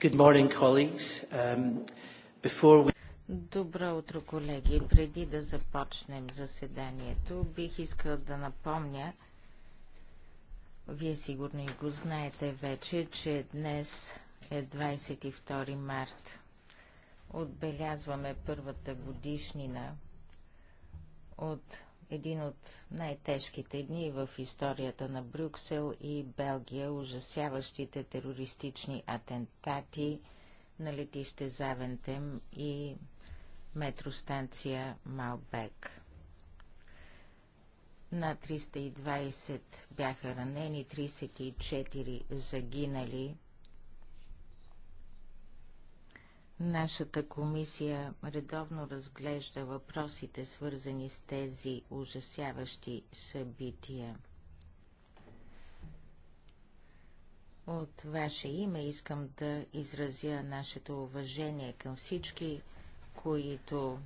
Good morning, colleagues. Um, before we... Добро утро, колеги. Преди да започнем заседанието, бих искал да напомня, вие сигурно и го знаете вече, че днес е 22 март. Отбелязваме първата годишнина от един от най-тежките дни в историята на Брюксел и Белгия, ужасяващите терористични атентати на летище Завентем и метростанция Малбек. На 320 бяха ранени, 34 загинали – Нашата комисия редовно разглежда въпросите, свързани с тези ужасяващи събития. От ваше име искам да изразя нашето уважение към всички, които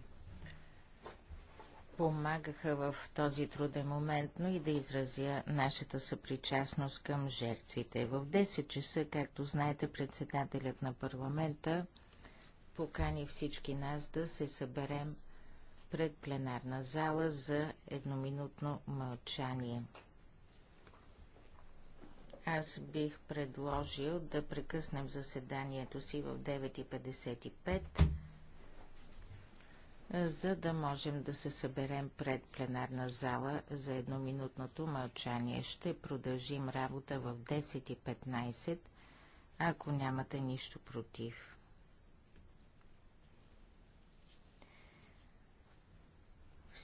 помагаха в този труден момент, но и да изразя нашата съпричастност към жертвите. В 10 часа, както знаете, председателят на парламента покани всички нас да се съберем пред пленарна зала за едноминутно мълчание. Аз бих предложил да прекъснем заседанието си в 9.55, за да можем да се съберем пред пленарна зала за едноминутното мълчание. Ще продължим работа в 10.15, ако нямате нищо против.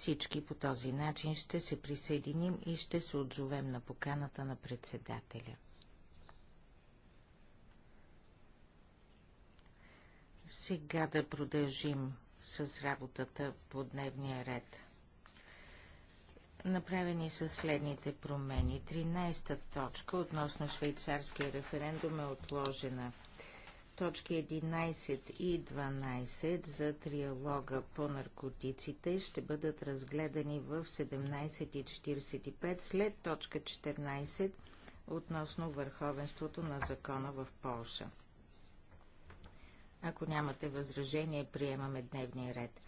Всички по този начин ще се присъединим и ще се отзовем на поканата на председателя. Сега да продължим с работата по дневния ред. Направени са следните промени. 13-та точка относно швейцарския референдум е отложена точки 11 и 12 за триалога по наркотиците ще бъдат разгледани в 17.45 след точка 14 относно върховенството на закона в Полша. Ако нямате възражение, приемаме дневния ред.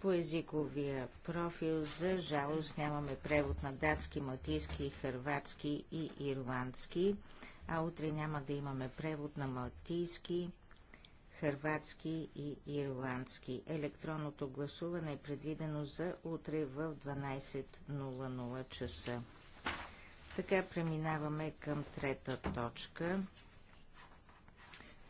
По езиковия профил, за жалост, нямаме превод на датски, матийски, хърватски и ирландски а утре няма да имаме превод на малтийски, хърватски и ирландски. Електронното гласуване е предвидено за утре в 12.00 часа. Така преминаваме към трета точка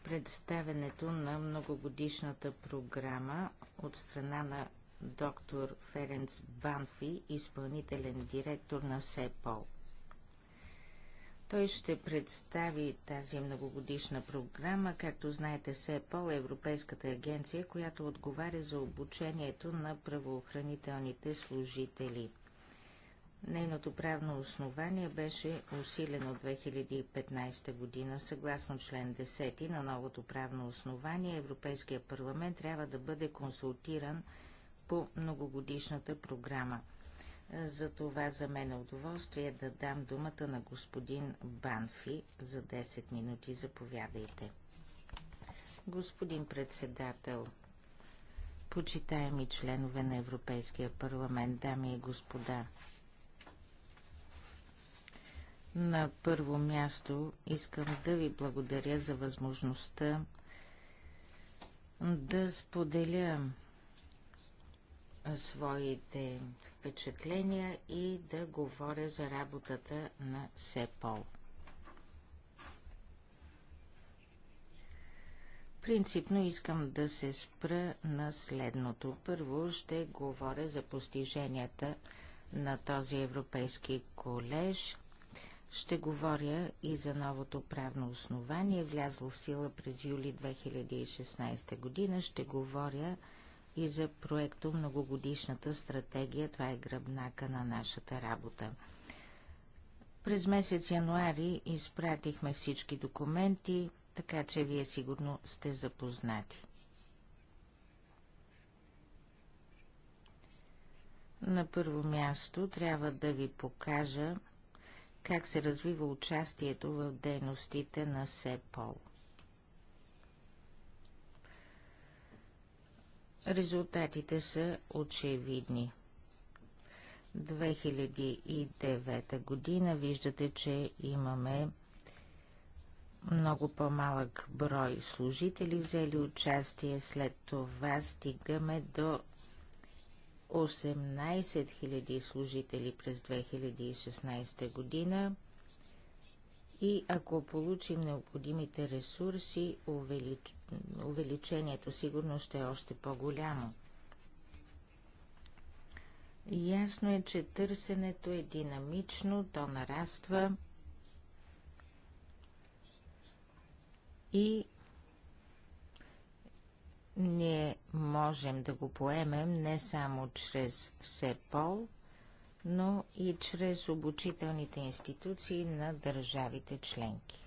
представенето на многогодишната програма от страна на доктор Ференц Банфи, изпълнителен директор на СЕПОЛ. Той ще представи тази многогодишна програма, както знаете СЕПОЛ е Европейската агенция, която отговаря за обучението на правоохранителните служители. Нейното правно основание беше усилено 2015 година. Съгласно член 10 на новото правно основание, Европейския парламент трябва да бъде консултиран по многогодишната програма – за това за мен е удоволствие да дам думата на господин Банфи за 10 минути. Заповядайте. Господин председател, почитаеми членове на Европейския парламент, дами и господа, на първо място искам да ви благодаря за възможността да споделя своите впечатления и да говоря за работата на СЕПОЛ. Принципно искам да се спра на следното. Първо ще говоря за постиженията на този Европейски колеж. Ще говоря и за новото правно основание, влязло в сила през юли 2016 година. Ще говоря и за проекто многогодишната стратегия. Това е гръбнака на нашата работа. През месец януари изпратихме всички документи, така че вие сигурно сте запознати. На първо място трябва да ви покажа как се развива участието в дейностите на СЕПОЛ – Резултатите са очевидни. 2009 година виждате, че имаме много по-малък брой служители взели участие. След това стигаме до 18 000 служители през 2016 година и ако получим необходимите ресурси, увелич... увеличението сигурно ще е още по-голямо. Ясно е, че търсенето е динамично, то нараства и ние можем да го поемем не само чрез все пол но и чрез обучителните институции на държавите членки.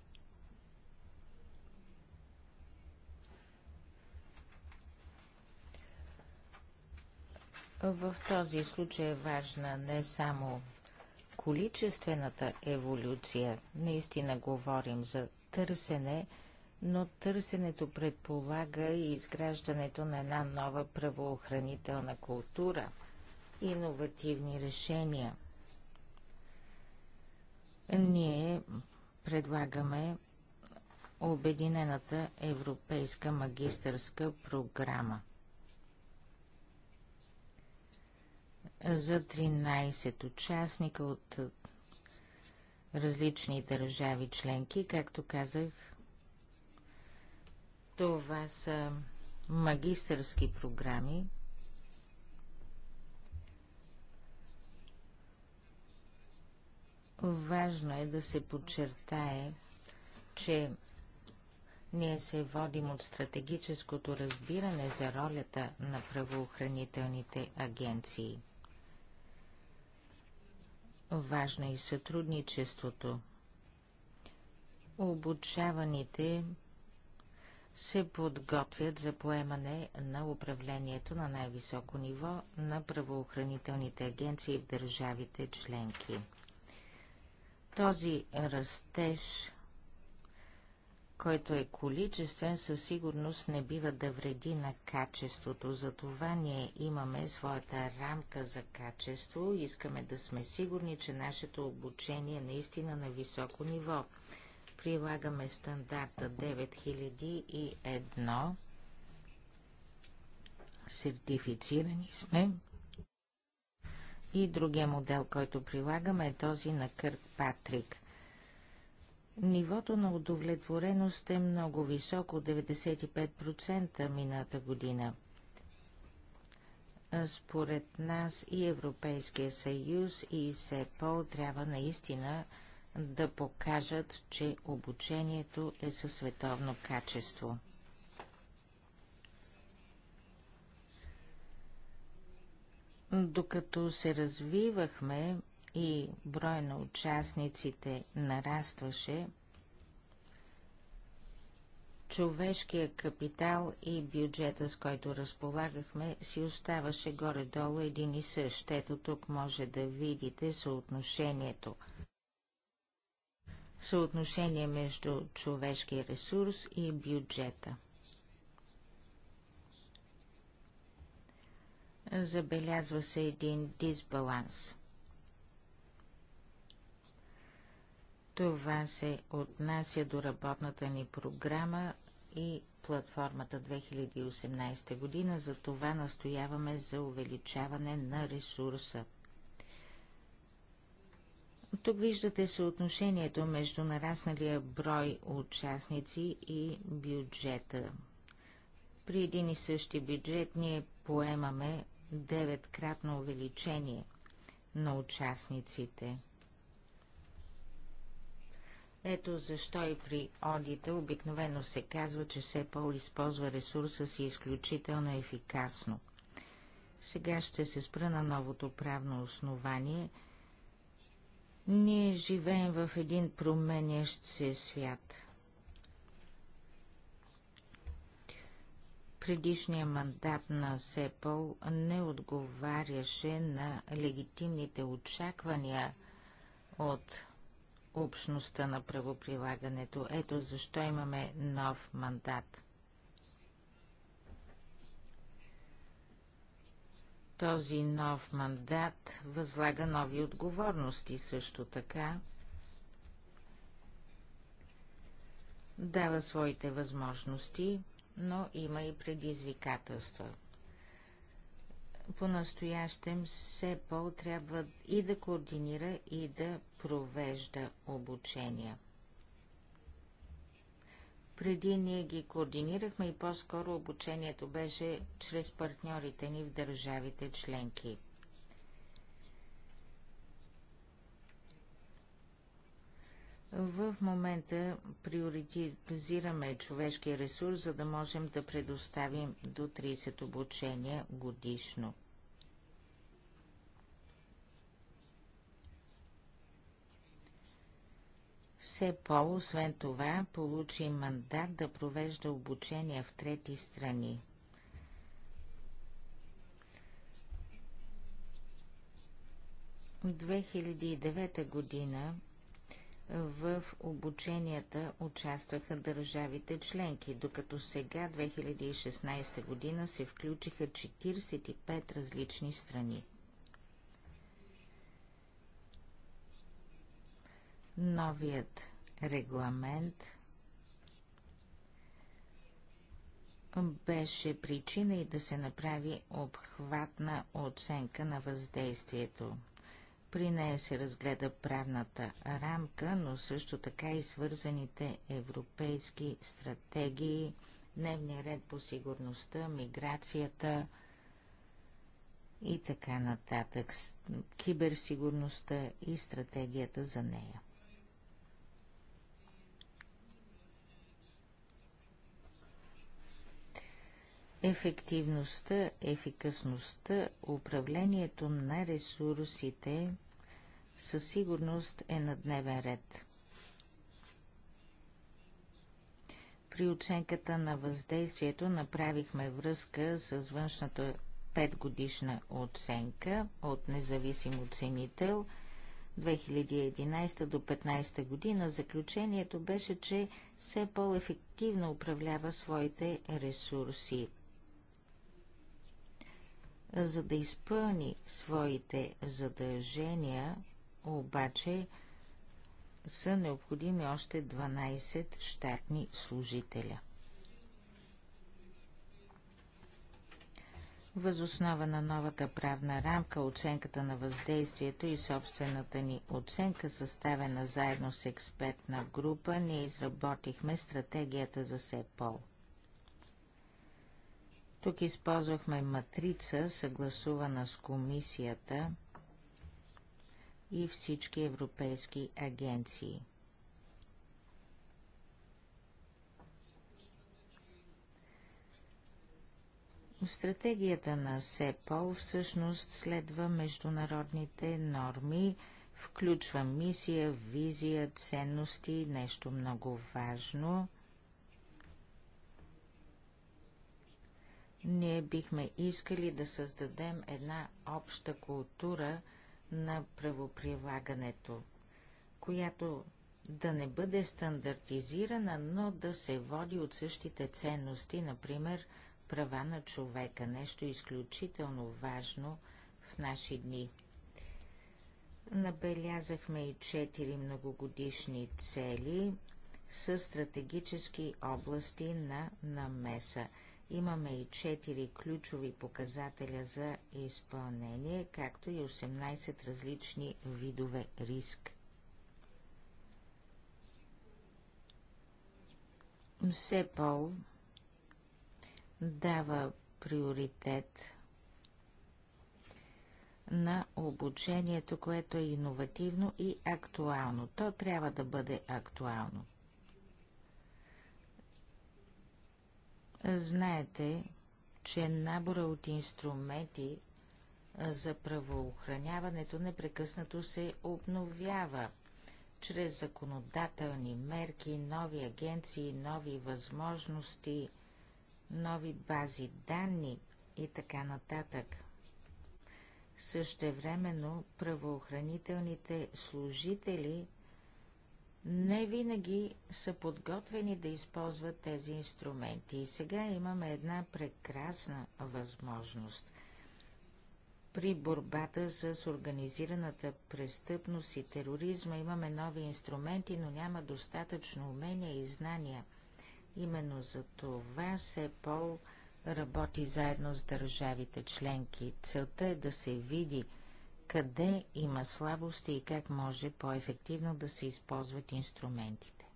В този случай е важна не само количествената еволюция, наистина говорим за търсене, но търсенето предполага и изграждането на една нова правоохранителна култура – иновативни решения. Ние предлагаме Обединената европейска магистърска програма. За 13 участника от различни държави членки, както казах, това са магистърски програми, Важно е да се подчертае, че ние се водим от стратегическото разбиране за ролята на правоохранителните агенции. Важно е и сътрудничеството. Обучаваните се подготвят за поемане на управлението на най-високо ниво на правоохранителните агенции в държавите членки. Този растеж, който е количествен, със сигурност не бива да вреди на качеството. Затова ние имаме своята рамка за качество. Искаме да сме сигурни, че нашето обучение е наистина на високо ниво. Прилагаме стандарта 9001 сертифицирани сме и другия модел, който прилагаме е този на Кърк Патрик. Нивото на удовлетвореност е много високо, 95% мината година. Според нас и Европейския съюз и СЕПОЛ трябва наистина да покажат, че обучението е със световно качество. Докато се развивахме и броя на участниците нарастваше, човешкия капитал и бюджета, с който разполагахме, си оставаше горе-долу един и същ. Ето тук може да видите съотношението. Съотношение между човешкия ресурс и бюджета – Забелязва се един дисбаланс. Това се отнася до работната ни програма и платформата 2018 година, за това настояваме за увеличаване на ресурса. Тук виждате съотношението между нарасналия брой участници и бюджета. При един и същи бюджет ние поемаме деветкратно увеличение на участниците. Ето защо и при одита обикновено се казва, че СЕПОЛ използва ресурса си изключително ефикасно. Сега ще се спра на новото правно основание. Ние живеем в един променящ се свят – Предишния мандат на СЕПОЛ не отговаряше на легитимните очаквания от общността на правоприлагането. Ето защо имаме нов мандат. Този нов мандат възлага нови отговорности също така. Дава своите възможности но има и предизвикателства. По-настоящем СЕПОЛ трябва и да координира, и да провежда обучения. Преди ние ги координирахме и по-скоро обучението беше чрез партньорите ни в държавите членки – В момента приоритизираме човешкия ресурс, за да можем да предоставим до 30 обучения годишно. Все по, освен това, получи мандат да провежда обучение в трети страни. В 2009 година в обученията участваха държавите членки, докато сега, 2016 година, се включиха 45 различни страни. Новият регламент беше причина и да се направи обхватна оценка на въздействието. При нея се разгледа правната рамка, но също така и свързаните европейски стратегии, дневния ред по сигурността, миграцията и така нататък, киберсигурността и стратегията за нея. ефективността, ефикасността, управлението на ресурсите със сигурност е на дневен ред. При оценката на въздействието направихме връзка с външната петгодишна оценка от независим оценител 2011 до 2015 година. Заключението беше, че все по-ефективно управлява своите ресурси. За да изпълни своите задължения, обаче са необходими още 12 щатни служителя. Възоснова на новата правна рамка, оценката на въздействието и собствената ни оценка, съставена заедно с експертна група, ние изработихме стратегията за СЕПОЛ. Тук използвахме матрица, съгласувана с комисията – и всички европейски агенции. Стратегията на СЕПОЛ всъщност следва международните норми, включва мисия, визия, ценности, нещо много важно. Ние бихме искали да създадем една обща култура – на правоприлагането, която да не бъде стандартизирана, но да се води от същите ценности, например права на човека, нещо изключително важно в наши дни. Набелязахме и четири многогодишни цели с стратегически области на намеса. Имаме и 4 ключови показателя за изпълнение, както и 18 различни видове риск. СЕПОЛ дава приоритет на обучението, което е иновативно и актуално. То трябва да бъде актуално. Знаете, че набора от инструменти за правоохраняването непрекъснато се обновява чрез законодателни мерки, нови агенции, нови възможности, нови бази данни и така нататък. Същевременно правоохранителните служители не винаги са подготвени да използват тези инструменти. И сега имаме една прекрасна възможност при борбата с организираната престъпност и тероризма имаме нови инструменти, но няма достатъчно умения и знания. Именно за това СЕПОЛ работи заедно с държавите членки. Целта е да се види – къде има слабости и как може по-ефективно да се използват инструментите.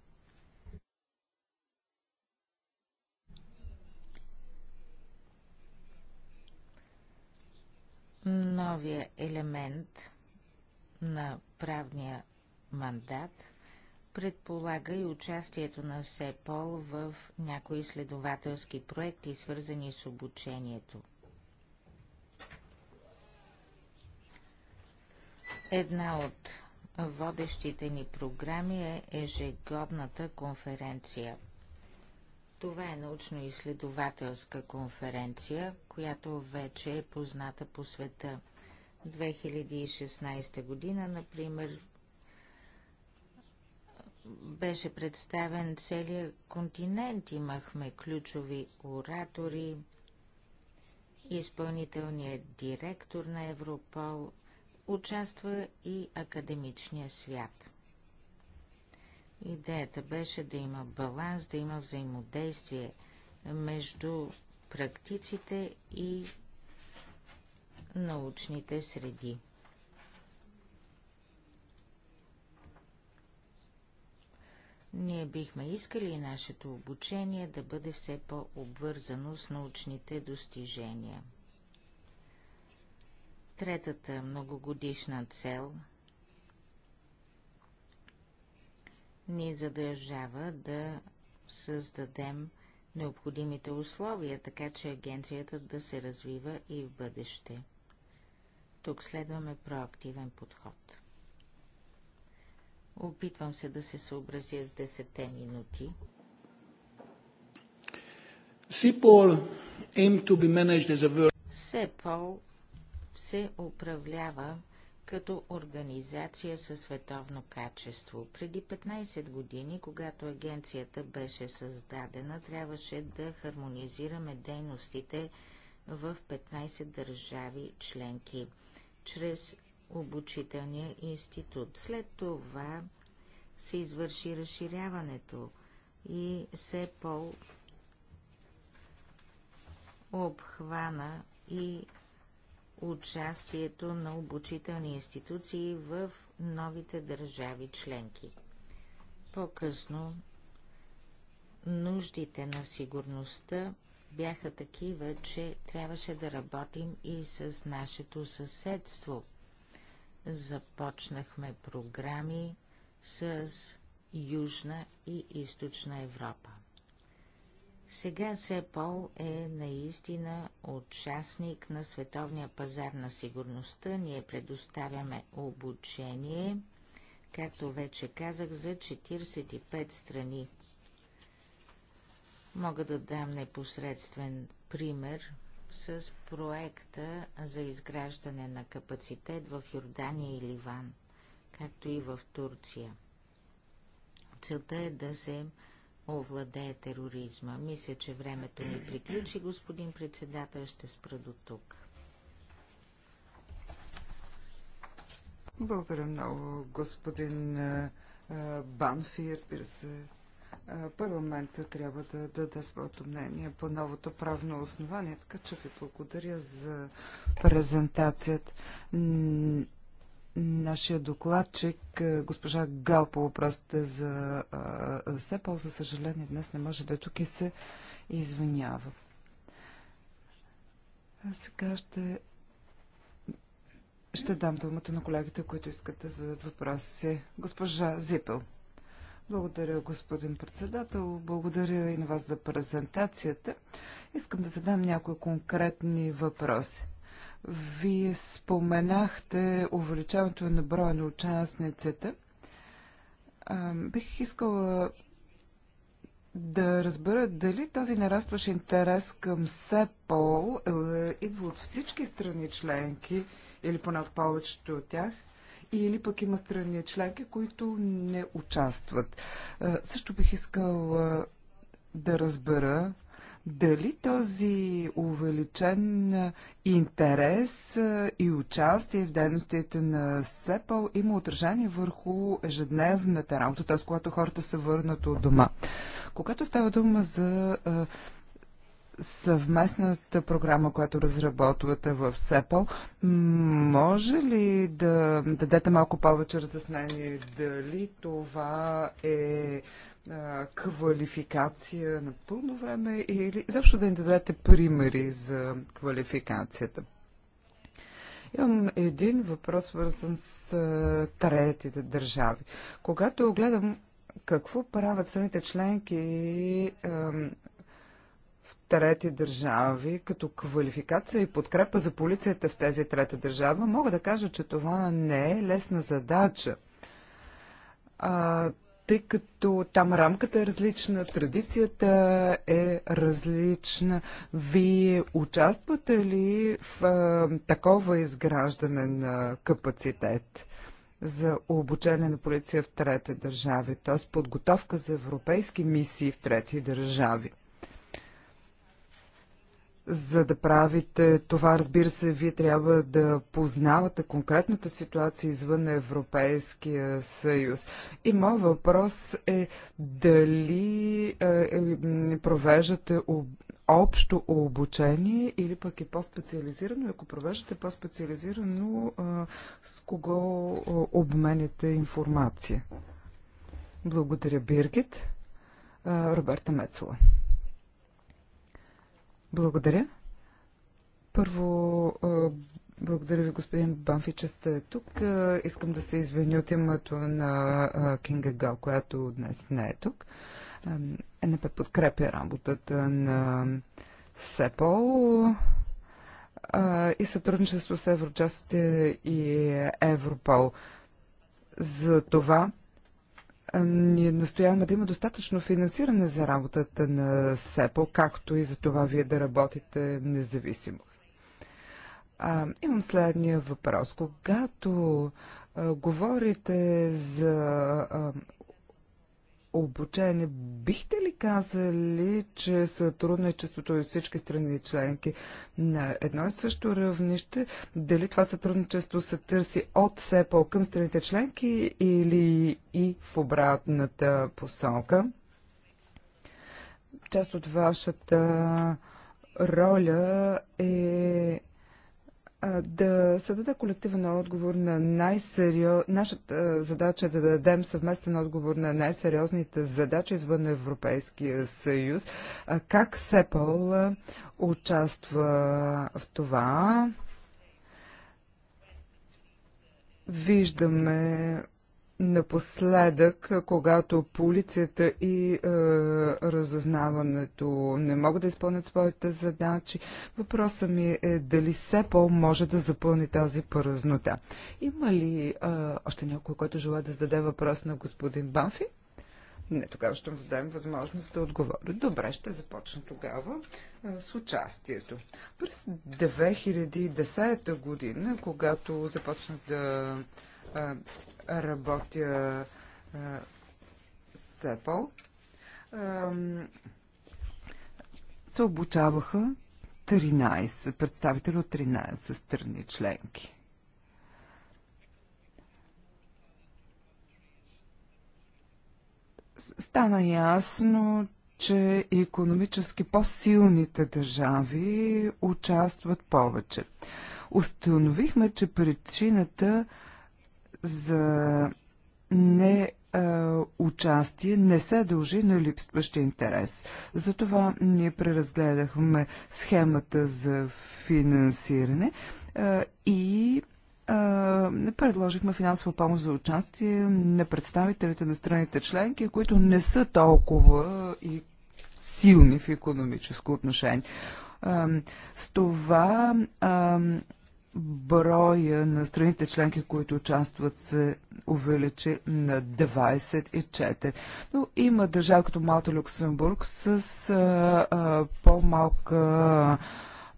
Новия елемент на правния мандат предполага и участието на СЕПОЛ в някои следователски проекти, свързани с обучението. Една от водещите ни програми е ежегодната конференция. Това е научно-изследователска конференция, която вече е позната по света. 2016 година, например, беше представен целият континент. Имахме ключови оратори, изпълнителният директор на Европол, участва и академичния свят. Идеята беше да има баланс, да има взаимодействие между практиците и научните среди. Ние бихме искали и нашето обучение да бъде все по-обвързано с научните достижения – Третата многогодишна цел ни задължава да създадем необходимите условия, така че агенцията да се развива и в бъдеще. Тук следваме проактивен подход. Опитвам се да се съобразя с 10 минути. СИПОЛ aim to be managed as a се управлява като организация със световно качество. Преди 15 години, когато агенцията беше създадена, трябваше да хармонизираме дейностите в 15 държави членки чрез обучителния институт. След това се извърши разширяването и СЕПОЛ обхвана и участието на обучителни институции в новите държави членки. По-късно нуждите на сигурността бяха такива, че трябваше да работим и с нашето съседство. Започнахме програми с Южна и Източна Европа. Сега Пол е наистина участник на световния пазар на сигурността. Ние предоставяме обучение, както вече казах, за 45 страни. Мога да дам непосредствен пример с проекта за изграждане на капацитет в Йордания и Ливан, както и в Турция. Целта е да се овладее тероризма. Мисля, че времето ми приключи, господин председател. Ще спра до тук. Благодаря много, господин Банфи. Разбира се, парламента трябва да даде своето мнение по новото правно основание, така че ви благодаря за презентацията. Нашия докладчик, е, госпожа Гал по въпросите за е, СЕПАЛ, за съжаление днес не може да е тук и се извинява. А сега ще, ще дам думата на колегите, които искат да зададат въпроси. Госпожа Зипел. Благодаря, господин председател. Благодаря и на вас за презентацията. Искам да задам някои конкретни въпроси. Вие споменахте увеличаването на броя на участниците. Бих искала да разбера дали този нарастващ интерес към СЕПОЛ е, идва от всички страни членки или поне от повечето от тях, или пък има страни членки, които не участват. Също бих искала да разбера дали този увеличен интерес и участие в дейностите на СЕПАЛ има отражение върху ежедневната работа, т.е. когато хората се върнат от дома? Когато става дума за съвместната програма, която разработвате в Сепал, може ли да дадете малко повече разяснение дали това е квалификация на пълно време или защо да ни дадете примери за квалификацията? Имам един въпрос, свързан с третите държави. Когато гледам какво правят страните членки в трети държави като квалификация и подкрепа за полицията в тези трети държави, мога да кажа, че това не е лесна задача тъй като там рамката е различна, традицията е различна. Вие участвате ли в а, такова изграждане на капацитет за обучение на полиция в трети държави, т.е. подготовка за европейски мисии в трети държави? За да правите това, разбира се, вие трябва да познавате конкретната ситуация извън Европейския съюз. И моят въпрос е дали е, е, провеждате общо обучение или пък е по-специализирано? Ако провеждате по-специализирано, е, с кого обменяте информация? Благодаря, Биргит. Роберта Мецола. Благодаря. Първо, благодаря ви, господин Банфи, че сте тук. Искам да се извиня от името на Кинга Гал, която днес не е тук. НП подкрепя работата на СЕПОЛ и сътрудничество с еврочастите и Европол. За това ние настояваме да има достатъчно финансиране за работата на СЕПО, както и за това вие да работите независимо. А, имам следния въпрос. Когато а, говорите за а, обучение. Бихте ли казали, че сътрудничеството и всички страни членки на едно и също равнище, дали това сътрудничество се търси от СЕПО към страните членки или и в обратната посока? Част от вашата роля е да се даде колективен отговор на най-сериозни... Нашата задача е да дадем съвместен отговор на най-сериозните задачи извън Европейския съюз. Как СЕПОЛ участва в това? Виждаме Напоследък, когато полицията и е, разузнаването не могат да изпълнят своите задачи, въпросът ми е дали СЕПО може да запълни тази празнота. Има ли е, още някой, който желая да зададе въпрос на господин Банфи? Не, тогава ще му дадем възможност да отговори. Добре, ще започна тогава е, с участието. През 2010 година, когато започнах да е, работя с Apple. Се обучаваха 13 представители от 13 страни членки. Стана ясно, че економически по-силните държави участват повече. Установихме, че причината за не участие не се дължи на липсващ интерес. Затова ние преразгледахме схемата за финансиране и а, предложихме финансова помощ за участие на представителите на страните членки, които не са толкова и силни в економическо отношение. С това броя на страните членки, които участват, се увеличи на 24. Но има държави като Малта Люксембург с по-малка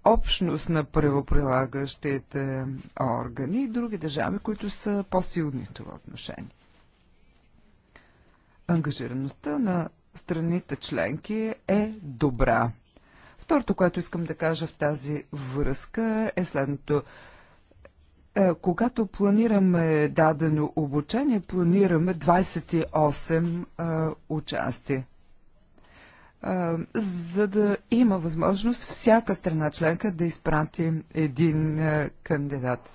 общност на правоприлагащите органи и други държави, които са по-силни в това отношение. Ангажираността на страните членки е добра. Второто, което искам да кажа в тази връзка е следното. Е, когато планираме дадено обучение, планираме 28 участие. участия. Е, за да има възможност всяка страна членка да изпрати един е, кандидат.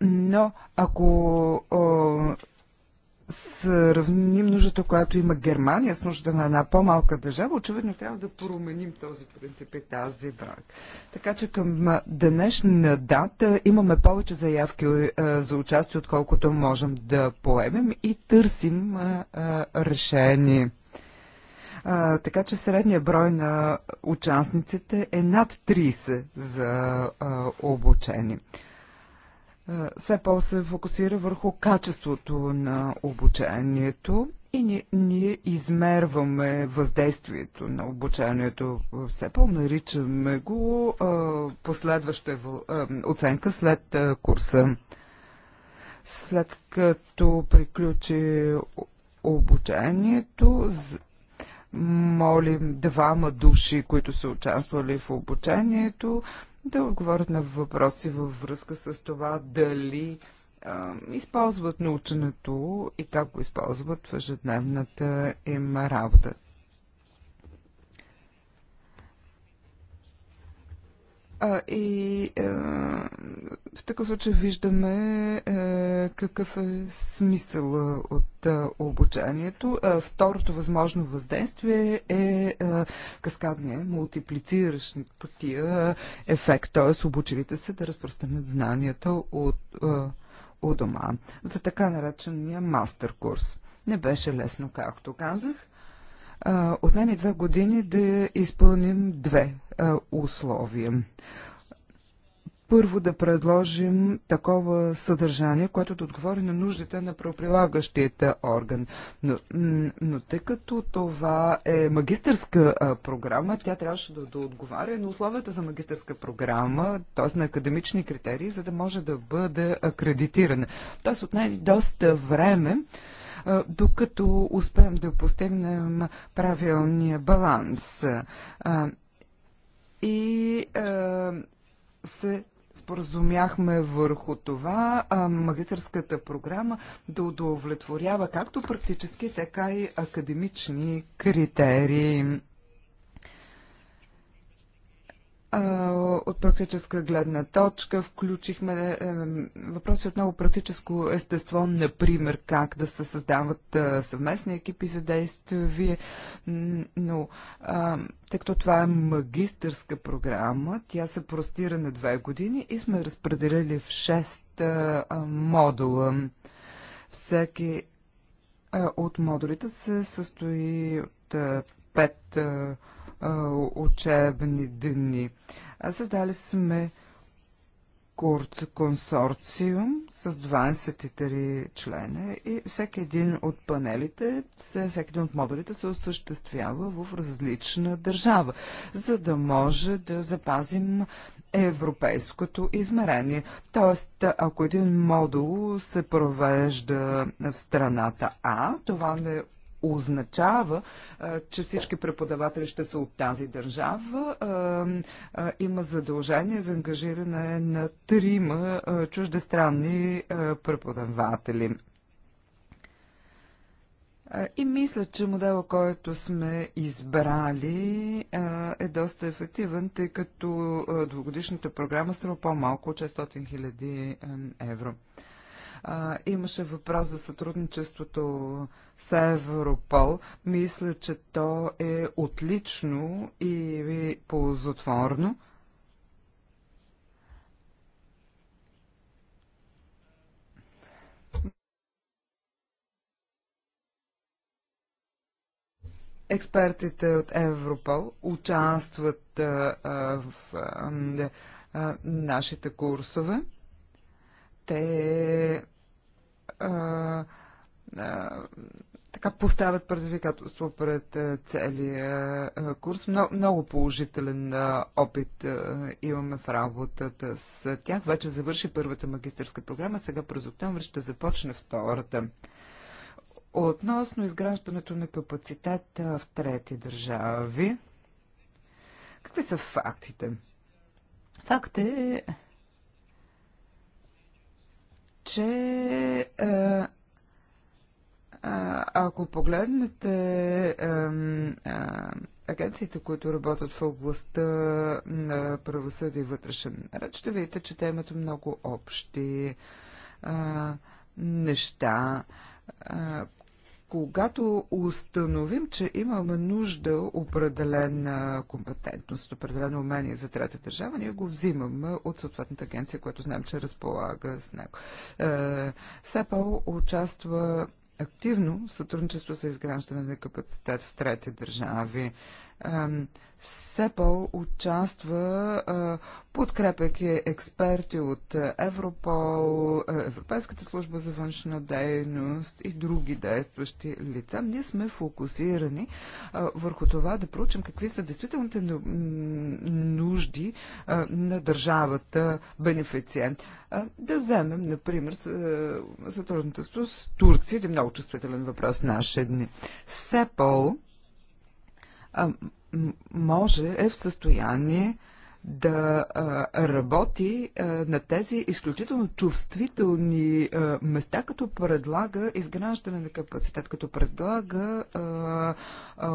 но ако сравним нуждата, която има Германия с нуждата на една по-малка държава, очевидно трябва да променим този принцип и тази брак. Така че към днешна дата имаме повече заявки за участие, отколкото можем да поемем и търсим решение. А, така че средният брой на участниците е над 30 за а, обучение. Е, все по се фокусира върху качеството на обучението и ние, ние измерваме въздействието на обучението. Все по наричаме го е, последваща е, оценка след курса. След като приключи обучението, молим двама души, които са участвали в обучението, да отговорят на въпроси във връзка с това дали а, използват наученето и как го използват в ежедневната им работа. А, и а, е, в такъв случай виждаме а, е, какъв е смисъл от а, е, обучанието. А, второто възможно въздействие е а, каскадния, мултиплициращ пътия ефект, т.е. обучилите се да разпространят знанията от, от дома за така наречения мастер курс. Не беше лесно, както казах отнеме е две години да изпълним две условия. Първо да предложим такова съдържание, което да отговори на нуждите на правоприлагащите орган. Но, но тъй като това е магистърска програма, тя трябваше да, да отговаря на условията за магистърска програма, т.е. на академични критерии, за да може да бъде акредитирана. Т.е. най доста време. А, докато успеем да постигнем правилния баланс. И се споразумяхме върху това магистрската програма да удовлетворява както практически, така и академични критерии. От практическа гледна точка включихме въпроси от много практическо естество, например как да се създават е, съвместни екипи за действие, но тъй като това е магистърска програма, тя се простира на две години и сме разпределили в шест е, модула. Всеки е, от модулите се състои от пет учебни дни. Създали сме консорциум с 23 члена и всеки един от панелите, всеки един от модулите се осъществява в различна държава, за да може да запазим европейското измерение. Тоест, ако един модул се провежда в страната А, това не означава, че всички преподаватели ще са от тази държава. Има задължение за ангажиране на трима чуждестранни преподаватели. И мисля, че модела, който сме избрали, е доста ефективен, тъй като двугодишната програма струва по-малко от 600 000 евро. А, имаше въпрос за сътрудничеството с Европол. Мисля, че то е отлично и ползотворно. експертите от Европол участват а, а, в а, нашите курсове те а, а, така поставят предизвикателство пред целия курс. Много, много положителен опит имаме в работата с тях. Вече завърши първата магистърска програма, сега през октомври ще започне втората. Относно изграждането на капацитет в трети държави, какви са фактите? Факт е, че а, е, а, е, ако погледнете а, е, а, агенциите, които работят в областта на правосъдие и вътрешен ред, ще видите, че те имат много общи а, неща когато установим, че имаме нужда определена компетентност, определено умение за трета държава, ние го взимаме от съответната агенция, която знаем, че разполага с него. Е, СЕПАЛ участва активно в сътрудничество за изграждане на капацитет в трети държави. СЕПОЛ участва, подкрепяйки експерти от Европол, Европейската служба за външна дейност и други действащи лица. Ние сме фокусирани върху това да проучим какви са действителните нужди на държавата бенефициент. Да вземем, например, сътрудничество с Турция, един много чувствителен въпрос в наши дни. СЕПОЛ може, е в състояние да а, работи а, на тези изключително чувствителни а, места, като предлага изграждане на капацитет, като предлага а, а,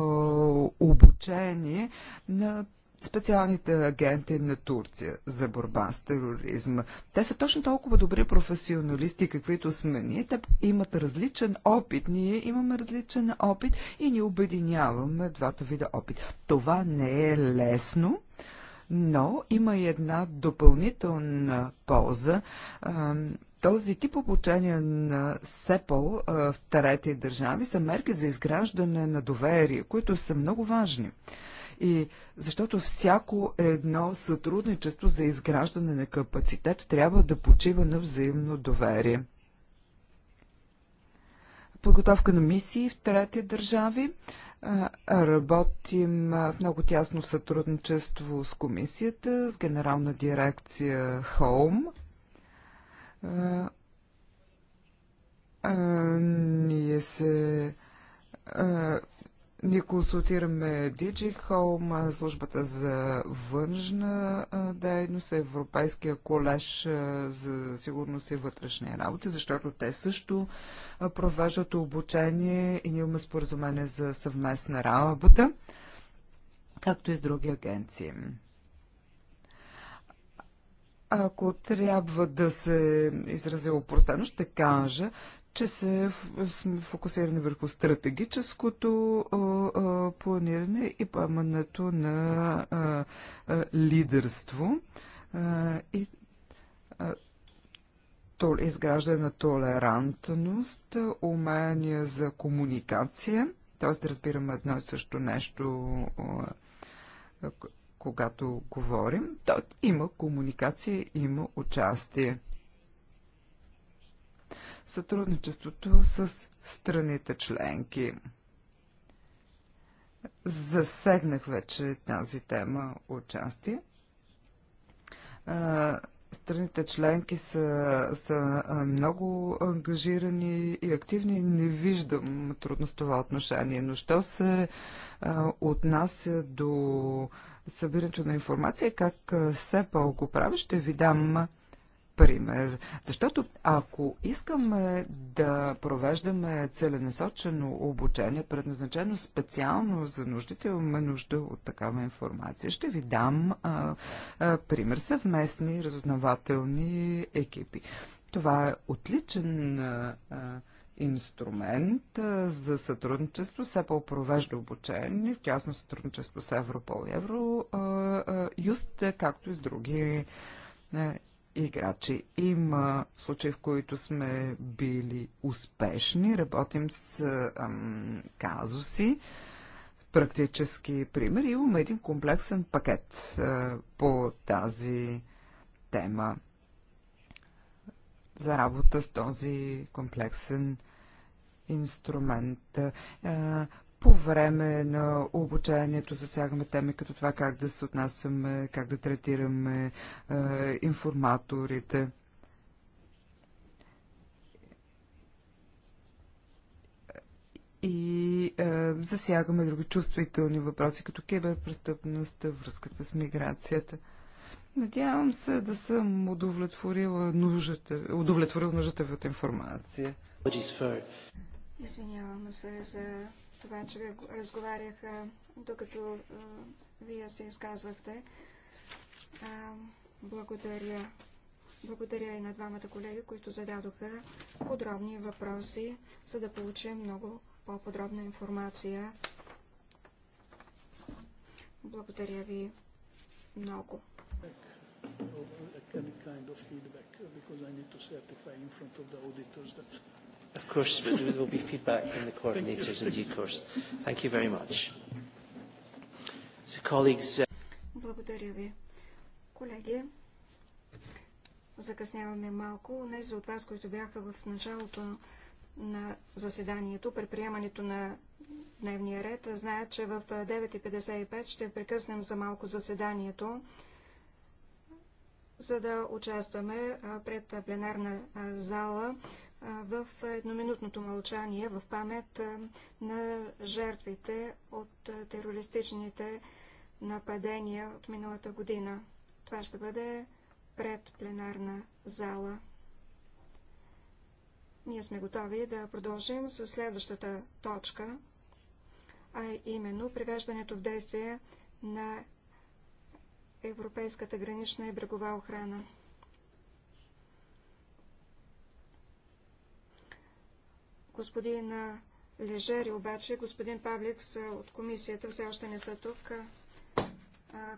обучение на специалните агенти на Турция за борба с тероризма. Те са точно толкова добри професионалисти, каквито сме ние. Те имат различен опит. Ние имаме различен опит и ни обединяваме двата вида опит. Това не е лесно, но има и една допълнителна полза този тип обучение на СЕПОЛ в трети държави са мерки за изграждане на доверие, които са много важни. И защото всяко едно сътрудничество за изграждане на капацитет трябва да почива на взаимно доверие. Подготовка на мисии в трети държави. Работим в много тясно сътрудничество с комисията, с генерална дирекция Home. Ние се ние консултираме DG Home, службата за външна дейност, Европейския колеж за сигурност и вътрешни работи, защото те също провеждат обучение и ние имаме споразумение за съвместна работа, както и с други агенции. Ако трябва да се изразя опростено, ще кажа, че се сме фокусирани върху стратегическото планиране и поемането на лидерство и изграждане на толерантност, умения за комуникация, т.е. да разбираме едно и също нещо, когато говорим. Т.е. има комуникация, има участие сътрудничеството с страните членки. Засегнах вече тази тема отчасти. Страните членки са, са много ангажирани и активни. Не виждам трудност в това отношение. Но що се а, отнася до събирането на информация, как по го прави, ще ви дам пример. Защото ако искаме да провеждаме целенасочено обучение, предназначено специално за нуждите, имаме нужда от такава информация. Ще ви дам а, а, пример съвместни разузнавателни екипи. Това е отличен а, инструмент а, за сътрудничество. СЕПАЛ провежда обучение в тясно сътрудничество с Европол и юст, както и с други а, играчи. Има случаи, в които сме били успешни, работим с ам, казуси, практически примери. Имаме един комплексен пакет а, е, по тази тема за работа с този комплексен инструмент. А, е, по време на обучението засягаме теми като това как да се отнасяме, как да третираме е, информаторите. И е, засягаме други чувствителни въпроси, като киберпрестъпността, връзката с миграцията. Надявам се да съм удовлетворила нуждата, удовлетворил нуждата от информация. Извинявам се за това, че ви разговарях докато а, вие се изказвахте. А, Благодаря. Благодаря и на двамата колеги, които зададоха подробни въпроси, за да получим много по-подробна информация. Благодаря ви много. kind of feedback uh, because I need to certify in front of the auditors that Of course, but there will be feedback from the coordinators in due course. Thank you very much. So, colleagues, uh, Благодаря ви. Колеги, закъсняваме малко. Нези от вас, които бяха в началото на заседанието, при приемането на дневния ред, знаят, че в 9.55 ще прекъснем за малко заседанието, за да участваме пред пленарна зала в едноминутното мълчание в памет на жертвите от терористичните нападения от миналата година. Това ще бъде пред пленарна зала. Ние сме готови да продължим с следващата точка, а именно привеждането в действие на Европейската гранична и брегова охрана. Господин Лежери обаче, господин Павликс от комисията все още не са тук,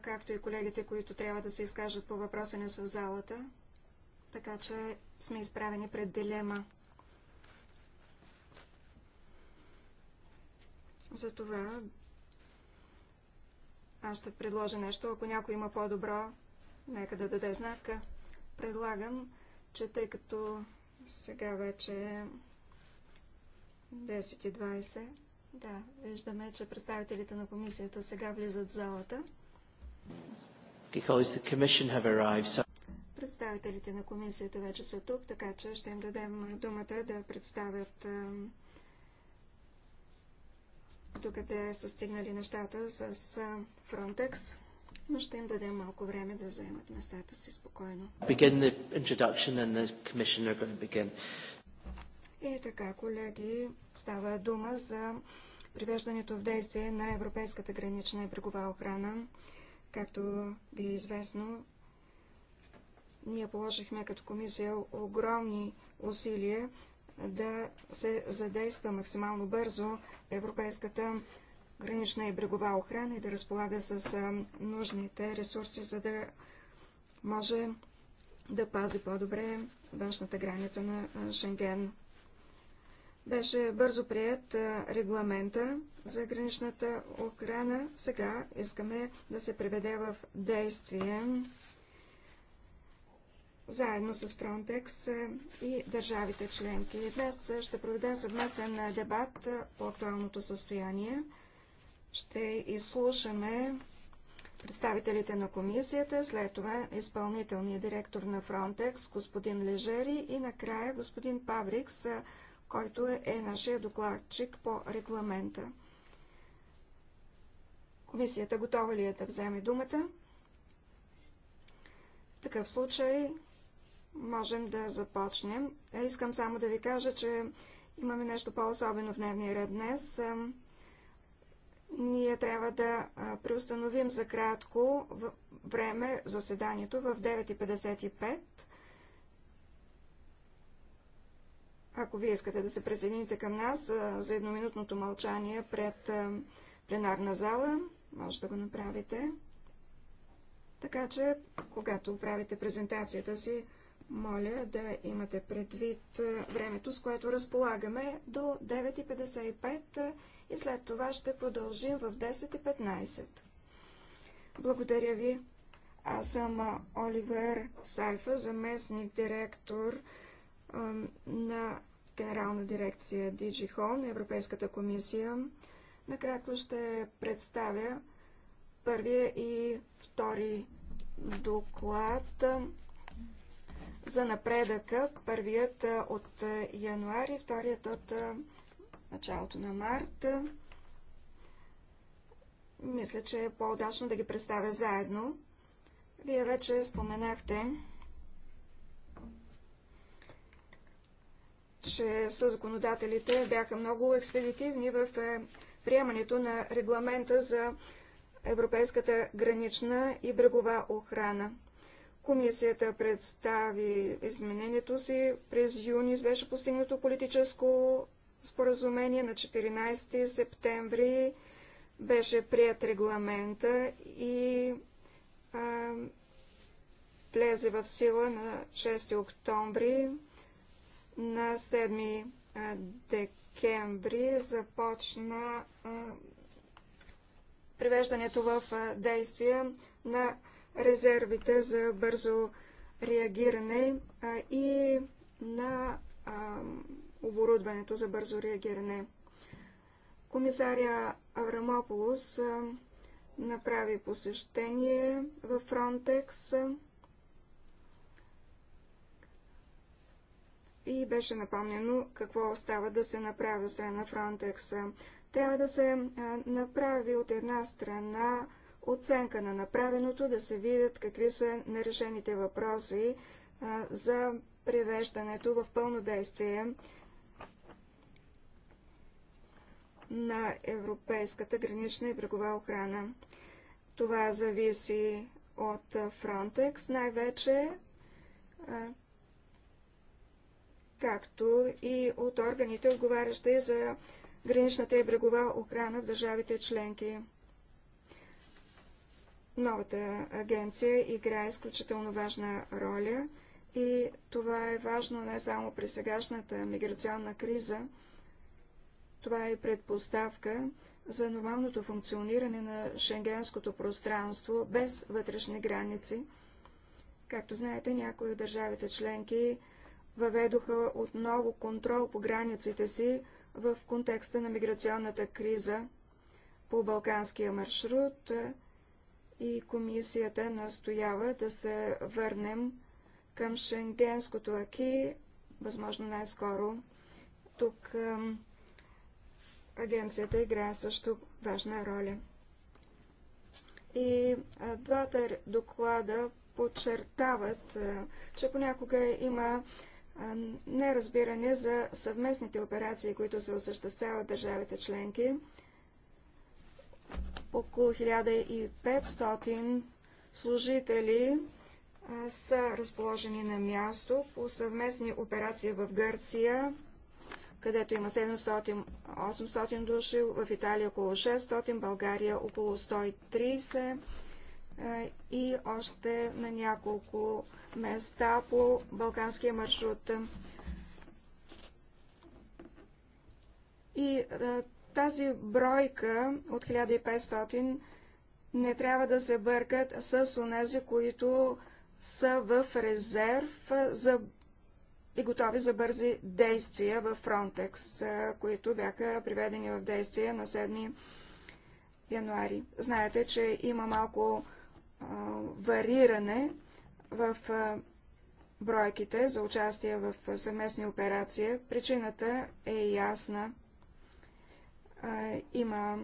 както и колегите, които трябва да се изкажат по въпроса не са в залата. Така че сме изправени пред дилема. Затова аз ще предложа нещо. Ако някой има по-добро, нека да даде знак. Предлагам, че тъй като сега вече 10.20. и Да, виждаме, че представителите на комисията сега влизат в залата. Представителите на комисията вече са тук, така че ще им дадем думата да представят докъде са стигнали нещата с Frontex, но ще им дадем малко време да заемат местата си спокойно. И така, колеги, става дума за привеждането в действие на Европейската гранична и брегова охрана. Както ви е известно, ние положихме като комисия огромни усилия да се задейства максимално бързо Европейската гранична и брегова охрана и да разполага с нужните ресурси, за да може да пази по-добре външната граница на Шенген. Беше бързо прият регламента за граничната охрана. Сега искаме да се приведе в действие заедно с Frontex и държавите членки. Днес ще проведем съвместен дебат по актуалното състояние. Ще изслушаме представителите на комисията, след това изпълнителният директор на Frontex, господин Лежери и накрая господин Паврикс, който е, е нашия докладчик по регламента. Комисията готова ли е да вземе думата? В такъв случай можем да започнем. Е, искам само да ви кажа, че имаме нещо по-особено в дневния ред днес. Ние трябва да преустановим за кратко време заседанието в 9.55 ако вие искате да се присъедините към нас за едноминутното мълчание пред пленарна зала, може да го направите. Така че, когато правите презентацията си, моля да имате предвид времето, с което разполагаме до 9.55 и след това ще продължим в 10.15. Благодаря ви. Аз съм Оливер Сайфа, заместник директор на Генерална дирекция DG Home на Европейската комисия. Накратко ще представя първия и втори доклад за напредъка. Първият от януари, вторият от началото на март. Мисля, че е по-удачно да ги представя заедно. Вие вече споменахте че законодателите бяха много експедитивни в е, приемането на регламента за Европейската гранична и брегова охрана. Комисията представи изменението си. През юни беше постигнато политическо споразумение на 14 септември. Беше прият регламента и а, влезе в сила на 6 октомври на 7 декември започна привеждането в действие на резервите за бързо реагиране и на оборудването за бързо реагиране. Комисаря Аврамополос направи посещение в Фронтекс и беше напомнено какво остава да се направи страна на Фронтекс. Трябва да се направи от една страна оценка на направеното, да се видят какви са нерешените въпроси за превеждането в пълно действие на Европейската гранична и брегова охрана. Това зависи от Фронтекс, най-вече както и от органите, отговарящи за граничната и брегова охрана в държавите членки. Новата агенция играе изключително важна роля и това е важно не само при сегашната миграционна криза, това е предпоставка за нормалното функциониране на шенгенското пространство без вътрешни граници. Както знаете, някои от държавите членки въведоха отново контрол по границите си в контекста на миграционната криза по Балканския маршрут и комисията настоява да се върнем към шенгенското аки, възможно най-скоро. Тук агенцията играе също важна роля. И двата доклада подчертават, че понякога има неразбиране за съвместните операции, които се осъществяват държавите членки. Около 1500 служители са разположени на място по съвместни операции в Гърция, където има 700-800 души, в Италия около 600, България около 130, и още на няколко места по Балканския маршрут. И тази бройка от 1500 не трябва да се бъркат с онези, които са в резерв за и готови за бързи действия в Фронтекс, които бяха приведени в действие на 7 януари. Знаете, че има малко вариране в бройките за участие в съвместни операции. Причината е ясна. Има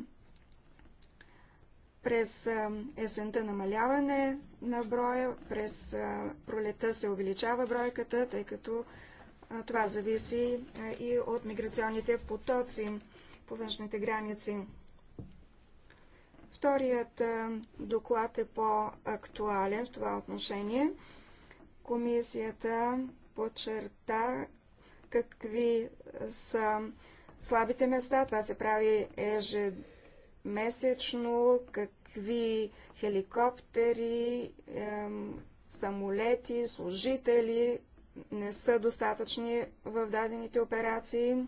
през есента намаляване на броя, през пролета се увеличава бройката, тъй като това зависи и от миграционните потоци по външните граници. Вторият доклад е по-актуален в това отношение. Комисията подчерта какви са слабите места. Това се прави ежемесечно, какви хеликоптери, самолети, служители не са достатъчни в дадените операции.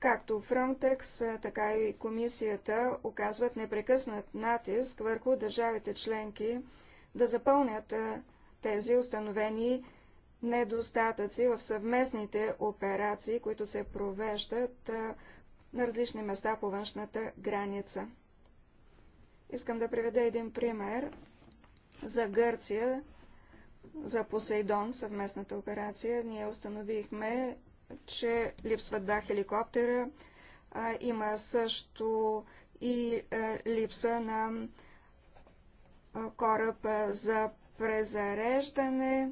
Както Frontex, така и комисията оказват непрекъснат натиск върху държавите членки да запълнят тези установени недостатъци в съвместните операции, които се провеждат на различни места по външната граница. Искам да приведа един пример за Гърция, за Посейдон, съвместната операция. Ние установихме че липсват два хеликоптера. А, има също и а, липса на а, кораб а, за презареждане.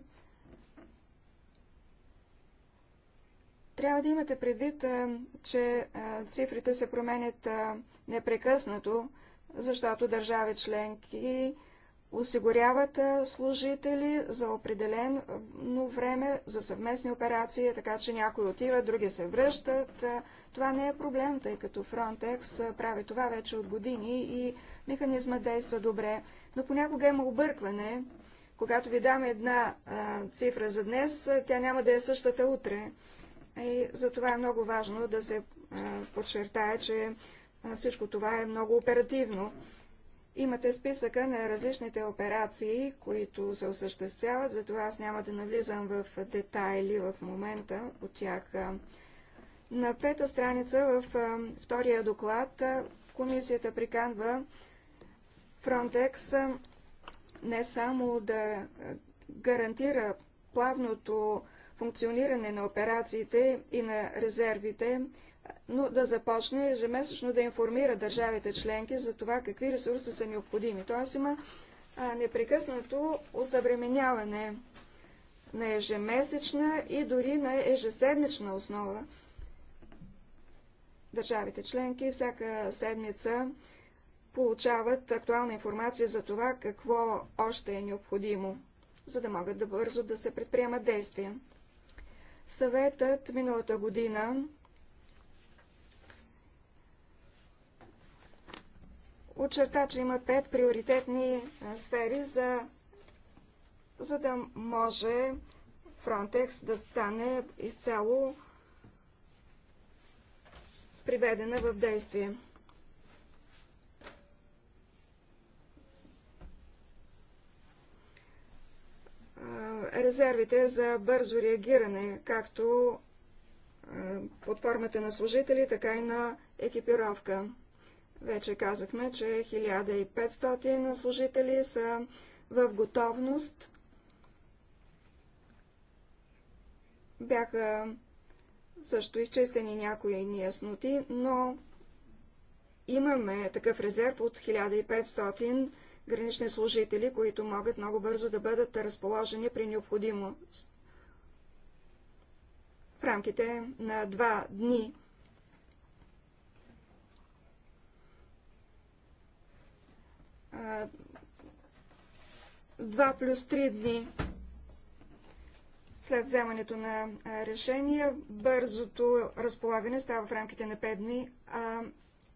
Трябва да имате предвид, а, че а, цифрите се променят а, непрекъснато, защото държави членки осигуряват служители за определено време за съвместни операции, така че някои отиват, други се връщат. Това не е проблем, тъй като Frontex прави това вече от години и механизма действа добре. Но понякога има объркване. Когато ви дам една а, цифра за днес, тя няма да е същата утре. И затова е много важно да се а, подчертая, че а, всичко това е много оперативно. Имате списъка на различните операции, които се осъществяват, затова аз няма да навлизам в детайли в момента от тях. На пета страница в втория доклад комисията приканва Frontex не само да гарантира плавното функциониране на операциите и на резервите, но да започне ежемесечно да информира държавите членки за това какви ресурси са необходими. Тоест има а, непрекъснато осъвременяване на ежемесечна и дори на ежеседмична основа. Държавите членки всяка седмица получават актуална информация за това какво още е необходимо, за да могат да бързо да се предприемат действия. Съветът миналата година очерта, че има пет приоритетни сфери, за, за да може Фронтекс да стане изцяло приведена в действие. Резервите за бързо реагиране, както под формата на служители, така и на екипировка. Вече казахме, че 1500 служители са в готовност. Бяха също изчистени някои неясноти, но имаме такъв резерв от 1500 гранични служители, които могат много бързо да бъдат разположени при необходимост. В рамките на два дни 2 плюс 3 дни след вземането на решение. Бързото разполагане става в рамките на 5 дни, а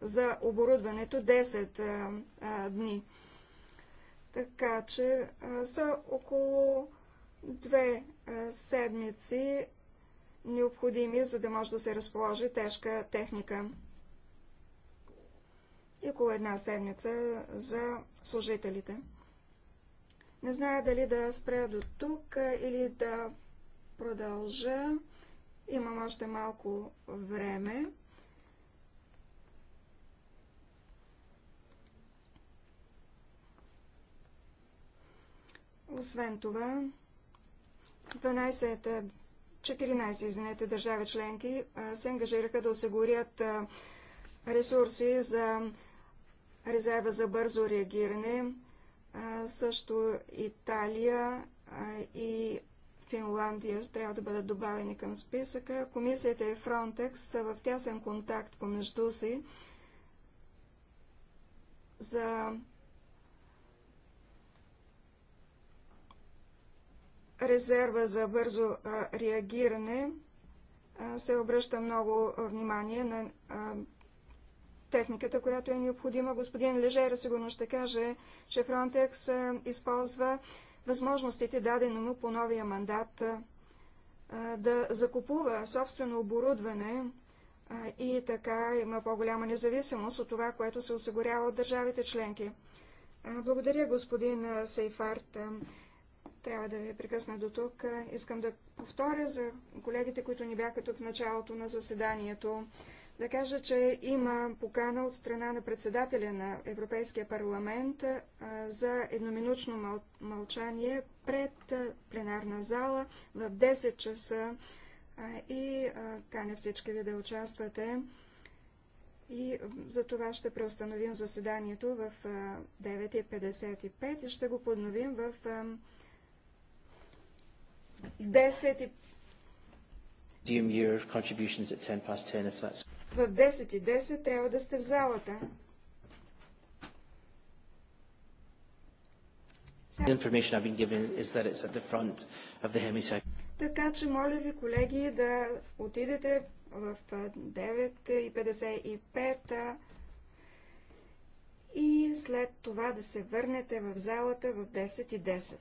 за оборудването 10 дни. Така че са около две седмици необходими, за да може да се разположи тежка техника и около една седмица за служителите. Не зная дали да спря до тук или да продължа. Имам още малко време. Освен това, 12, 14 извинете, държави членки се ангажираха да осигурят ресурси за резерва за бързо реагиране, също Италия и Финландия трябва да бъдат добавени към списъка. Комисията и Фронтекс са в тясен контакт помежду си за резерва за бързо реагиране се обръща много внимание на техниката, която е необходима. Господин Лежера сигурно ще каже, че Фронтекс използва възможностите, дадено му по новия мандат, да закупува собствено оборудване и така има по-голяма независимост от това, което се осигурява от държавите членки. Благодаря, господин Сейфарт. Трябва да ви прекъсна до тук. Искам да повторя за колегите, които ни бяха тук в началото на заседанието да кажа, че има покана от страна на председателя на Европейския парламент за едноминучно мълчание пред пленарна зала в 10 часа и каня всички ви да участвате. И за това ще преустановим заседанието в 9.55 и ще го подновим в 10.55. В 10 и 10 трябва да сте в залата. Така че, моля ви, колеги, да отидете в 9.55 и след това да се върнете в залата в 10.10. 10.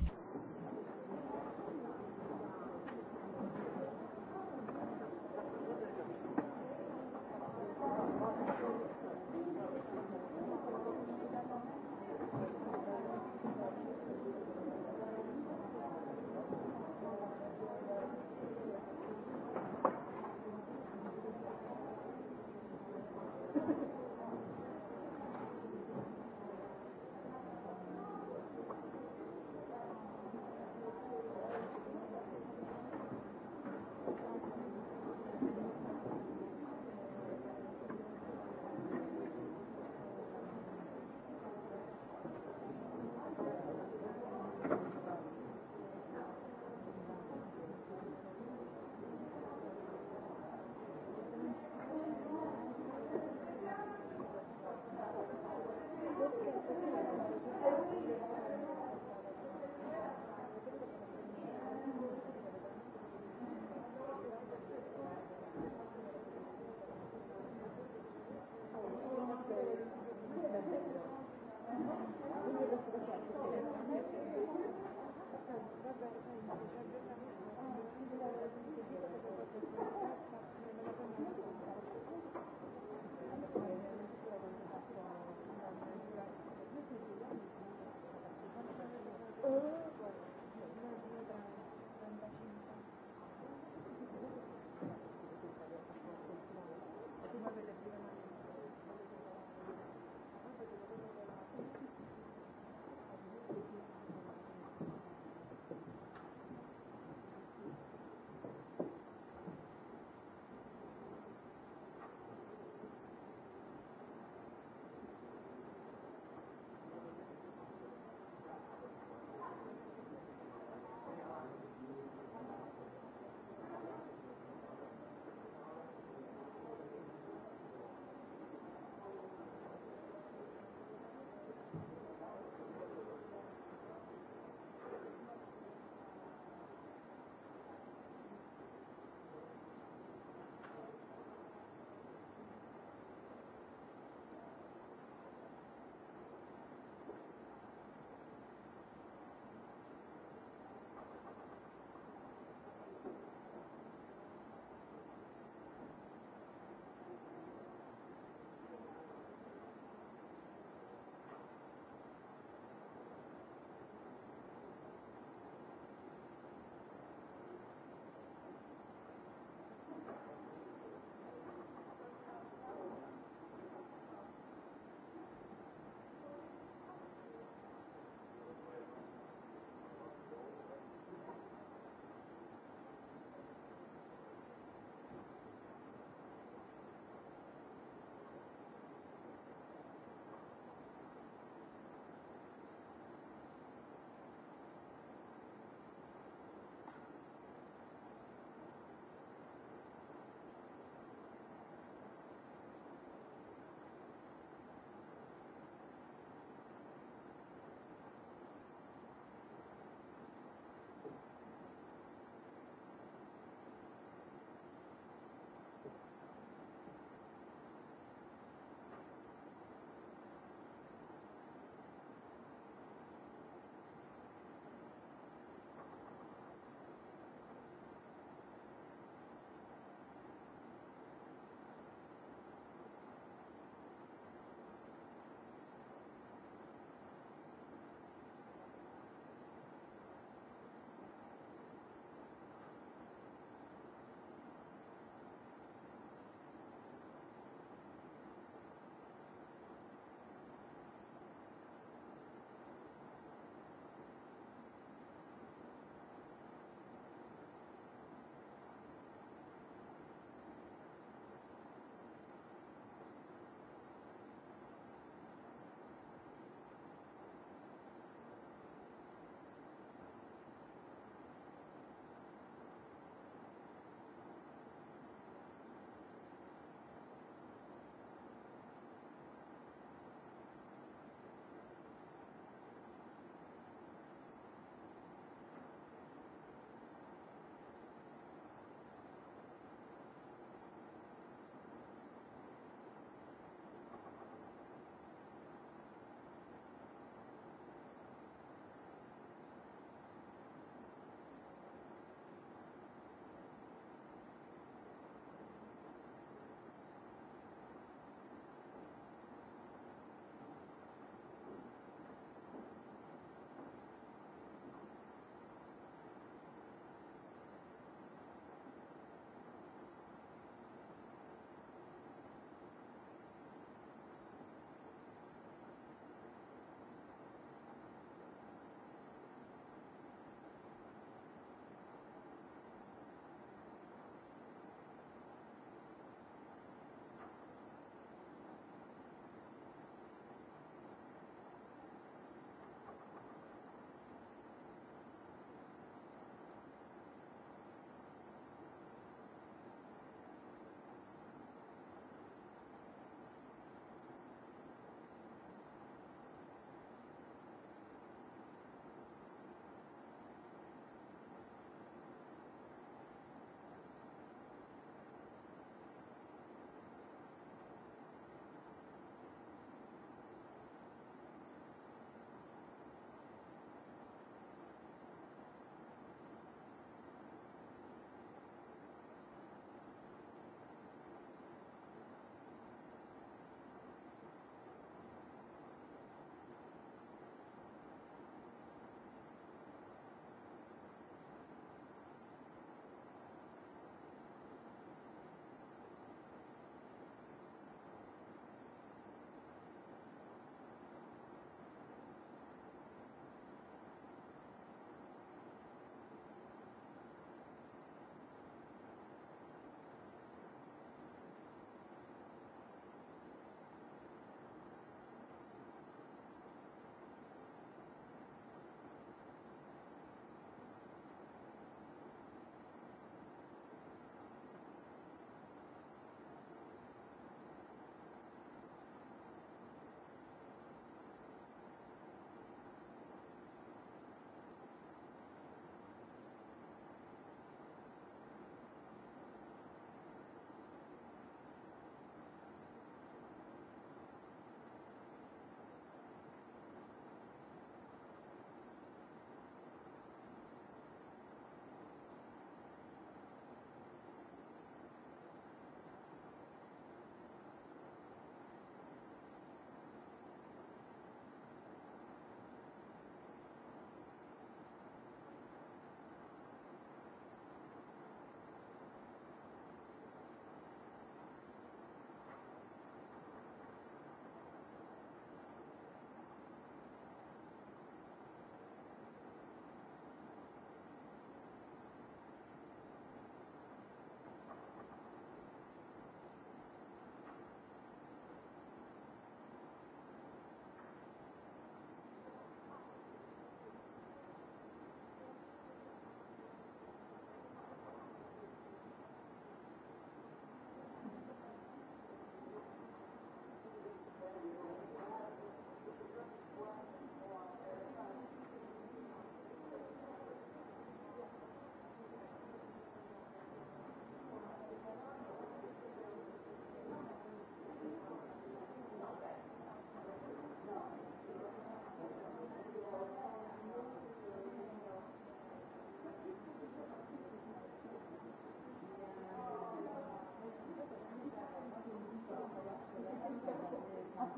at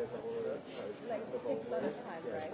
Like, it takes a lot of time, right?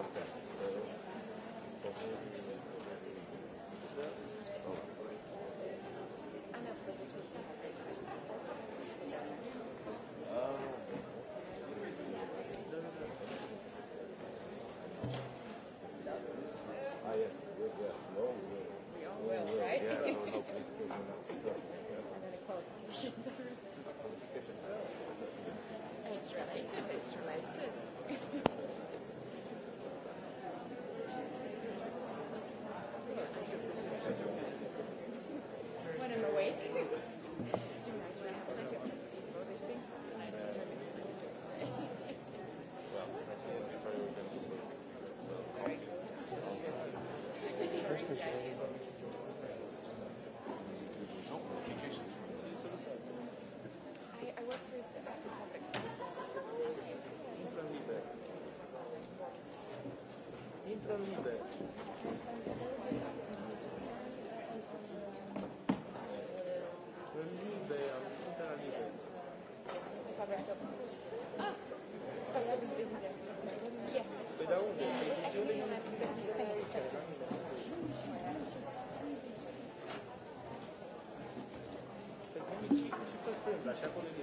lascia con il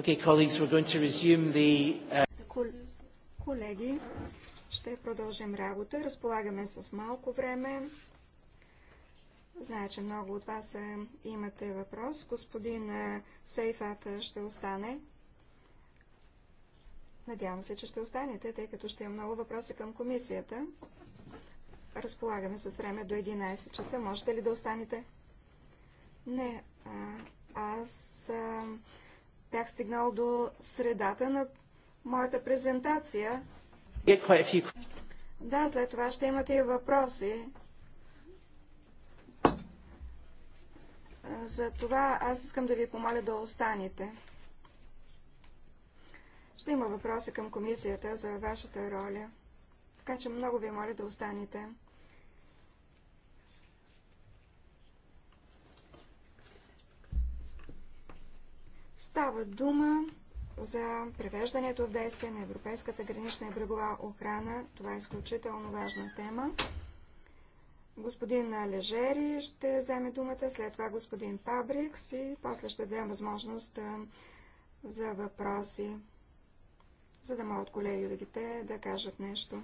Okay, colleagues, we're going to resume the... Uh, колеги, ще продължим работа. Разполагаме с малко време. Знае, че много от вас е, имате въпрос. Господин е, Сейфат е, ще остане. Надявам се, че ще останете, тъй като ще има много въпроси към комисията. Разполагаме с време до 11 часа. Можете ли да останете? Не. А, аз... А, бях стигнал до средата на моята презентация. Да, след това ще имате и въпроси. За това аз искам да ви помоля да останете. Ще има въпроси към комисията за вашата роля. Така че много ви моля да останете. Става дума за превеждането в действие на Европейската гранична и брегова охрана. Това е изключително важна тема. Господин Лежери ще вземе думата, след това господин Пабрикс и после ще дадем възможност за въпроси, за да могат колегите да кажат нещо.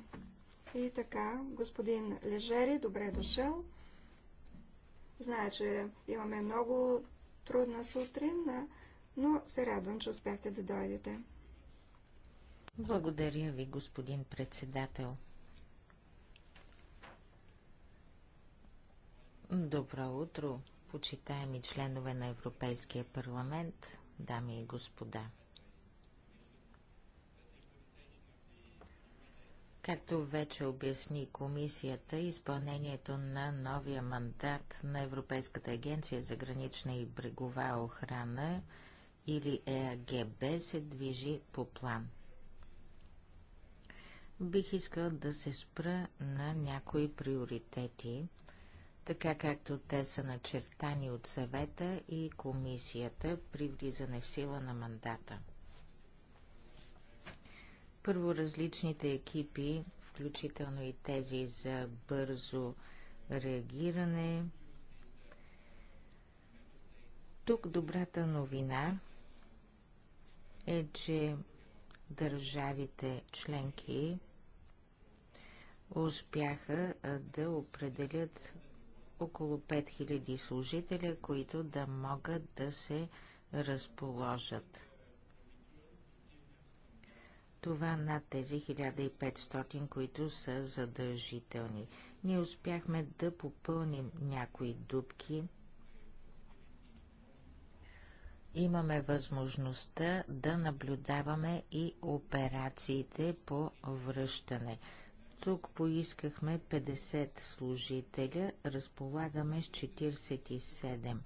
И така, господин Лежери, добре дошъл. Знае, че имаме много трудна сутрин но се радвам, че успяхте да дойдете. Благодаря ви, господин председател. Добро утро, почитаеми членове на Европейския парламент, дами и господа. Както вече обясни комисията, изпълнението на новия мандат на Европейската агенция за гранична и брегова охрана – или ЕАГБ се движи по план. Бих искал да се спра на някои приоритети, така както те са начертани от съвета и комисията при влизане в сила на мандата. Първо различните екипи, включително и тези за бързо реагиране. Тук добрата новина е, че държавите членки успяха да определят около 5000 служители, които да могат да се разположат. Това над тези 1500, които са задължителни. Ние успяхме да попълним някои дубки – имаме възможността да наблюдаваме и операциите по връщане. Тук поискахме 50 служителя, разполагаме с 47.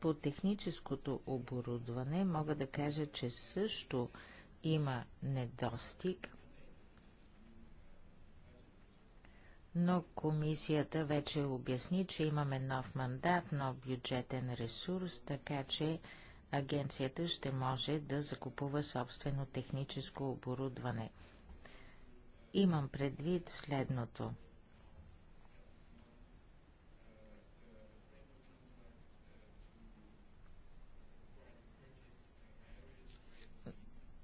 По техническото оборудване мога да кажа, че също има недостиг, но комисията вече обясни, че имаме нов мандат, нов бюджетен ресурс, така че агенцията ще може да закупува собствено техническо оборудване. Имам предвид следното.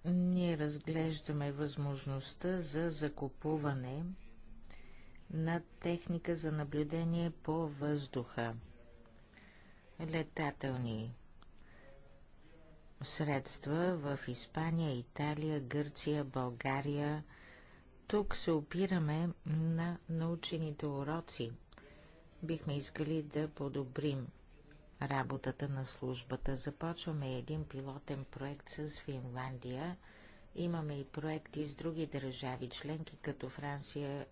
Ние разглеждаме възможността за закупуване на техника за наблюдение по въздуха летателни средства в Испания, Италия, Гърция, България. Тук се опираме на научените уроци. Бихме искали да подобрим работата на службата. Започваме един пилотен проект с Финландия. Имаме и проекти с други държави членки, като Франция,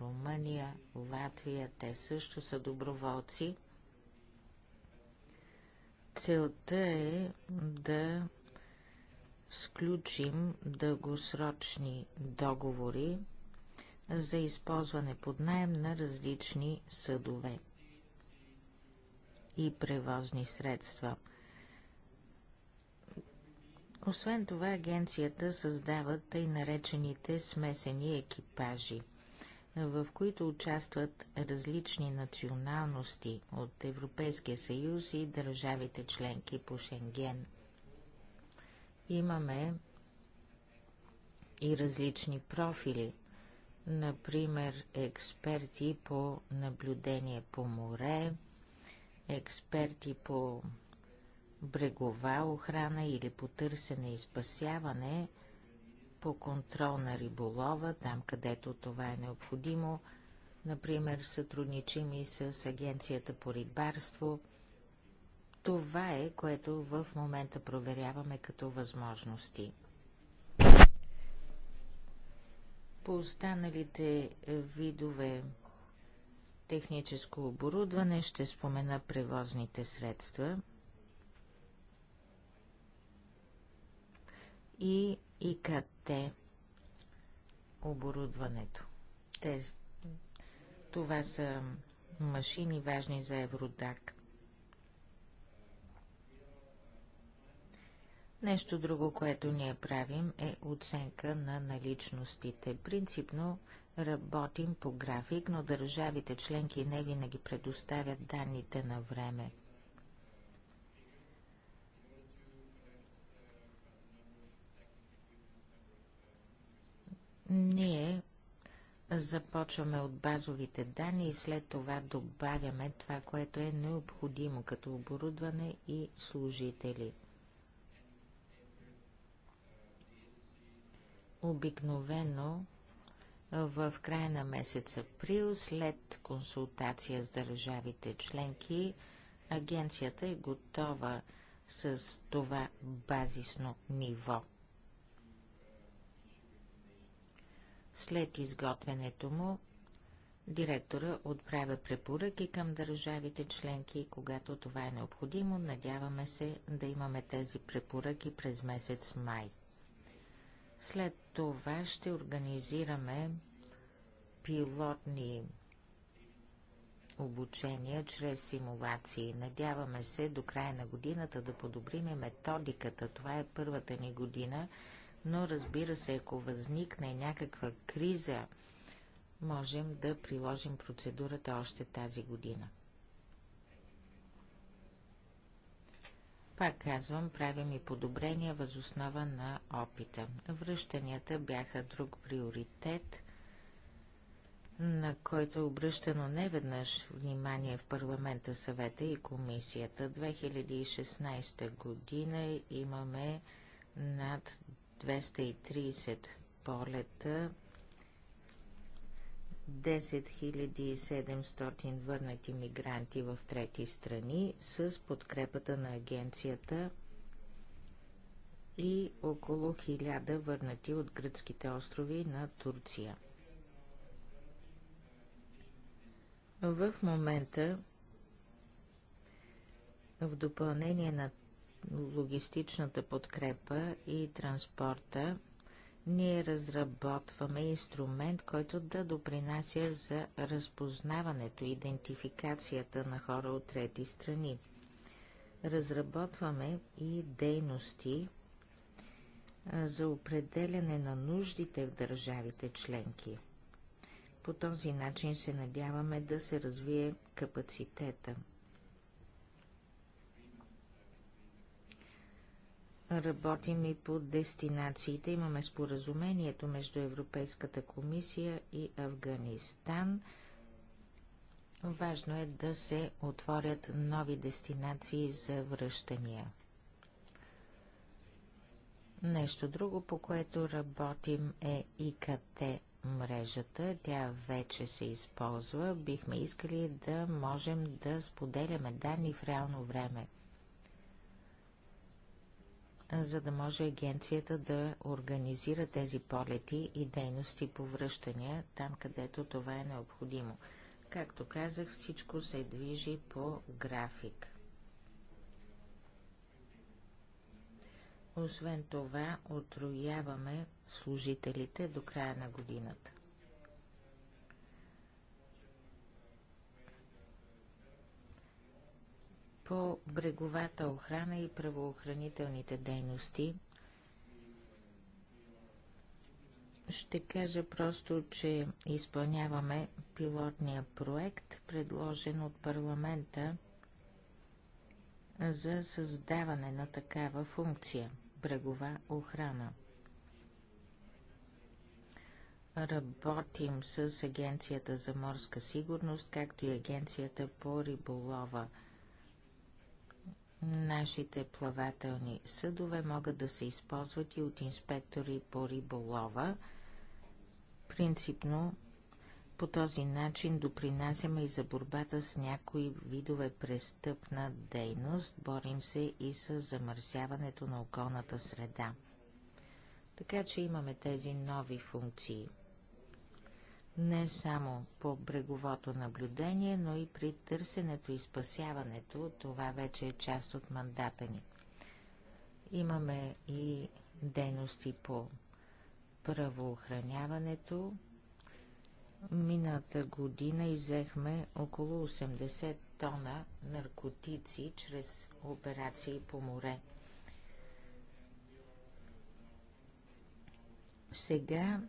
Румъния, Латвия. Те също са доброволци. Целта е да сключим дългосрочни договори за използване под найем на различни съдове и превозни средства. Освен това, агенцията създава тъй наречените смесени екипажи, в които участват различни националности от Европейския съюз и държавите членки по Шенген – имаме и различни профили. Например, експерти по наблюдение по море, експерти по брегова охрана или по търсене и спасяване, по контрол на риболова, там където това е необходимо. Например, сътрудничим и с Агенцията по рибарство – това е, което в момента проверяваме като възможности. По останалите видове техническо оборудване ще спомена превозните средства и ИКТ оборудването. Те, това са машини важни за Евродак. Нещо друго, което ние правим е оценка на наличностите. Принципно работим по график, но държавите членки не винаги предоставят данните на време. Ние започваме от базовите данни и след това добавяме това, което е необходимо като оборудване и служители – Обикновено в края на месец април, след консултация с държавите членки, агенцията е готова с това базисно ниво. След изготвянето му, директора отправя препоръки към държавите членки, когато това е необходимо. Надяваме се да имаме тези препоръки през месец май. След това ще организираме пилотни обучения чрез симулации. Надяваме се до края на годината да подобриме методиката. Това е първата ни година, но разбира се, ако възникне някаква криза, можем да приложим процедурата още тази година. Пак казвам, правим и подобрения въз основа на опита. Връщанията бяха друг приоритет, на който е обръщано неведнъж внимание в парламента, съвета и комисията. 2016 година имаме над 230 полета 10 700 върнати мигранти в трети страни с подкрепата на агенцията и около 1000 върнати от гръцките острови на Турция. В момента в допълнение на логистичната подкрепа и транспорта ние разработваме инструмент, който да допринася за разпознаването, идентификацията на хора от трети страни. Разработваме и дейности за определяне на нуждите в държавите членки. По този начин се надяваме да се развие капацитета – Работим и по дестинациите. Имаме споразумението между Европейската комисия и Афганистан. Важно е да се отворят нови дестинации за връщания. Нещо друго, по което работим е ИКТ мрежата. Тя вече се използва. Бихме искали да можем да споделяме данни в реално време за да може агенцията да организира тези полети и дейности по връщания там, където това е необходимо. Както казах, всичко се движи по график. Освен това, отрояваме служителите до края на годината. по бреговата охрана и правоохранителните дейности. Ще кажа просто, че изпълняваме пилотния проект, предложен от парламента за създаване на такава функция – брегова охрана. Работим с Агенцията за морска сигурност, както и Агенцията по риболова – Нашите плавателни съдове могат да се използват и от инспектори по риболова. Принципно по този начин допринасяме и за борбата с някои видове престъпна дейност, борим се и с замърсяването на околната среда. Така че имаме тези нови функции – не само по бреговото наблюдение, но и при търсенето и спасяването. Това вече е част от мандата ни. Имаме и дейности по правоохраняването. Мината година изехме около 80 тона наркотици чрез операции по море. Сега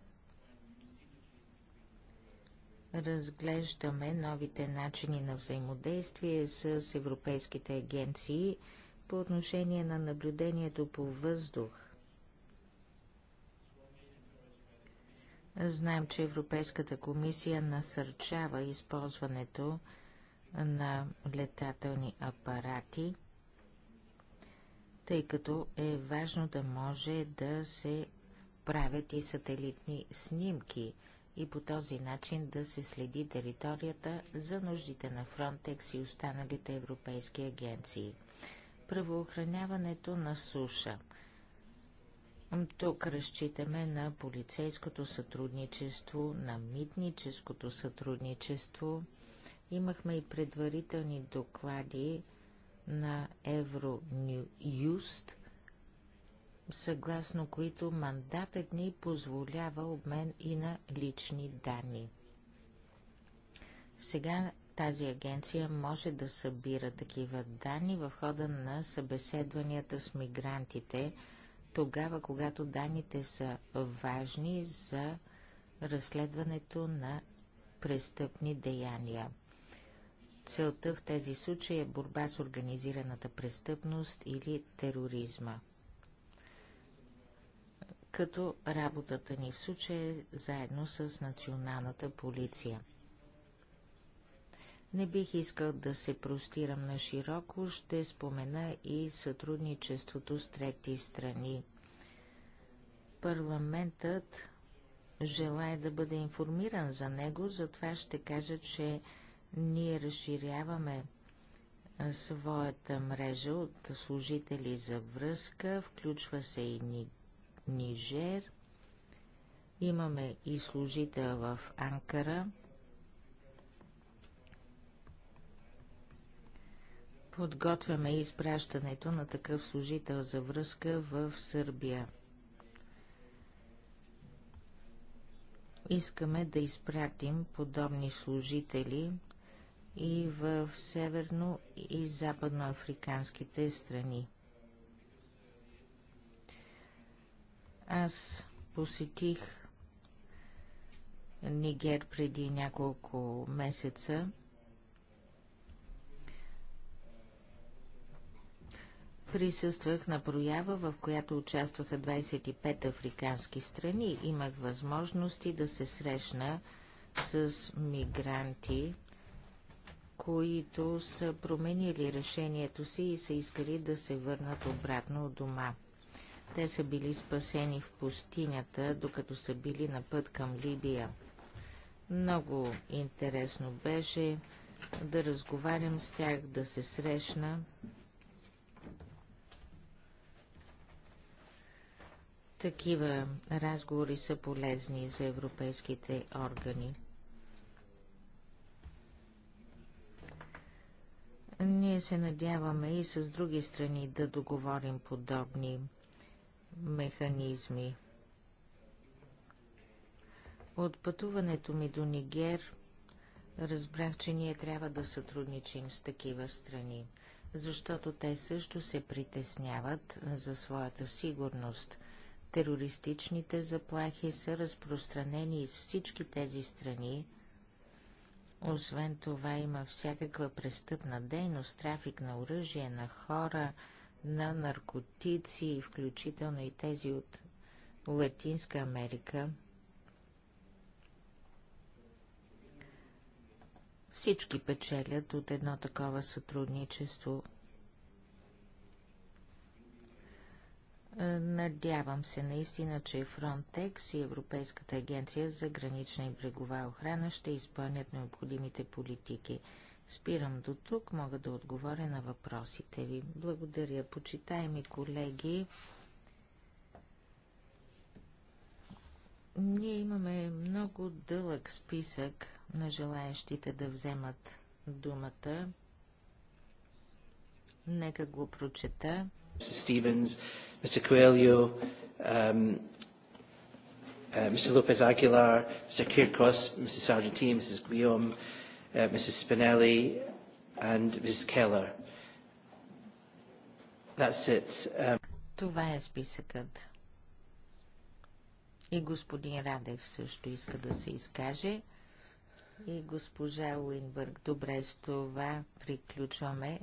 разглеждаме новите начини на взаимодействие с европейските агенции по отношение на наблюдението по въздух. Знаем, че Европейската комисия насърчава използването на летателни апарати, тъй като е важно да може да се правят и сателитни снимки и по този начин да се следи територията за нуждите на Фронтекс и останалите европейски агенции. Правоохраняването на суша. Тук разчитаме на полицейското сътрудничество, на митническото сътрудничество. Имахме и предварителни доклади на Евроюст съгласно които мандатът ни позволява обмен и на лични данни. Сега тази агенция може да събира такива данни в хода на събеседванията с мигрантите, тогава когато данните са важни за разследването на престъпни деяния. Целта в тези случаи е борба с организираната престъпност или тероризма като работата ни в случая е заедно с националната полиция. Не бих искал да се простирам на широко, ще спомена и сътрудничеството с трети страни. Парламентът желая да бъде информиран за него, затова ще кажа, че ние разширяваме своята мрежа от служители за връзка, включва се и Нигерия. Нижер. Имаме и служител в Анкара. Подготвяме изпращането на такъв служител за връзка в Сърбия. Искаме да изпратим подобни служители и в северно и западноафриканските страни. Аз посетих Нигер преди няколко месеца. Присъствах на проява, в която участваха 25 африкански страни. Имах възможности да се срещна с мигранти, които са променили решението си и са искали да се върнат обратно от дома. Те са били спасени в пустинята, докато са били на път към Либия. Много интересно беше да разговарям с тях, да се срещна. Такива разговори са полезни за европейските органи. Ние се надяваме и с други страни да договорим подобни механизми. От пътуването ми до Нигер разбрах, че ние трябва да сътрудничим с такива страни, защото те също се притесняват за своята сигурност. Терористичните заплахи са разпространени из всички тези страни. Освен това има всякаква престъпна дейност, трафик на оръжие, на хора – на наркотици, включително и тези от Латинска Америка. Всички печелят от едно такова сътрудничество. Е, надявам се наистина, че Frontex и Европейската агенция за гранична и брегова охрана ще изпълнят необходимите политики. Спирам до тук, мога да отговоря на въпросите ви. Благодаря, почитаеми колеги. Ние имаме много дълъг списък на желаящите да вземат думата. Нека го прочета. Стивенс, Mr. Coelho, um, uh, Mr. Lopez Aguilar, Mr. Kirkos, Mrs. Sargentini, Mrs. Guillaume, uh, Mrs Spinelli and Mrs Keller. That's it. Um... Това е списъкът. И господин Радев също иска да се изкаже. И госпожа Уинбърг. Добре, с това приключваме.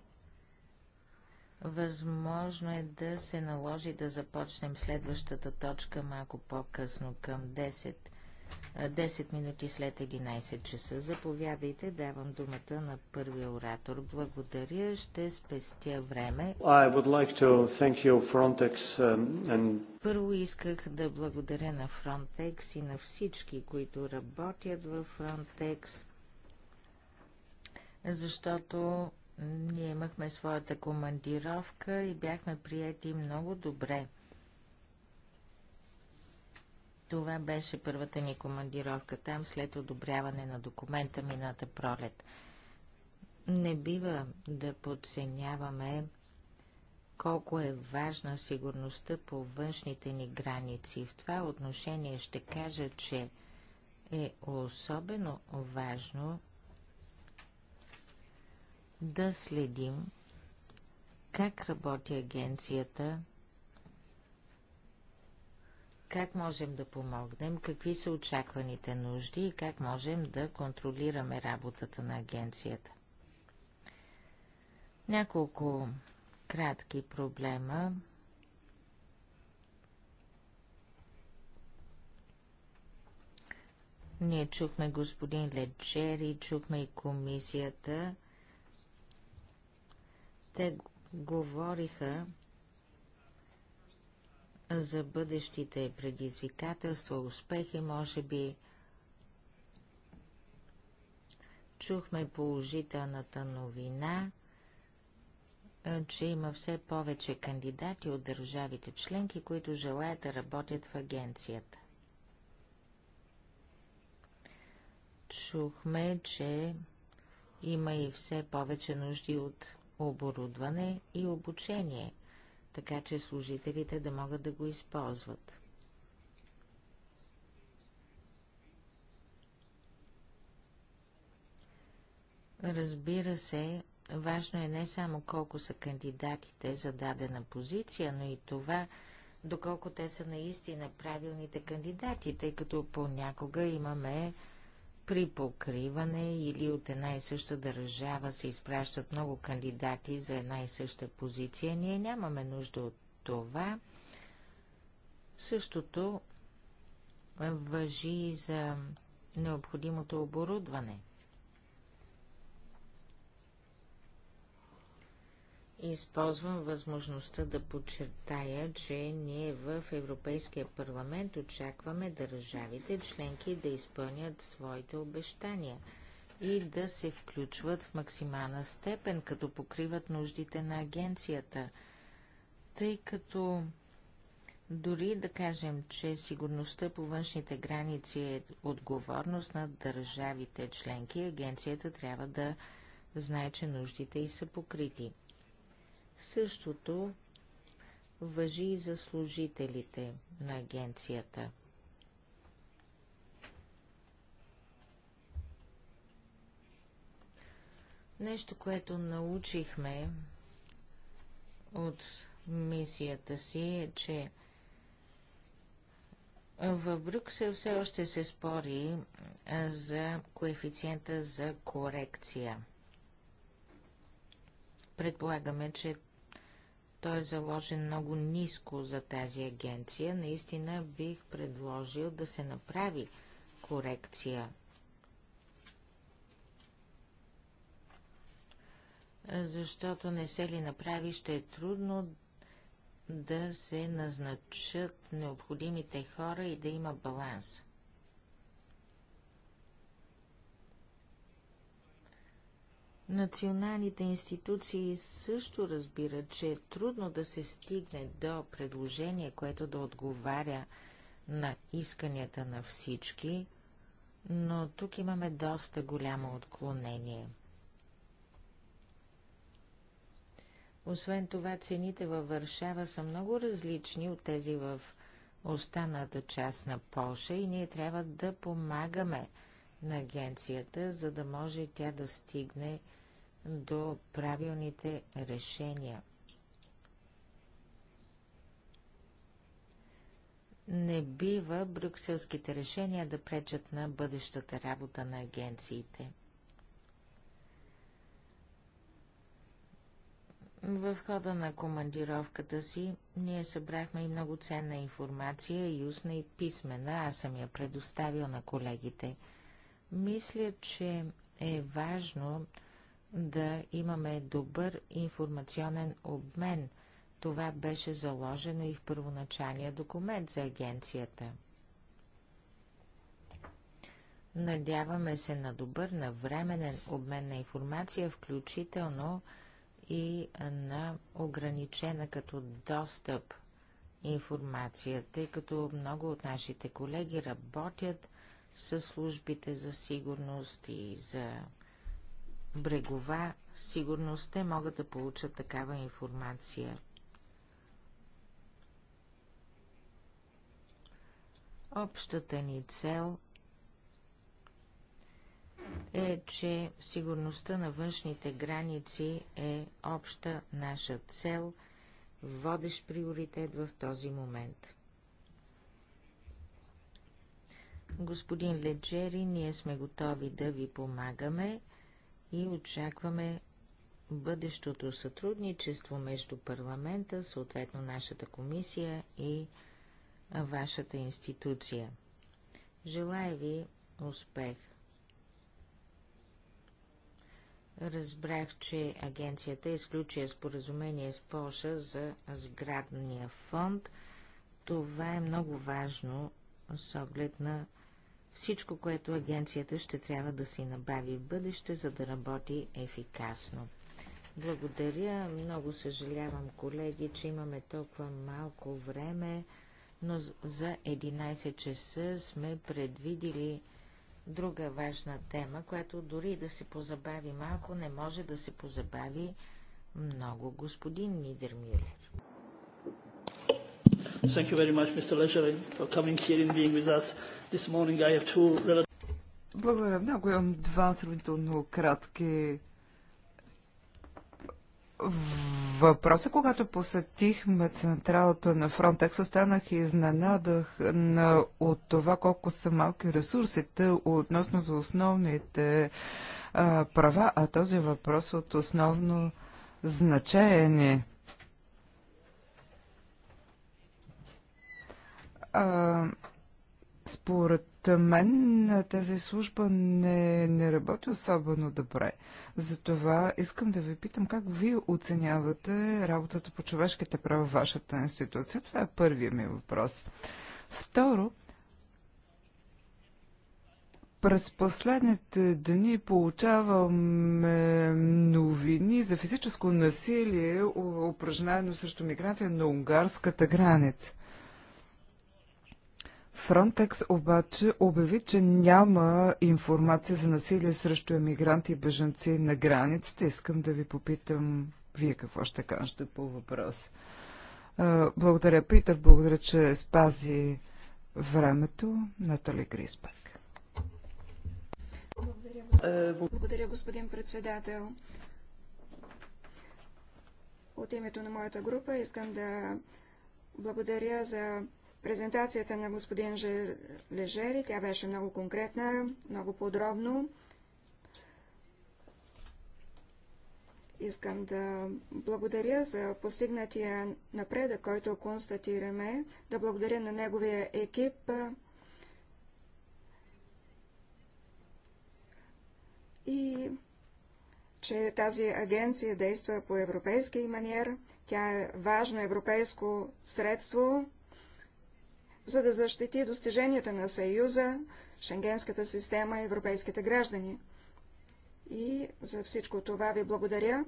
Възможно е да се наложи да започнем следващата точка малко по-късно към 10. 10 минути след 11 часа. Заповядайте, давам думата на първия оратор. Благодаря, ще спестя време. I would like to thank you, Frontex, um, and... Първо исках да благодаря на Frontex и на всички, които работят в Frontex, защото ние имахме своята командировка и бяхме прияти много добре. Това беше първата ни командировка там след одобряване на документа мината пролет. Не бива да подценяваме колко е важна сигурността по външните ни граници. В това отношение ще кажа, че е особено важно да следим как работи агенцията как можем да помогнем, какви са очакваните нужди и как можем да контролираме работата на агенцията. Няколко кратки проблема. Ние чухме господин Леджери, чухме и комисията. Те говориха за бъдещите предизвикателства, успехи, може би. Чухме положителната новина, е, че има все повече кандидати от държавите членки, които желаят да работят в агенцията. Чухме, че има и все повече нужди от оборудване и обучение – така че служителите да могат да го използват. Разбира се, важно е не само колко са кандидатите за дадена позиция, но и това, доколко те са наистина правилните кандидати, тъй като понякога имаме при покриване или от една и съща държава се изпращат много кандидати за една и съща позиция. Ние нямаме нужда от това. Същото въжи и за необходимото оборудване – Използвам възможността да подчертая, че ние в Европейския парламент очакваме държавите членки да изпълнят своите обещания и да се включват в максимална степен, като покриват нуждите на агенцията. Тъй като дори да кажем, че сигурността по външните граници е отговорност на държавите членки, агенцията трябва да знае, че нуждите и са покрити. Същото въжи и за служителите на агенцията. Нещо, което научихме от мисията си е, че в Брюксел все още се спори за коефициента за корекция. Предполагаме, че той е заложен много ниско за тази агенция. Наистина бих предложил да се направи корекция. Защото не се ли направи, ще е трудно да се назначат необходимите хора и да има баланс. Националните институции също разбират, че е трудно да се стигне до предложение, което да отговаря на исканията на всички, но тук имаме доста голямо отклонение. Освен това, цените във Варшава са много различни от тези в останата част на Польша и ние трябва да помагаме на агенцията, за да може тя да стигне до правилните решения. Не бива брюкселските решения да пречат на бъдещата работа на агенциите. В хода на командировката си ние събрахме и много ценна информация, и устна, и писмена. Аз съм я предоставил на колегите. Мисля, че е важно да имаме добър информационен обмен. Това беше заложено и в първоначалния документ за агенцията. Надяваме се на добър, навременен обмен на информация, включително и на ограничена като достъп информация, тъй като много от нашите колеги работят със службите за сигурност и за брегова сигурност, те могат да получат такава информация. Общата ни цел е, че сигурността на външните граници е обща наша цел, водещ приоритет в този момент. Господин Леджери, ние сме готови да ви помагаме и очакваме бъдещото сътрудничество между парламента, съответно нашата комисия и вашата институция. Желая ви успех! Разбрах, че агенцията изключи споразумение с Польша за сградния фонд. Това е много важно с оглед на всичко, което агенцията ще трябва да си набави в бъдеще, за да работи ефикасно. Благодаря. Много съжалявам, колеги, че имаме толкова малко време, но за 11 часа сме предвидили друга важна тема, която дори да се позабави малко, не може да се позабави много господин Нидермюлер. Thank you very much, Mr. Leisure, for coming here and being with us this morning. I have two Благодаря много. Имам два сравнително кратки въпроса. Когато посетихме централата на Frontex, останах и изненадах на, от това колко са малки ресурсите относно за основните а, права, а този въпрос е от основно значение. А, според мен тази служба не, не работи особено добре. Затова искам да ви питам как вие оценявате работата по човешките права в вашата институция. Това е първият ми въпрос. Второ, през последните дни получаваме новини за физическо насилие, упражнено срещу мигранти на унгарската граница. Фронтекс обаче обяви, че няма информация за насилие срещу емигранти и бежанци на границата. Искам да ви попитам вие какво ще кажете по въпрос. Благодаря, Питър. Благодаря, че спази времето. Натали Гриспак. Благодаря, господин председател. От името на моята група искам да благодаря за презентацията на господин Лежери. Тя беше много конкретна, много подробно. Искам да благодаря за постигнатия напредък, който констатираме, да благодаря на неговия екип и че тази агенция действа по европейски маниер. Тя е важно европейско средство за да защити достиженията на Съюза, Шенгенската система, и европейските граждани. И за всичко това ви благодаря.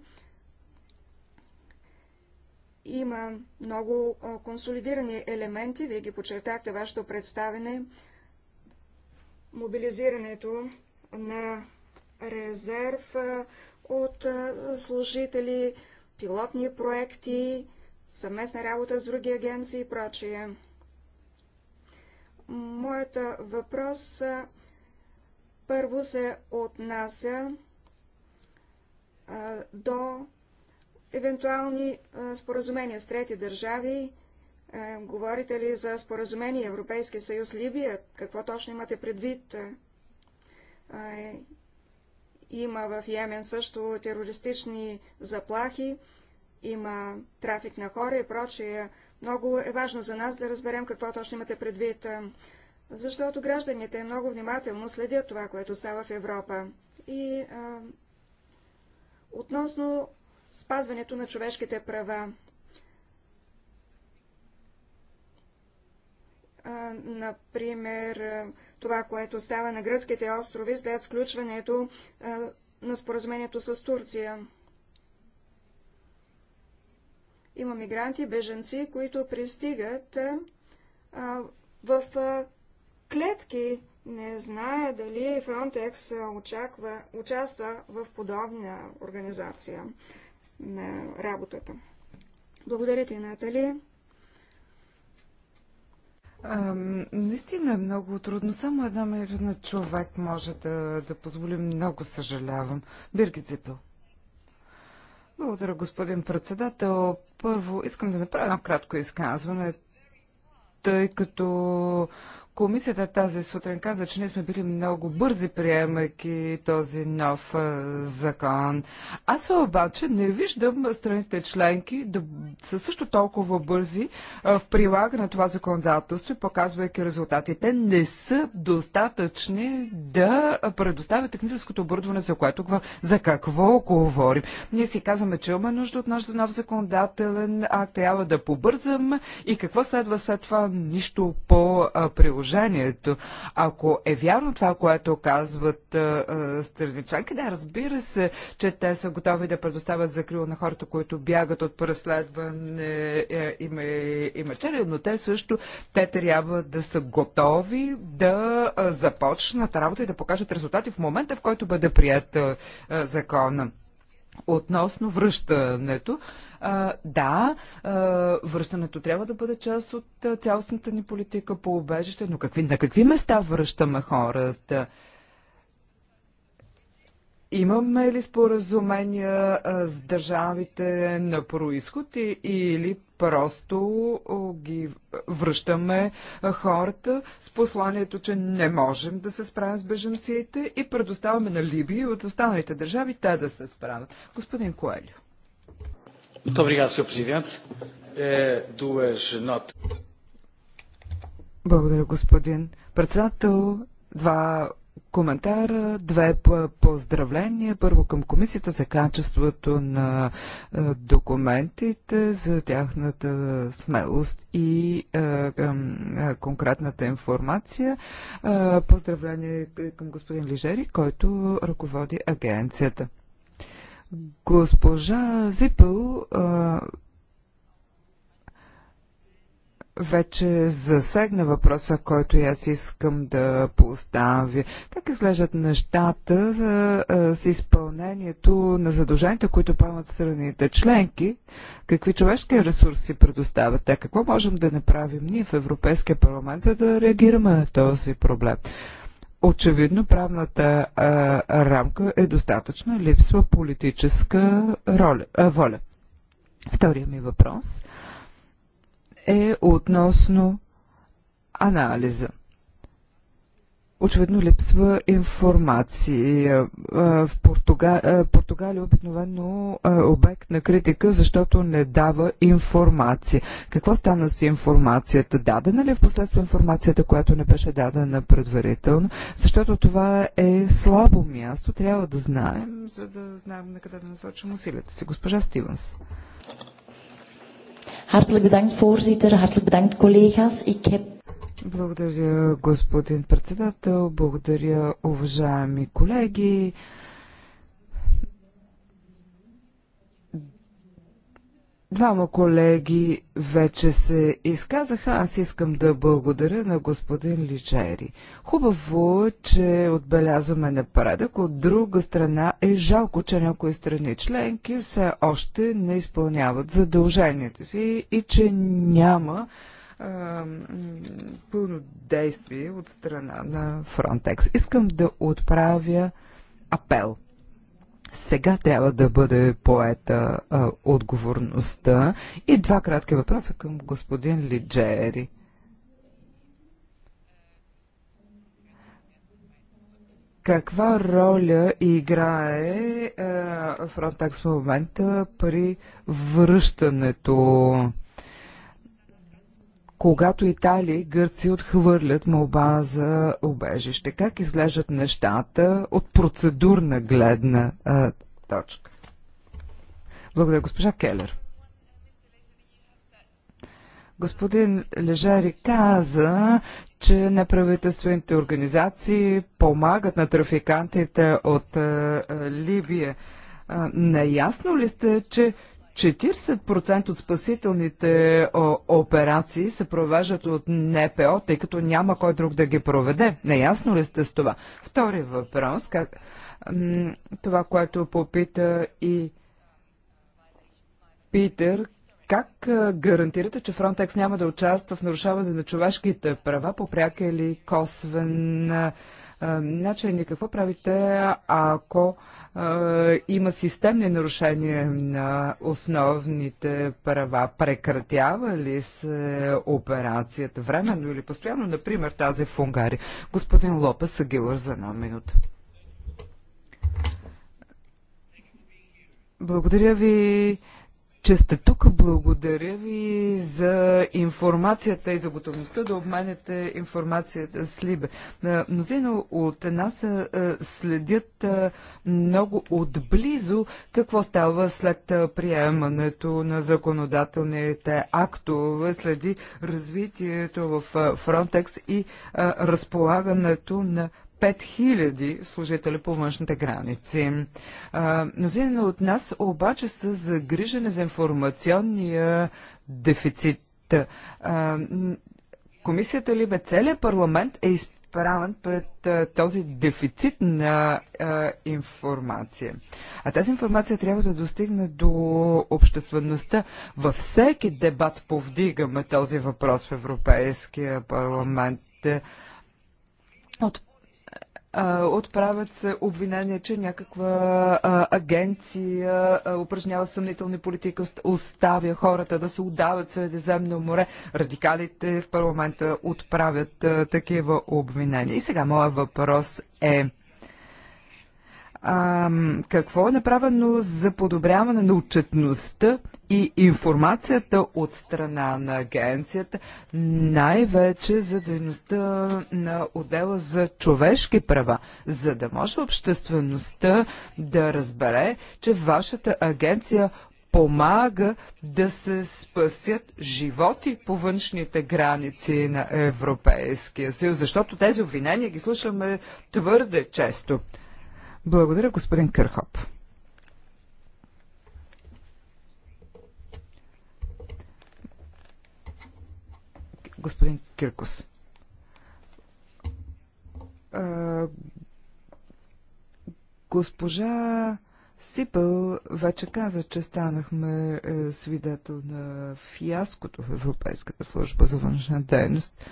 Има много консолидирани елементи, вие ги подчертахте вашето представене, мобилизирането на резерв от служители, пилотни проекти, съвместна работа с други агенции и прочие. Моят въпрос първо се отнася до евентуални споразумения с трети държави. Говорите ли за споразумение Европейския съюз Либия? Какво точно имате предвид? Има в Йемен също терористични заплахи, има трафик на хора и прочие много е важно за нас да разберем какво точно имате предвид, защото гражданите много внимателно следят това, което става в Европа. И а, относно спазването на човешките права. например, това, което става на гръцките острови след сключването на споразумението с Турция. Има мигранти, беженци, които пристигат в клетки. Не зная дали Фронтекс очаква, участва в подобна организация на работата. Благодаря ти, Натали. наистина е много трудно. Само една мирна човек може да, да позволи. Много съжалявам. Биргит Зипел. Благодаря, господин председател. Първо искам да направя едно кратко изказване, тъй като Комисията тази сутрин каза, че ние сме били много бързи, приемайки този нов закон. Аз обаче не виждам страните членки да са също толкова бързи в прилага на това законодателство и показвайки резултатите, не са достатъчни да предоставят техническото оборудване, за което за какво говорим. Ние си казваме, че имаме нужда от наш нов законодателен акт, трябва да побързам и какво следва след това нищо по приложително положението. Ако е вярно това, което казват страничанки, да, разбира се, че те са готови да предоставят закрила на хората, които бягат от преследване и, е, и мъчери, но те също, те трябва да са готови да започнат работа и да покажат резултати в момента, в който бъде прият закона. Относно връщането, а, да, а, връщането трябва да бъде част от цялостната ни политика по убежище, но какви, на какви места връщаме хората? Имаме ли споразумения с държавите на происход или просто ги връщаме хората с посланието, че не можем да се справим с беженците и предоставяме на Либия и от останалите държави те да се справят? Господин Коелю. Muito obrigado, Sr. Presidente. Duas notas. Благодаря, господин председател. Два коментара, две поздравления. Първо към комисията за качеството на е, документите, за тяхната смелост и е, е, конкретната информация. Поздравление към господин Лижери, който ръководи агенцията. Госпожа Зипъл а, вече засегна въпроса, който и аз искам да поставя. Как изглеждат нещата за, а, с изпълнението на задълженията, които поемат страните членки? Какви човешки ресурси предоставят те? Какво можем да направим ние в Европейския парламент, за да реагираме на този проблем? Очевидно правната а, рамка е достатъчна, липсва политическа роля, а, воля. Втория ми въпрос е относно анализа очевидно липсва информация. В Португа... Португалия обикновено е обект на критика, защото не дава информация. Какво стана с информацията? Дадена ли е в последствие информацията, която не беше дадена предварително? Защото това е слабо място, трябва да знаем, за да знаем на къде да насочим усилията си. Госпожа Стивенс. Hartelijk bedankt voorzitter, hartelijk bedankt collega's. Ik heb благодаря, господин председател. Благодаря, уважаеми колеги. Двама колеги вече се изказаха. Аз искам да благодаря на господин Личери. Хубаво е, че отбелязваме напредък. От друга страна е жалко, че някои страни членки все още не изпълняват задълженията си и че няма пълно действие от страна на Frontex. Искам да отправя апел сега трябва да бъде поета а, отговорността. И два кратки въпроса към господин Лиджери. Каква роля играе а, Frontex в момента при връщането когато Италия и Гърция отхвърлят молба за убежище? Как изглеждат нещата от процедурна гледна а, точка? Благодаря, госпожа Келер. Господин Лежари каза, че неправителствените организации помагат на трафикантите от а, Либия. А, наясно ли сте, че 40% от спасителните операции се провеждат от НПО, тъй като няма кой друг да ги проведе. Неясно ли сте с това? Втори въпрос, как, това, което попита и Питер, как гарантирате, че Фронтекс няма да участва в нарушаване на човешките права по или косвен начин? какво правите, ако има системни нарушения на основните права. Прекратява ли се операцията временно или постоянно, например тази в Унгария? Господин Лопес Агилър за една минута. Благодаря ви че сте тук. Благодаря ви за информацията и за готовността да обменяте информацията с Либе. Мнозина от нас следят много отблизо какво става след приемането на законодателните актове, следи развитието в Фронтекс и разполагането на 5000 служители по външните граници. Мнозина от нас обаче са загрижени за информационния дефицит. А, комисията ли бе целият парламент е изправен пред а, този дефицит на а, информация. А тази информация трябва да достигне до обществеността. Във всеки дебат повдигаме този въпрос в Европейския парламент. От отправят се обвинения, че някаква агенция упражнява съмнителни политики, оставя хората да се отдават в Средиземно море. Радикалите в парламента отправят такива обвинения. И сега моят въпрос е а, какво е направено за подобряване на отчетността и информацията от страна на агенцията, най-вече за дейността на отдела за човешки права, за да може обществеността да разбере, че вашата агенция помага да се спасят животи по външните граници на Европейския съюз, защото тези обвинения ги слушаме твърде често. Благодаря, господин Кърхоп. Господин Киркос. Госпожа Сипъл вече каза, че станахме е, свидетел на фиаското в Европейската служба за външна дейност.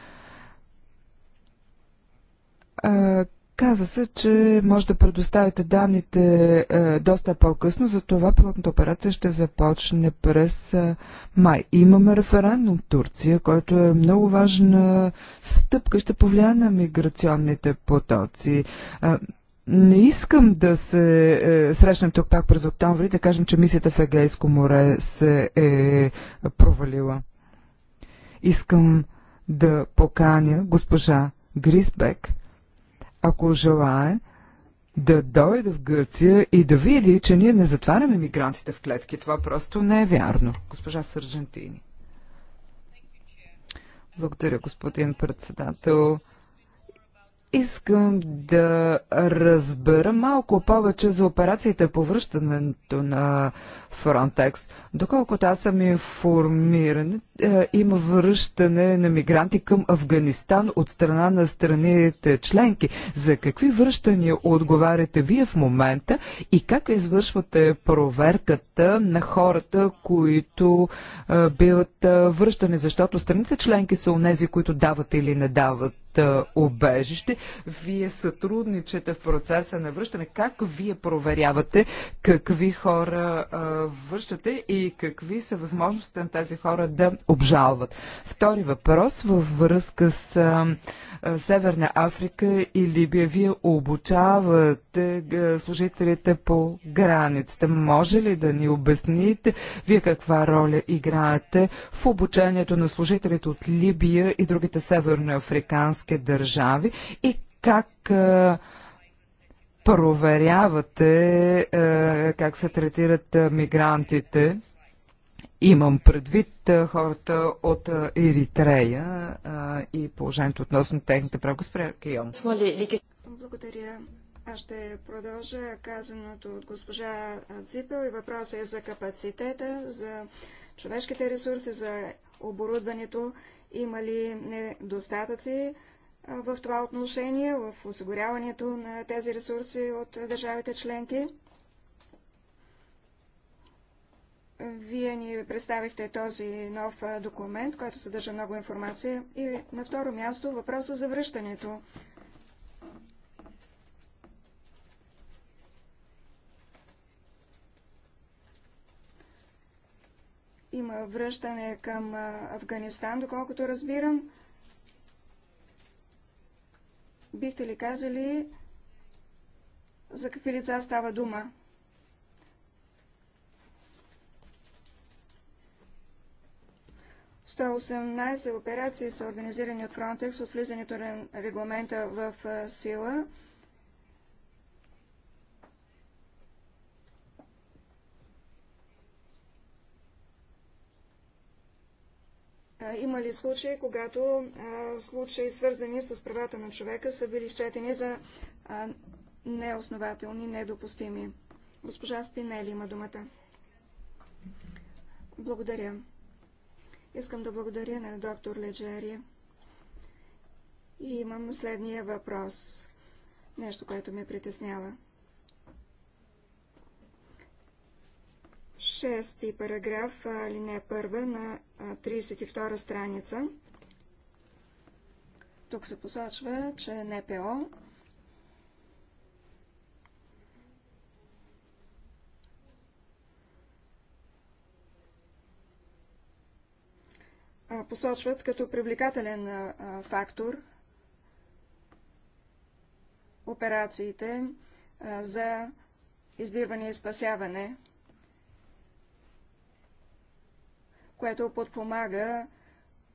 Каза се, че може да предоставите данните е, доста по-късно, затова пилотната операция ще започне през е, май. Имаме референдум в Турция, който е много важна стъпка, ще повлияе на миграционните потоци. Е, не искам да се е, срещнем тук пак през октомври, да кажем, че мисията в Егейско море се е провалила. Искам да поканя госпожа Грисбек – ако желае, да дойде в Гърция и да види, че ние не затваряме мигрантите в клетки. Това просто не е вярно. Госпожа Сържантини. Благодаря, господин председател. Искам да разбера малко повече за операциите по връщането на Фронтекс. Доколкото аз съм информиран, е, има връщане на мигранти към Афганистан от страна на страните членки. За какви връщания отговаряте вие в момента и как извършвате проверката на хората, които е, биват е, връщани? Защото страните членки са онези, които дават или не дават обежище. Е, вие сътрудничате в процеса на връщане. Как вие проверявате какви хора е, връщате и какви са възможностите на тези хора да обжалват? Втори въпрос във връзка с а, Северна Африка и Либия. Вие обучавате служителите по границата. Може ли да ни обясните вие каква роля играете в обучението на служителите от Либия и другите северноафрикански държави и как а, проверявате е, как се третират е, мигрантите. Имам предвид е, хората от Еритрея и положението относно техните права. Господин Кион. Благодаря. Аз ще продължа казаното от госпожа Ципел и въпросът е за капацитета, за човешките ресурси, за оборудването. Има ли недостатъци? в това отношение, в осигуряването на тези ресурси от държавите членки. Вие ни представихте този нов документ, който съдържа много информация. И на второ място въпроса за връщането. Има връщане към Афганистан, доколкото разбирам. Бихте ли казали за какви лица става дума? Сто операции са организирани от Фронтекс от влизането на регламента в сила. има ли случаи, когато случаи свързани с правата на човека са били вчетени за неоснователни, недопустими. Госпожа Спинели има думата. Благодаря. Искам да благодаря на доктор Леджери. И имам следния въпрос. Нещо, което ме притеснява. Шести параграф, алинея първа на 32 страница. Тук се посочва, че НПО посочват като привлекателен фактор операциите за издирване и спасяване което подпомага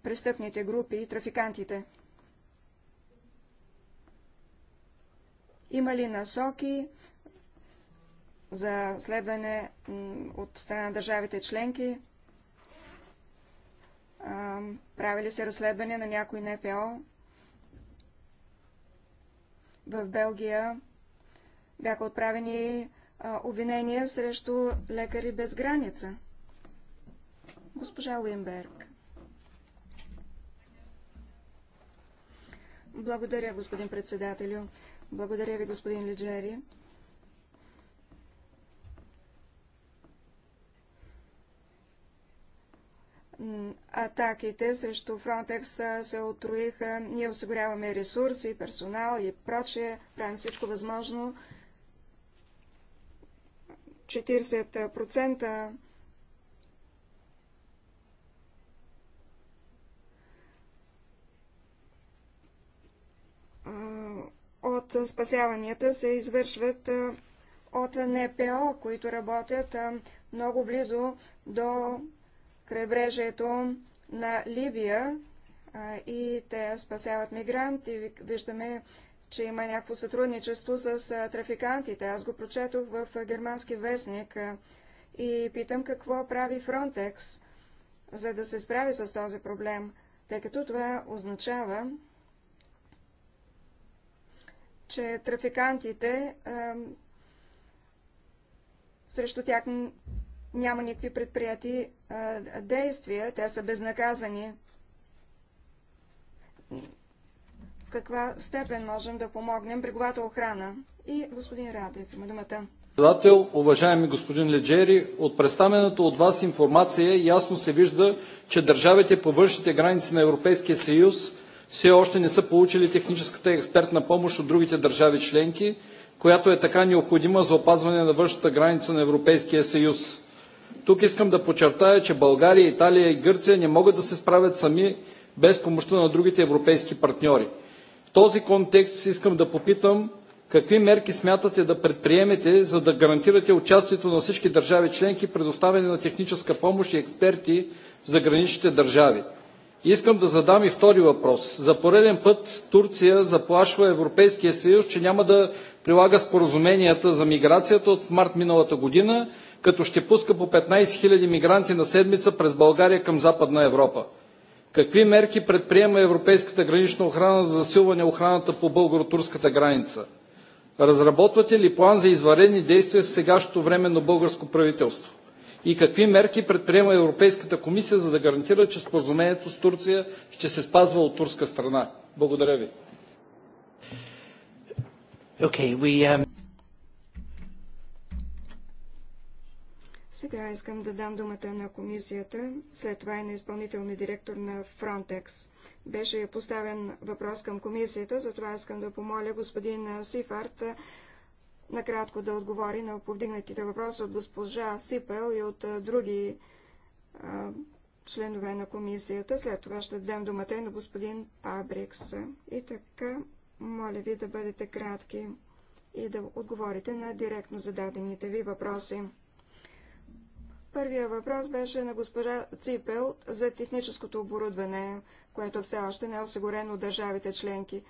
престъпните групи и трафикантите. Има ли насоки за следване от страна на държавите членки? Прави ли се разследване на някой НПО? В Белгия бяха отправени обвинения срещу лекари без граница. Госпожа Уинберг. Благодаря, господин председателю. Благодаря ви, господин Леджери. атаките срещу Frontex се отроиха. Ние осигуряваме ресурси, персонал и прочее. Правим всичко възможно. 40% от спасяванията се извършват от НПО, които работят много близо до крайбрежието на Либия и те спасяват мигранти. Виждаме, че има някакво сътрудничество с трафикантите. Аз го прочетох в германски вестник и питам какво прави Фронтекс, за да се справи с този проблем, тъй като това означава, че трафикантите а, срещу тях няма никакви предприяти а, действия, те са безнаказани. В каква степен можем да помогнем бреговата охрана? И господин Радев има думата. Председател, уважаеми господин Леджери, от представената от вас информация ясно се вижда, че държавите по външните граници на Европейския съюз все още не са получили техническата и експертна помощ от другите държави членки, която е така необходима за опазване на външната граница на Европейския съюз. Тук искам да подчертая, че България, Италия и Гърция не могат да се справят сами без помощта на другите европейски партньори. В този контекст искам да попитам какви мерки смятате да предприемете, за да гарантирате участието на всички държави членки, предоставяне на техническа помощ и експерти за граничните държави? Искам да задам и втори въпрос. За пореден път Турция заплашва Европейския съюз, че няма да прилага споразуменията за миграцията от март миналата година, като ще пуска по 15 000 мигранти на седмица през България към Западна Европа. Какви мерки предприема Европейската гранична охрана за засилване охраната по българо-турската граница? Разработвате ли план за изварени действия с сегашното временно българско правителство? и какви мерки предприема Европейската комисия, за да гарантира, че споразумението с Турция ще се спазва от турска страна? Благодаря ви. Okay, we, um... Сега искам да дам думата на комисията, след това и на изпълнителния директор на Frontex. Беше поставен въпрос към комисията, затова искам да помоля господин Сифарт накратко да отговори на повдигнатите въпроси от госпожа Сипел и от други а, членове на комисията. След това ще дадем думата и на господин Пабрикс. И така, моля ви да бъдете кратки и да отговорите на директно зададените ви въпроси. Първия въпрос беше на госпожа Ципел за техническото оборудване, което все още не е осигурено от държавите членки.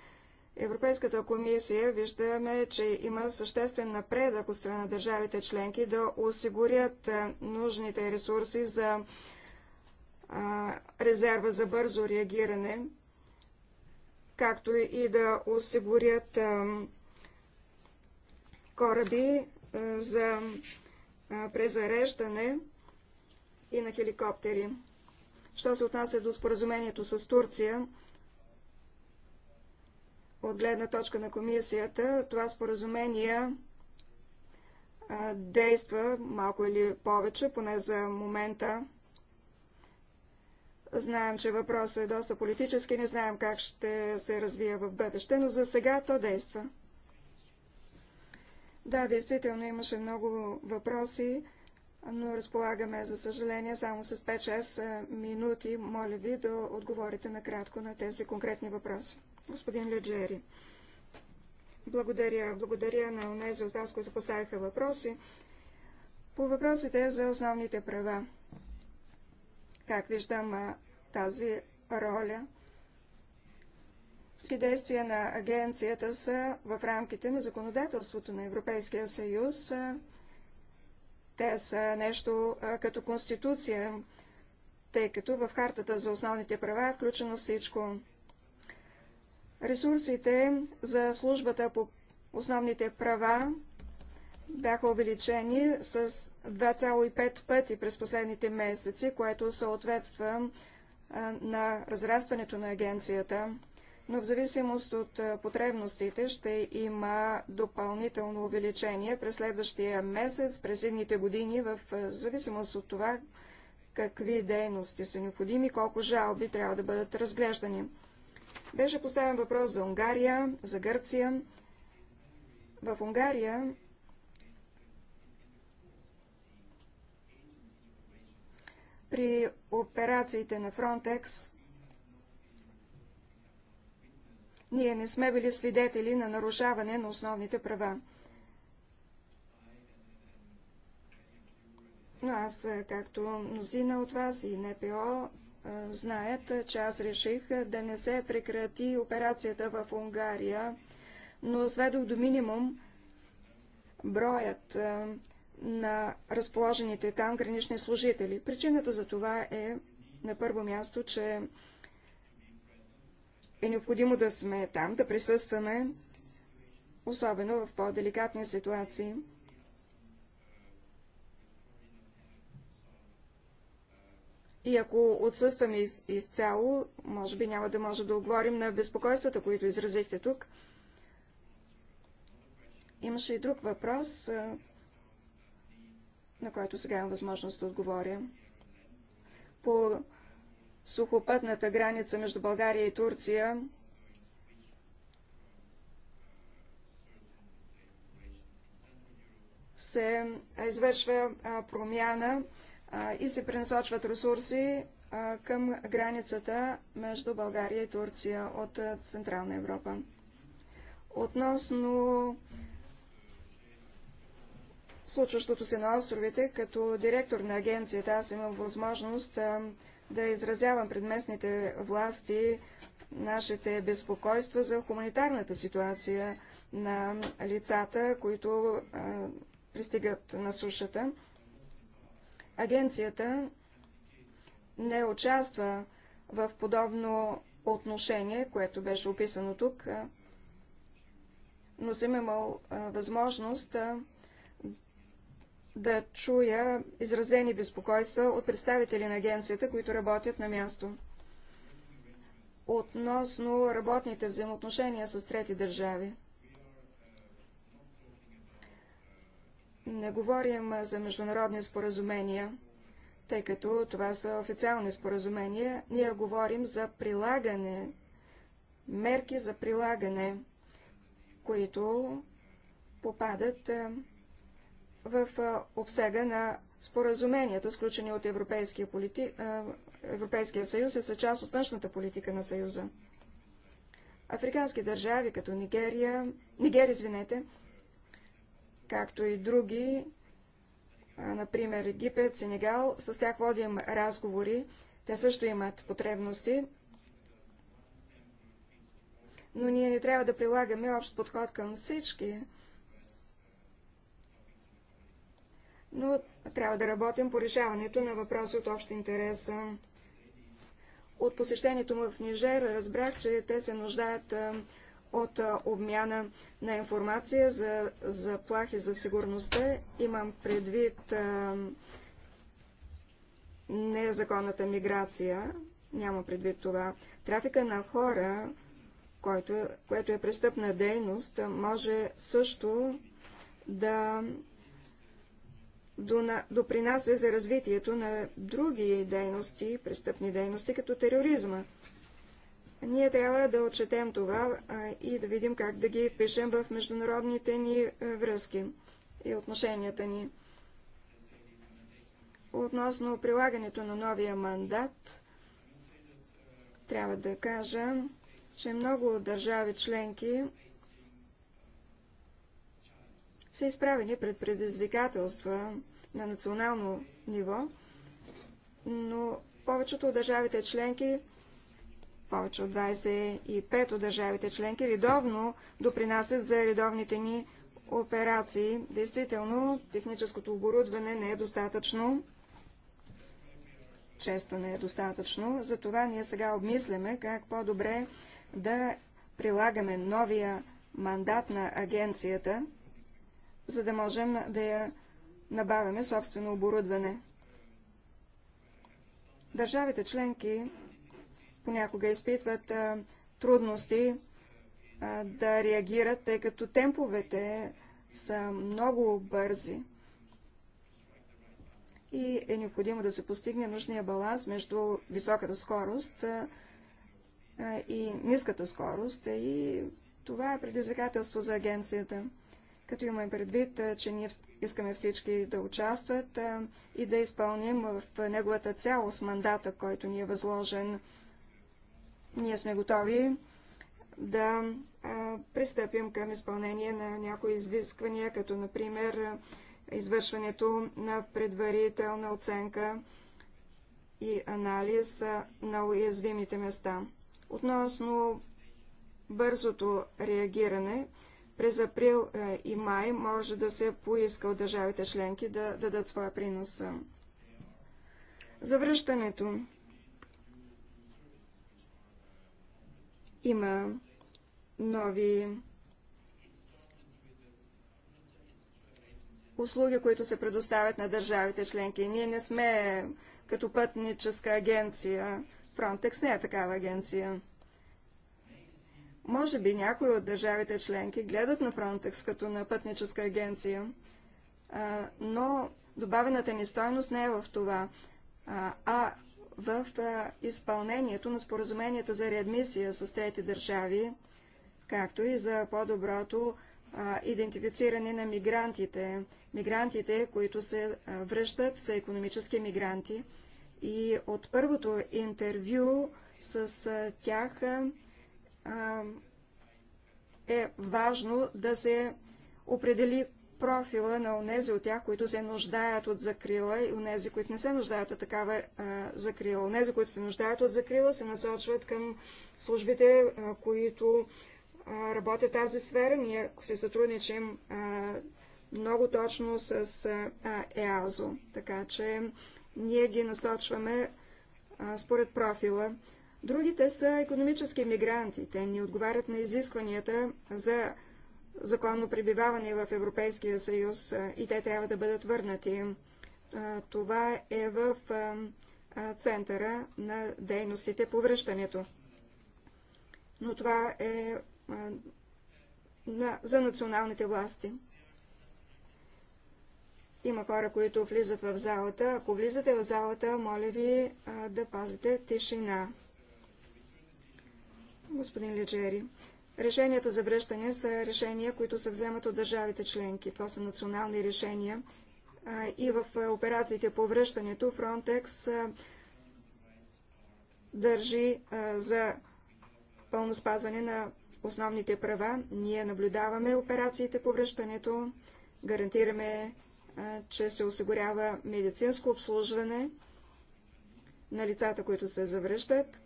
Европейската комисия виждаме, че има съществен напредък от страна на държавите членки да осигурят нужните ресурси за резерва за бързо реагиране, както и да осигурят кораби за презареждане и на хеликоптери. Що се отнася до споразумението с Турция, от гледна точка на комисията, това споразумение действа малко или повече, поне за момента. Знаем, че въпросът е доста политически, не знаем как ще се развие в бъдеще, но за сега то действа. Да, действително имаше много въпроси, но разполагаме, за съжаление, само с 5-6 минути. Моля ви да отговорите накратко на тези конкретни въпроси. Господин Леджери. Благодаря. Благодаря на унези от вас, които поставиха въпроси. По въпросите за основните права. Как виждам тази роля? Всички действия на агенцията са в рамките на законодателството на Европейския съюз. Те са нещо като конституция, тъй като в хартата за основните права е включено всичко. Ресурсите за службата по основните права бяха увеличени с 2,5 пъти през последните месеци, което съответства на разрастването на агенцията. Но в зависимост от потребностите ще има допълнително увеличение през следващия месец, през едните години, в зависимост от това какви дейности са необходими, колко жалби трябва да бъдат разглеждани. Беше поставен въпрос за Унгария, за Гърция. В Унгария при операциите на Фронтекс ние не сме били свидетели на нарушаване на основните права. Но аз, както мнозина от вас и НПО, знаят, че аз реших да не се прекрати операцията в Унгария, но сведох до минимум броят на разположените там гранични служители. Причината за това е на първо място, че е необходимо да сме там, да присъстваме, особено в по-деликатни ситуации. И ако отсъстваме из, изцяло, може би няма да може да отговорим на безпокойствата, които изразихте тук. Имаше и друг въпрос, на който сега имам възможност да отговоря. По сухопътната граница между България и Турция се извършва промяна и се пренасочват ресурси към границата между България и Турция от Централна Европа. Относно случващото се на островите, като директор на агенцията аз имам възможност да изразявам пред местните власти нашите безпокойства за хуманитарната ситуация на лицата, които пристигат на сушата. Агенцията не участва в подобно отношение, което беше описано тук, но съм имал възможност да чуя изразени безпокойства от представители на агенцията, които работят на място. Относно работните взаимоотношения с трети държави. Не говорим за международни споразумения, тъй като това са официални споразумения. Ние говорим за прилагане, мерки за прилагане, които попадат е, в е, обсега на споразуменията, сключени от Европейския, полити... Е, Европейския съюз и са част от външната политика на съюза. Африкански държави, като Нигерия, Нигерия, извинете, както и други, например Египет, Сенегал. С тях водим разговори. Те също имат потребности. Но ние не трябва да прилагаме общ подход към всички. Но трябва да работим по решаването на въпроси от общ интерес. От посещението му в Нижер разбрах, че те се нуждаят от обмяна на информация за заплахи за сигурността. Имам предвид незаконната миграция. Няма предвид това. Трафика на хора, който, което е престъпна дейност, може също да допринася за развитието на други дейности, престъпни дейности, като тероризма. Ние трябва да отчетем това и да видим как да ги впишем в международните ни е, връзки и отношенията ни. Относно прилагането на новия мандат, трябва да кажа, че много държави членки са изправени пред предизвикателства на национално ниво, но повечето от държавите членки повече от 25 от държавите членки редовно допринасят за редовните ни операции. Действително, техническото оборудване не е достатъчно. Често не е достатъчно. Затова ние сега обмисляме как по-добре да прилагаме новия мандат на агенцията, за да можем да я набавяме собствено оборудване. Държавите членки понякога изпитват трудности да реагират, тъй като темповете са много бързи и е необходимо да се постигне нужния баланс между високата скорост и ниската скорост и това е предизвикателство за агенцията. Като имаме предвид, че ние искаме всички да участват и да изпълним в неговата цялост мандата, който ни е възложен ние сме готови да пристъпим към изпълнение на някои изисквания, като например извършването на предварителна оценка и анализ на уязвимите места. Относно бързото реагиране, през април и май може да се поиска от държавите членки да дадат своя принос. Завръщането Има нови услуги, които се предоставят на държавите членки. Ние не сме като пътническа агенция. Frontex не е такава агенция. Може би някои от държавите членки гледат на Frontex като на пътническа агенция, но добавената ни стойност не е в това, а в изпълнението на споразуменията за реадмисия с трети държави, както и за по-доброто идентифициране на мигрантите. Мигрантите, които се връщат, са економически мигранти. И от първото интервю с тях е важно да се определи профила на онези от тях, които се нуждаят от закрила и онези, които не се нуждаят от такава а, закрила. Онези, които се нуждаят от закрила, се насочват към службите, а, които а, работят в тази сфера. Ние се сътрудничим а, много точно с а, ЕАЗО, така че ние ги насочваме а, според профила. Другите са економически мигранти. Те ни отговарят на изискванията за законно пребиваване в Европейския съюз и те трябва да бъдат върнати. Това е в центъра на дейностите по връщането. Но това е за националните власти. Има хора, които влизат в залата. Ако влизате в залата, моля ви да пазите тишина. Господин Леджери, Решенията за връщане са решения, които се вземат от държавите членки. Това са национални решения. И в операциите по връщането Frontex държи за пълно спазване на основните права. Ние наблюдаваме операциите по връщането, гарантираме, че се осигурява медицинско обслужване на лицата, които се завръщат,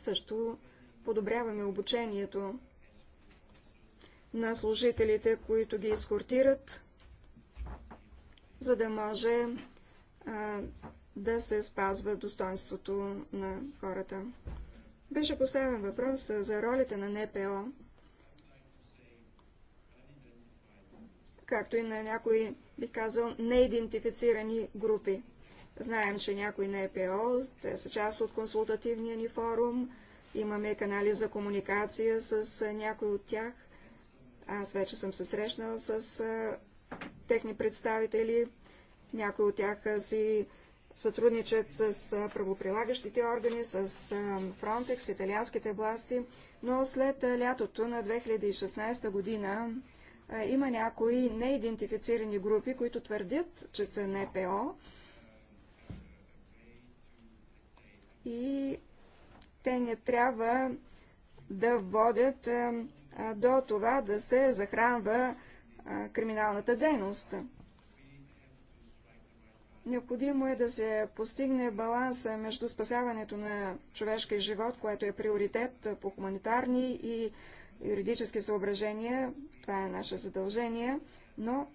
Също подобряваме обучението на служителите, които ги изкортират, за да може а, да се спазва достоинството на хората. Беше поставен въпрос за ролите на НПО, както и на някои, би казал, неидентифицирани групи. Знаем, че някои НПО, те са част от консултативния ни форум, имаме канали за комуникация с някои от тях. Аз вече съм се срещнал с техни представители, някои от тях си сътрудничат с правоприлагащите органи, с Frontex, италианските власти, но след лятото на 2016 година има някои неидентифицирани групи, които твърдят, че са НПО, и те не трябва да водят до това да се захранва криминалната дейност. Необходимо е да се постигне баланса между спасяването на човешки живот, което е приоритет по хуманитарни и юридически съображения, това е наше задължение, но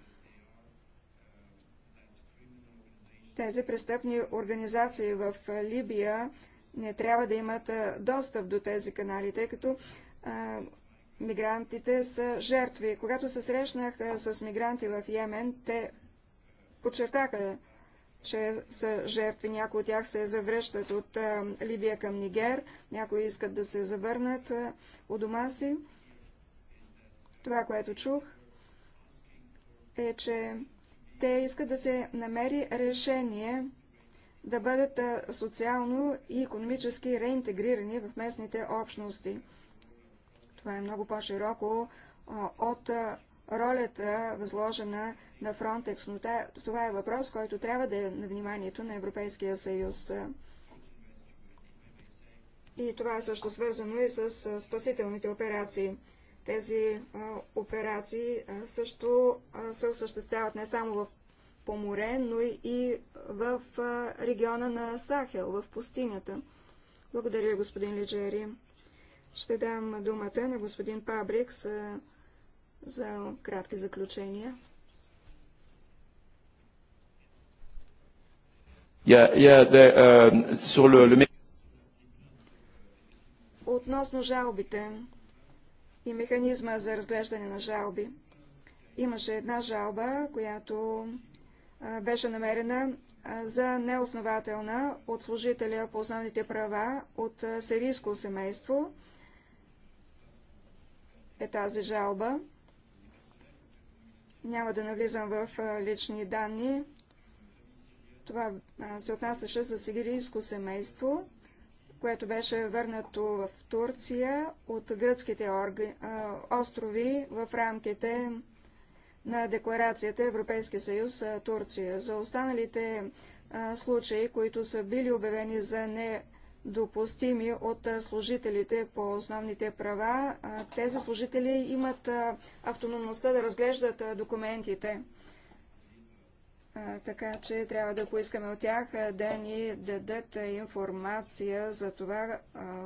Тези престъпни организации в Либия не трябва да имат достъп до тези канали, тъй като а, мигрантите са жертви. Когато се срещнах с мигранти в Йемен, те подчертаха, че са жертви. Някои от тях се завръщат от а, Либия към Нигер, някои искат да се завърнат у дома си. Това, което чух, е, че те искат да се намери решение да бъдат социално и економически реинтегрирани в местните общности. Това е много по-широко от ролята възложена на Фронтекс, но това е въпрос, който трябва да е на вниманието на Европейския съюз. И това е също свързано и с спасителните операции. Тези операции също се осъществяват не само в по море, но и в региона на Сахел, в пустинята. Благодаря, господин Лиджери. Ще дам думата на господин Пабрикс за, за кратки заключения. Yeah, yeah, the, uh, sur le, le... Относно жалбите, и механизма за разглеждане на жалби. Имаше една жалба, която беше намерена за неоснователна от служителя по основните права от сирийско семейство. Е тази жалба. Няма да навлизам в лични данни. Това се отнасяше за сирийско семейство което беше върнато в Турция от гръцките острови в рамките на декларацията Европейски съюз Турция. За останалите случаи, които са били обявени за недопустими от служителите по основните права, тези служители имат автономността да разглеждат документите така че трябва да поискаме от тях да ни дадат информация за това,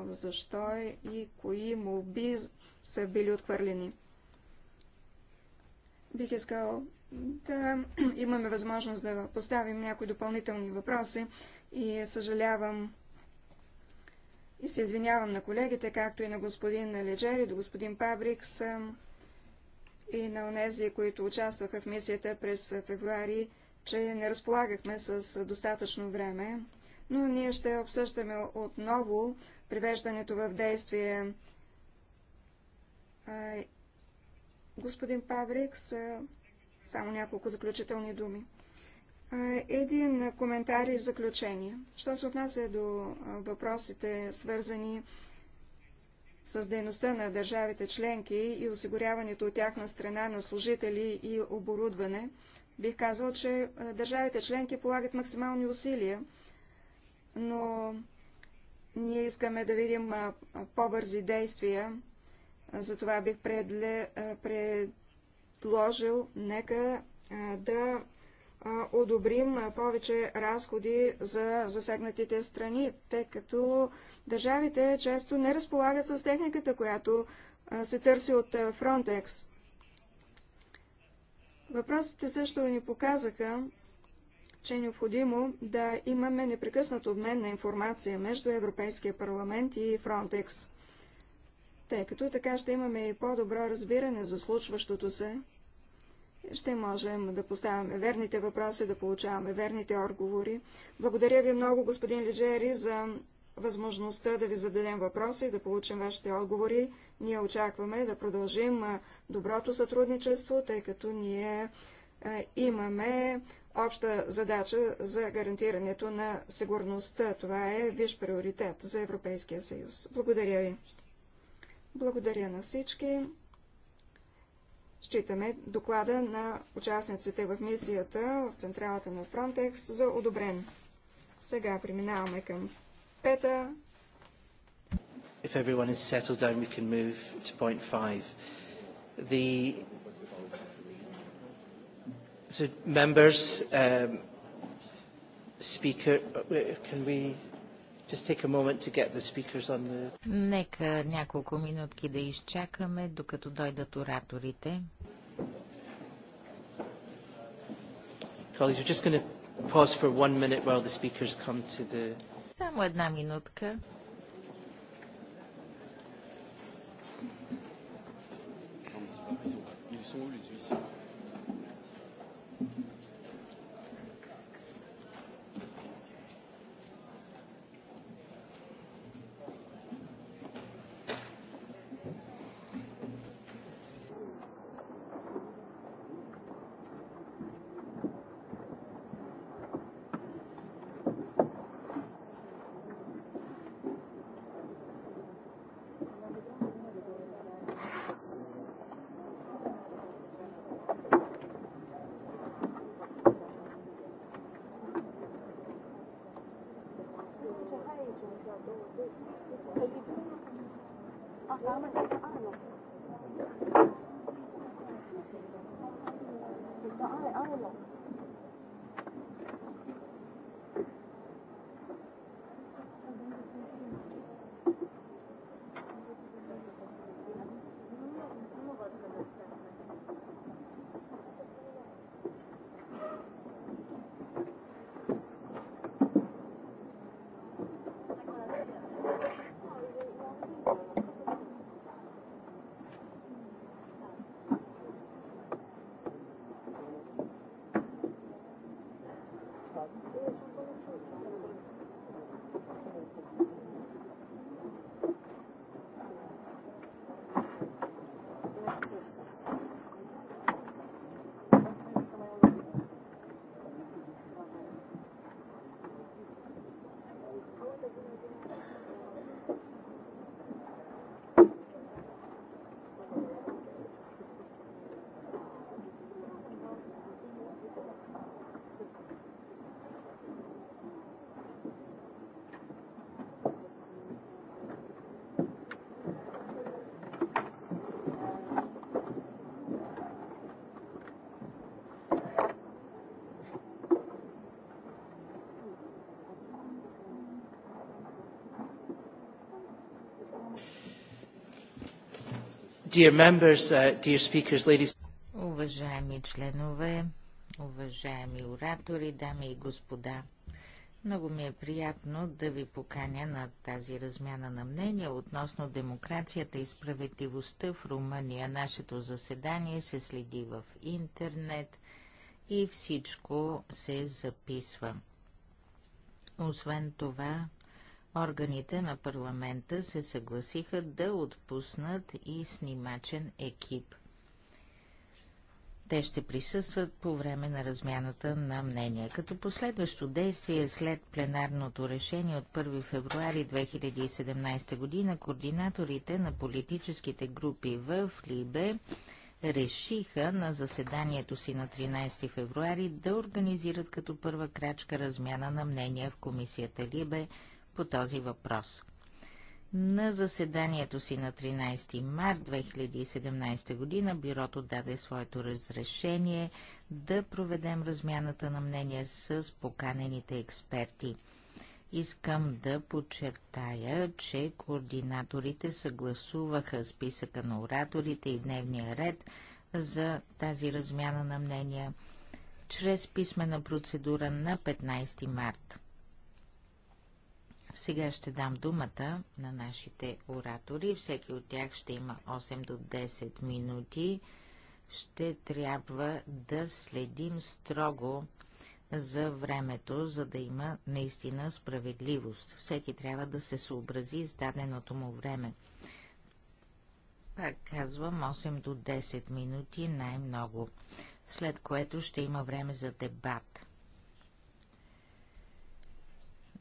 защо и кои моби са били отхвърлени. Бих искал да имаме възможност да поставим някои допълнителни въпроси и съжалявам и се извинявам на колегите, както и на господин Леджери, до господин Пабрикс и на онези, които участваха в мисията през февруари че не разполагахме с достатъчно време, но ние ще обсъждаме отново привеждането в действие. Господин Паврикс, само няколко заключителни думи. Един коментар и заключение. Що се отнася до въпросите, свързани с дейността на държавите членки и осигуряването от тяхна страна на служители и оборудване, Бих казал, че държавите членки полагат максимални усилия, но ние искаме да видим по-бързи действия. Затова бих предле, предложил, нека да одобрим повече разходи за засегнатите страни, тъй като държавите често не разполагат с техниката, която се търси от Фронтекс. Въпросите също ни показаха, че е необходимо да имаме непрекъснат обмен на информация между Европейския парламент и Фронтекс, тъй като така ще имаме и по-добро разбиране за случващото се. Ще можем да поставяме верните въпроси, да получаваме верните отговори. Благодаря ви много, господин Лиджери, за възможността да ви зададем въпроси и да получим вашите отговори. Ние очакваме да продължим доброто сътрудничество, тъй като ние имаме обща задача за гарантирането на сигурността. Това е виш приоритет за Европейския съюз. Благодаря ви. Благодаря на всички. Считаме доклада на участниците в мисията в Централата на Фронтекс за одобрен. Сега преминаваме към Пета. If everyone is settled down, we can move to point five. The so members, um, speaker, can we just take a moment to get the speakers on the... Нека няколко минутки да изчакаме, докато дойдат ораторите. Colleagues, we're just going to pause for one minute while the speakers come to the... Само една минутка. Ils sont où les huissiers Dear members, uh, dear speakers, ladies. Уважаеми членове, уважаеми оратори, дами и господа, много ми е приятно да ви поканя на тази размяна на мнения относно демокрацията и справедливостта в Румъния. Нашето заседание се следи в интернет и всичко се записва. Освен това, Органите на парламента се съгласиха да отпуснат и снимачен екип. Те ще присъстват по време на размяната на мнения. Като последващо действие след пленарното решение от 1 февруари 2017 година, координаторите на политическите групи в Либе решиха на заседанието си на 13 февруари да организират като първа крачка размяна на мнения в комисията Либе – по този въпрос. На заседанието си на 13 март 2017 година бюрото даде своето разрешение да проведем размяната на мнения с поканените експерти. Искам да подчертая, че координаторите съгласуваха списъка на ораторите и дневния ред за тази размяна на мнения чрез писмена процедура на 15 март. Сега ще дам думата на нашите оратори. Всеки от тях ще има 8 до 10 минути. Ще трябва да следим строго за времето, за да има наистина справедливост. Всеки трябва да се съобрази с даденото му време. Пак казвам 8 до 10 минути най-много, след което ще има време за дебат.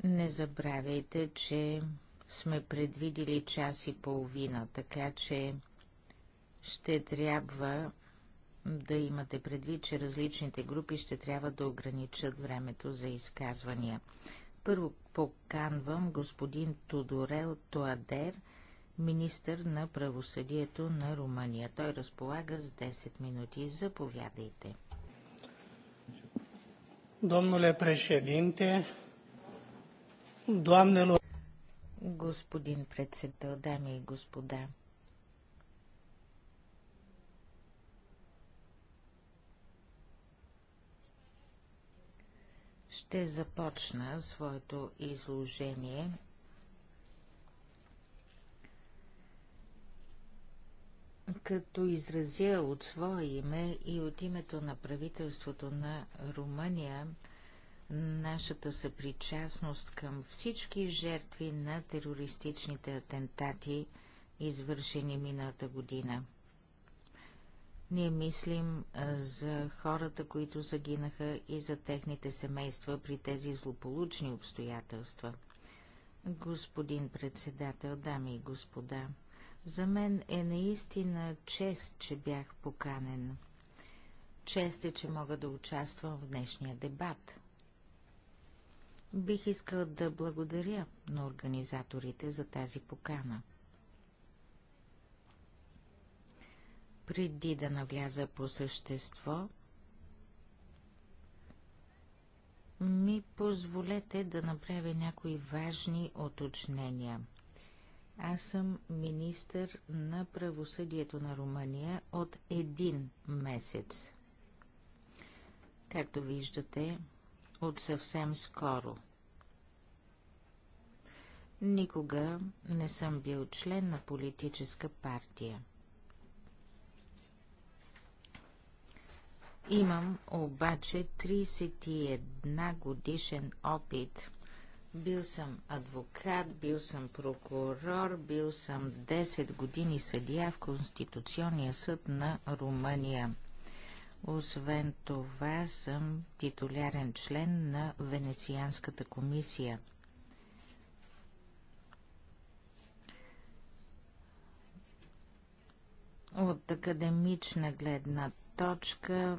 Не забравяйте, че сме предвидили час и половина, така че ще трябва да имате предвид, че различните групи ще трябва да ограничат времето за изказвания. Първо поканвам господин Тодорел Тоадер, министър на правосъдието на Румъния. Той разполага с 10 минути. Заповядайте. Domnule președinte, Doamnelor... Господин председател, дами и господа. Ще започна своето изложение като изразя от свое име и от името на правителството на Румъния нашата съпричастност към всички жертви на терористичните атентати, извършени миналата година. Ние мислим за хората, които загинаха и за техните семейства при тези злополучни обстоятелства. Господин председател, дами и господа, за мен е наистина чест, че бях поканен. Чест е, че мога да участвам в днешния дебат. Бих искал да благодаря на организаторите за тази покана. Преди да навляза по същество, ми позволете да направя някои важни оточнения. Аз съм министър на правосъдието на Румъния от един месец. Както виждате, от съвсем скоро. Никога не съм бил член на политическа партия. Имам обаче 31 годишен опит. Бил съм адвокат, бил съм прокурор, бил съм 10 години съдия в Конституционния съд на Румъния. Освен това съм титулярен член на Венецианската комисия. От академична гледна точка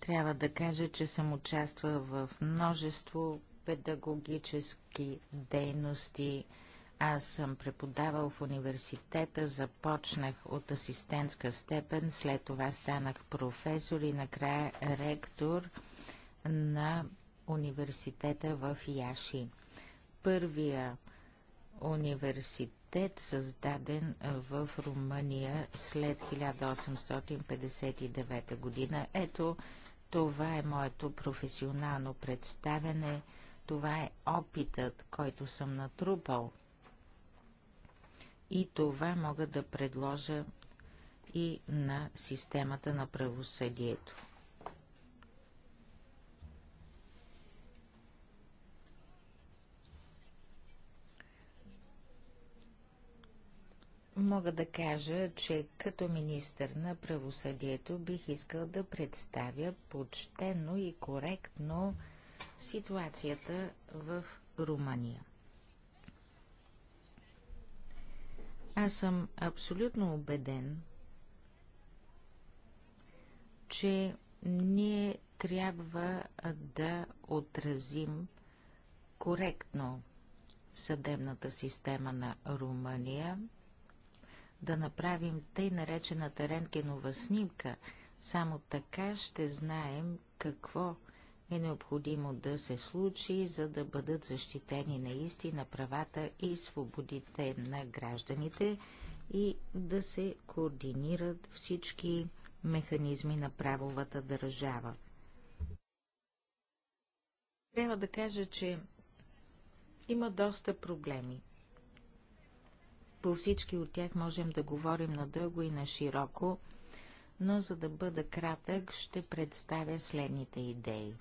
трябва да кажа, че съм участвал в множество педагогически дейности, аз съм преподавал в университета, започнах от асистентска степен, след това станах професор и накрая ректор на университета в Яши. Първия университет, създаден в Румъния след 1859 година. Ето, това е моето професионално представене. това е опитът, който съм натрупал – и това мога да предложа и на системата на правосъдието. Мога да кажа, че като министър на правосъдието бих искал да представя почтено и коректно ситуацията в Румъния. Аз съм абсолютно убеден, че ние трябва да отразим коректно съдебната система на Румъния, да направим тъй наречената рентгенова снимка. Само така ще знаем какво е необходимо да се случи, за да бъдат защитени наистина правата и свободите на гражданите и да се координират всички механизми на правовата държава. Трябва да кажа, че има доста проблеми. По всички от тях можем да говорим надълго и на широко, но за да бъда кратък, ще представя следните идеи.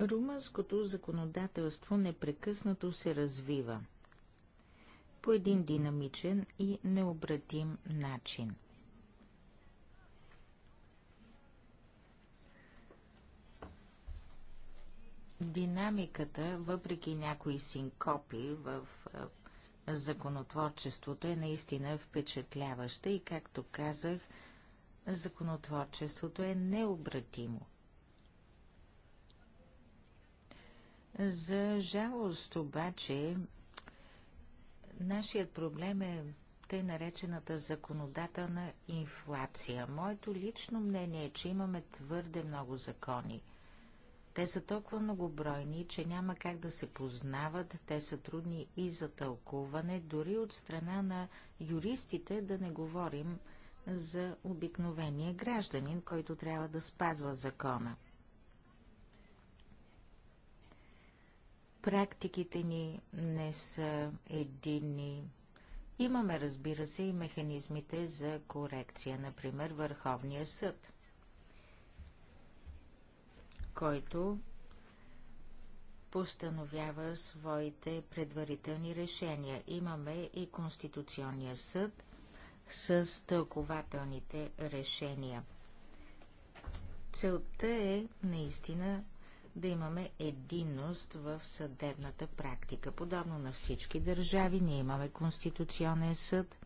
Румънското законодателство непрекъснато се развива по един динамичен и необратим начин. Динамиката, въпреки някои синкопи в законотворчеството, е наистина впечатляваща и, както казах, законотворчеството е необратимо – За жалост обаче, нашият проблем е тъй наречената законодателна инфлация. Моето лично мнение е, че имаме твърде много закони. Те са толкова многобройни, че няма как да се познават, те са трудни и за тълкуване, дори от страна на юристите да не говорим за обикновения гражданин, който трябва да спазва закона. Практиките ни не са единни. Имаме, разбира се, и механизмите за корекция, например Върховния съд, който постановява своите предварителни решения. Имаме и Конституционния съд с тълкователните решения. Целта е наистина да имаме единност в съдебната практика. Подобно на всички държави, ние имаме Конституционен съд.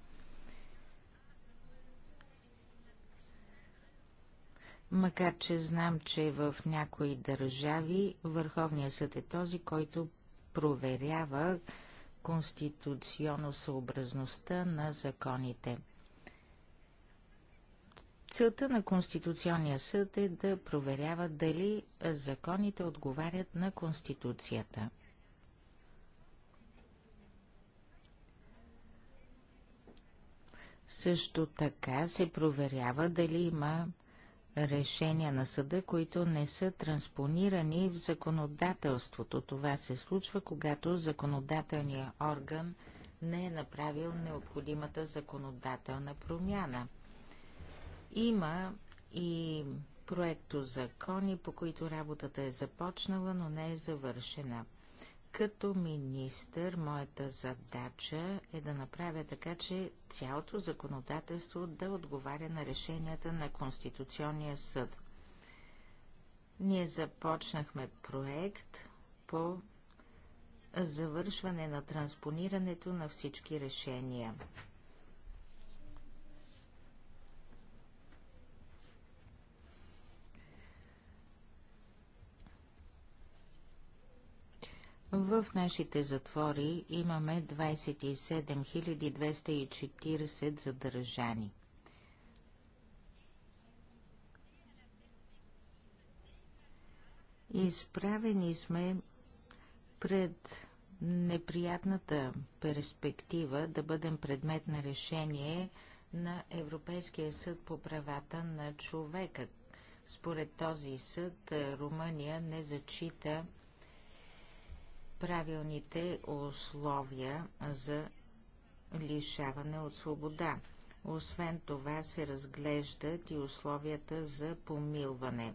Макар, че знам, че в някои държави Върховният съд е този, който проверява конституционно съобразността на законите. Целта на Конституционния съд е да проверява дали законите отговарят на Конституцията. Също така се проверява дали има решения на съда, които не са транспонирани в законодателството. Това се случва, когато законодателният орган не е направил необходимата законодателна промяна – има и проекто закони, по които работата е започнала, но не е завършена. Като министър, моята задача е да направя така, че цялото законодателство да отговаря на решенията на Конституционния съд. Ние започнахме проект по завършване на транспонирането на всички решения. В нашите затвори имаме 27 240 задържани. Изправени сме пред неприятната перспектива да бъдем предмет на решение на Европейския съд по правата на човека. Според този съд Румъния не зачита правилните условия за лишаване от свобода. Освен това се разглеждат и условията за помилване.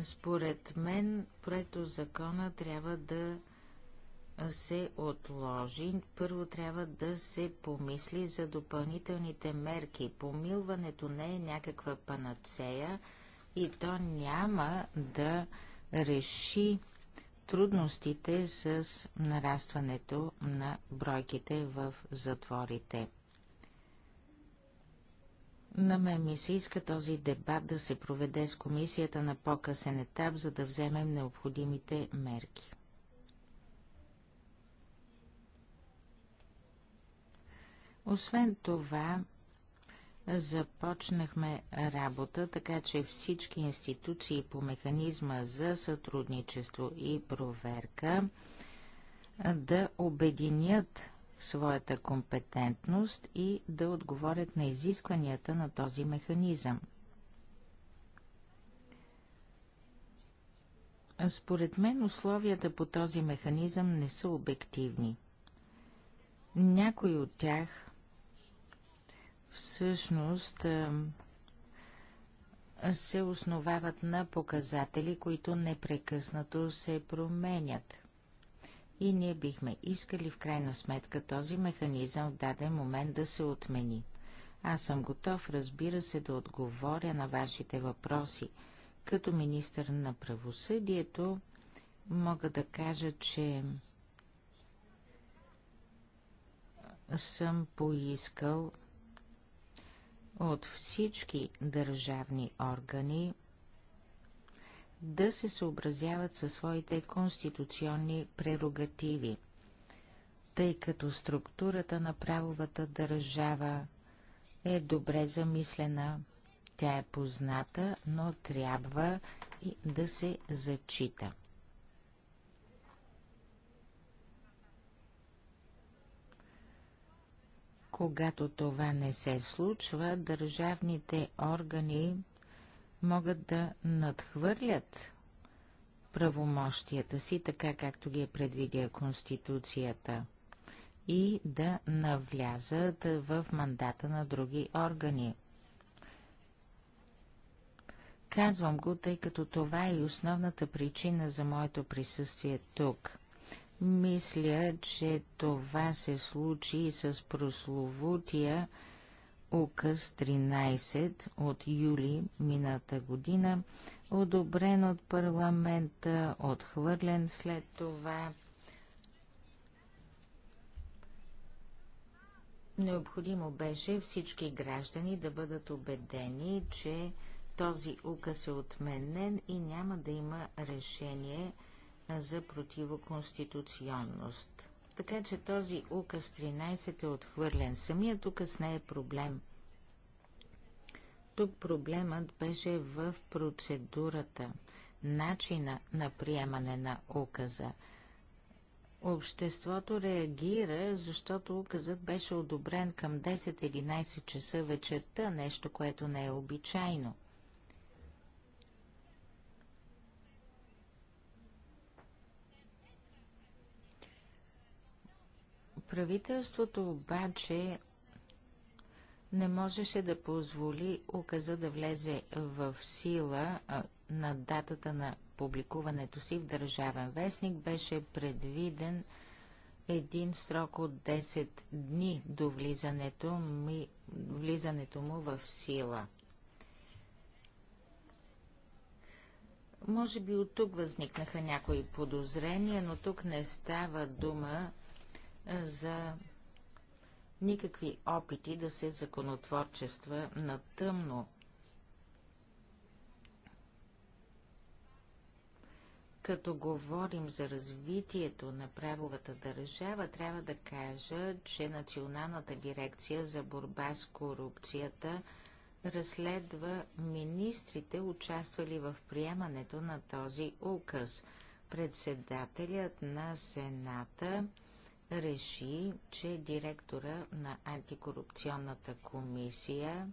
Според мен проекто закона трябва да се отложи. Първо трябва да се помисли за допълнителните мерки. Помилването не е някаква панацея и то няма да реши трудностите с нарастването на бройките в затворите. На мен ми се иска този дебат да се проведе с комисията на по-късен етап, за да вземем необходимите мерки. Освен това, Започнахме работа, така че всички институции по механизма за сътрудничество и проверка да обединят своята компетентност и да отговорят на изискванията на този механизъм. Според мен условията по този механизъм не са обективни. Някои от тях всъщност е, се основават на показатели, които непрекъснато се променят. И ние бихме искали в крайна сметка този механизъм в даден момент да се отмени. Аз съм готов, разбира се, да отговоря на вашите въпроси. Като министър на правосъдието мога да кажа, че съм поискал от всички държавни органи да се съобразяват със своите конституционни прерогативи, тъй като структурата на правовата държава е добре замислена, тя е позната, но трябва и да се зачита. Когато това не се случва, държавните органи могат да надхвърлят правомощията си, така както ги е предвидя Конституцията, и да навлязат в мандата на други органи. Казвам го, тъй като това е и основната причина за моето присъствие тук – мисля, че това се случи с прословутия указ 13 от юли мината година, одобрен от парламента, отхвърлен след това. Необходимо беше всички граждани да бъдат убедени, че този указ е отменен и няма да има решение – за противоконституционност. Така че този указ 13 е отхвърлен. Самият указ не е проблем. Тук проблемът беше в процедурата, начина на приемане на указа. Обществото реагира, защото указът беше одобрен към 10-11 часа вечерта, нещо, което не е обичайно. Правителството обаче не можеше да позволи указа да влезе в сила на датата на публикуването си в Държавен вестник. Беше предвиден един срок от 10 дни до влизането, ми, влизането му в сила. Може би от тук възникнаха някои подозрения, но тук не става дума за никакви опити да се законотворчества на тъмно. Като говорим за развитието на правовата държава, трябва да кажа, че Националната дирекция за борба с корупцията разследва министрите, участвали в приемането на този указ. Председателят на Сената реши, че директора на антикорупционната комисия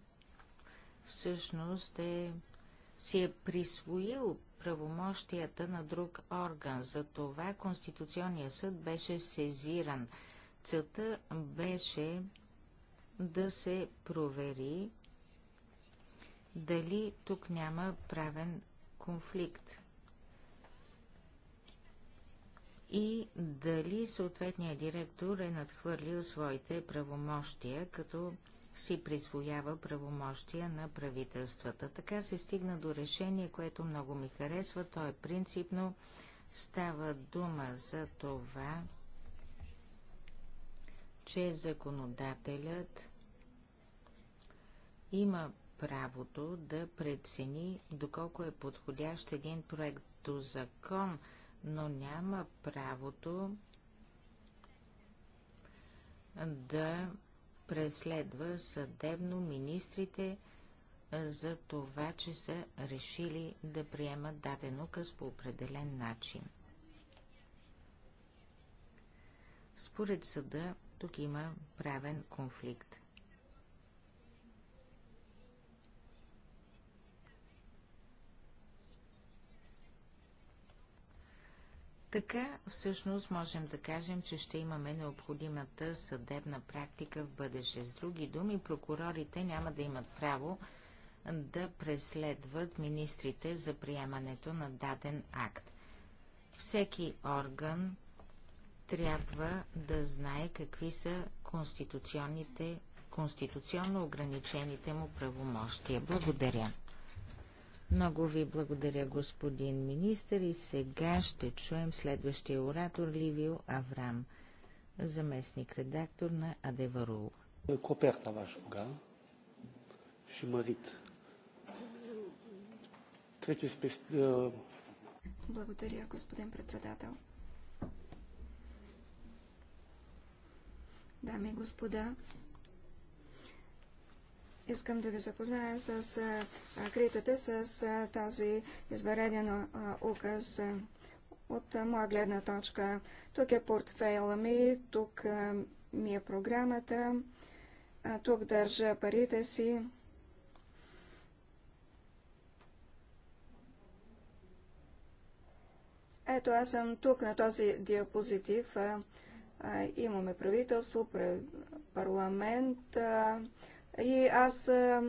всъщност е, си е присвоил правомощията на друг орган. За това Конституционният съд беше сезиран. Целта беше да се провери дали тук няма правен конфликт. и дали съответният директор е надхвърлил своите правомощия, като си присвоява правомощия на правителствата. Така се стигна до решение, което много ми харесва. То е принципно. Става дума за това, че законодателят има правото да прецени доколко е подходящ един проект до закон – но няма правото да преследва съдебно министрите за това, че са решили да приемат даден указ по определен начин. Според съда тук има правен конфликт. Така всъщност можем да кажем, че ще имаме необходимата съдебна практика в бъдеще. С други думи, прокурорите няма да имат право да преследват министрите за приемането на даден акт. Всеки орган трябва да знае какви са конституционните, конституционно ограничените му правомощия. Благодаря. Много ви благодаря, господин министр. И сега ще чуем следващия оратор Ливио Аврам, заместник редактор на Адеварул. Коперта ваш кога? Шимарит. Трети спец... Е, благодаря, господин председател. Дами и господа, Искам да ви запозная с критите с тази извареден указ от моя гледна точка. Тук е портфейла ми, тук ми е програмата, тук държа парите си. Ето, аз съм тук на този диапозитив. Имаме правителство, парламент, и аз а,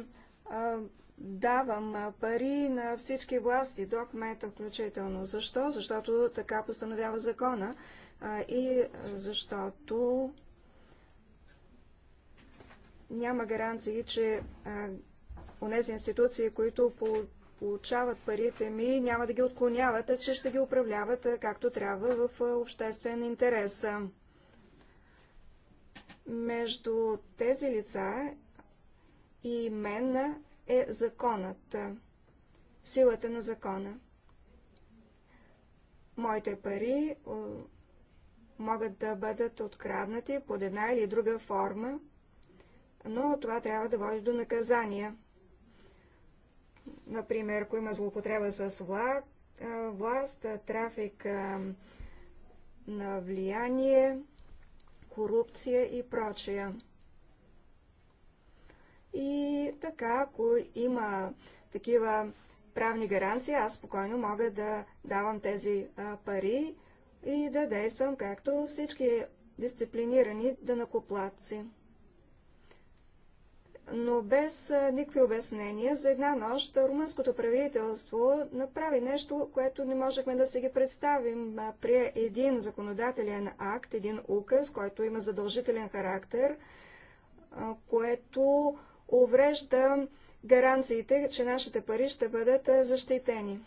а, давам пари на всички власти, до кмета включително. Защо? Защото така постановява закона а, и защото няма гаранции, че онези институции, които получават парите ми, няма да ги отклоняват, а че ще ги управляват както трябва в обществен интерес. Между тези лица и мен е законът, силата на закона. Моите пари могат да бъдат откраднати под една или друга форма, но това трябва да води до наказания. Например, ако има злоупотреба с власт, трафик на влияние, корупция и прочее. И така, ако има такива правни гаранции, аз спокойно мога да давам тези а, пари и да действам както всички дисциплинирани дънакоплатци. Но без а, никакви обяснения, за една нощ румънското правителство направи нещо, което не можехме да си ги представим. Прие един законодателен акт, един указ, който има задължителен характер, а, което уврежда гаранциите, че нашите пари ще бъдат защитени.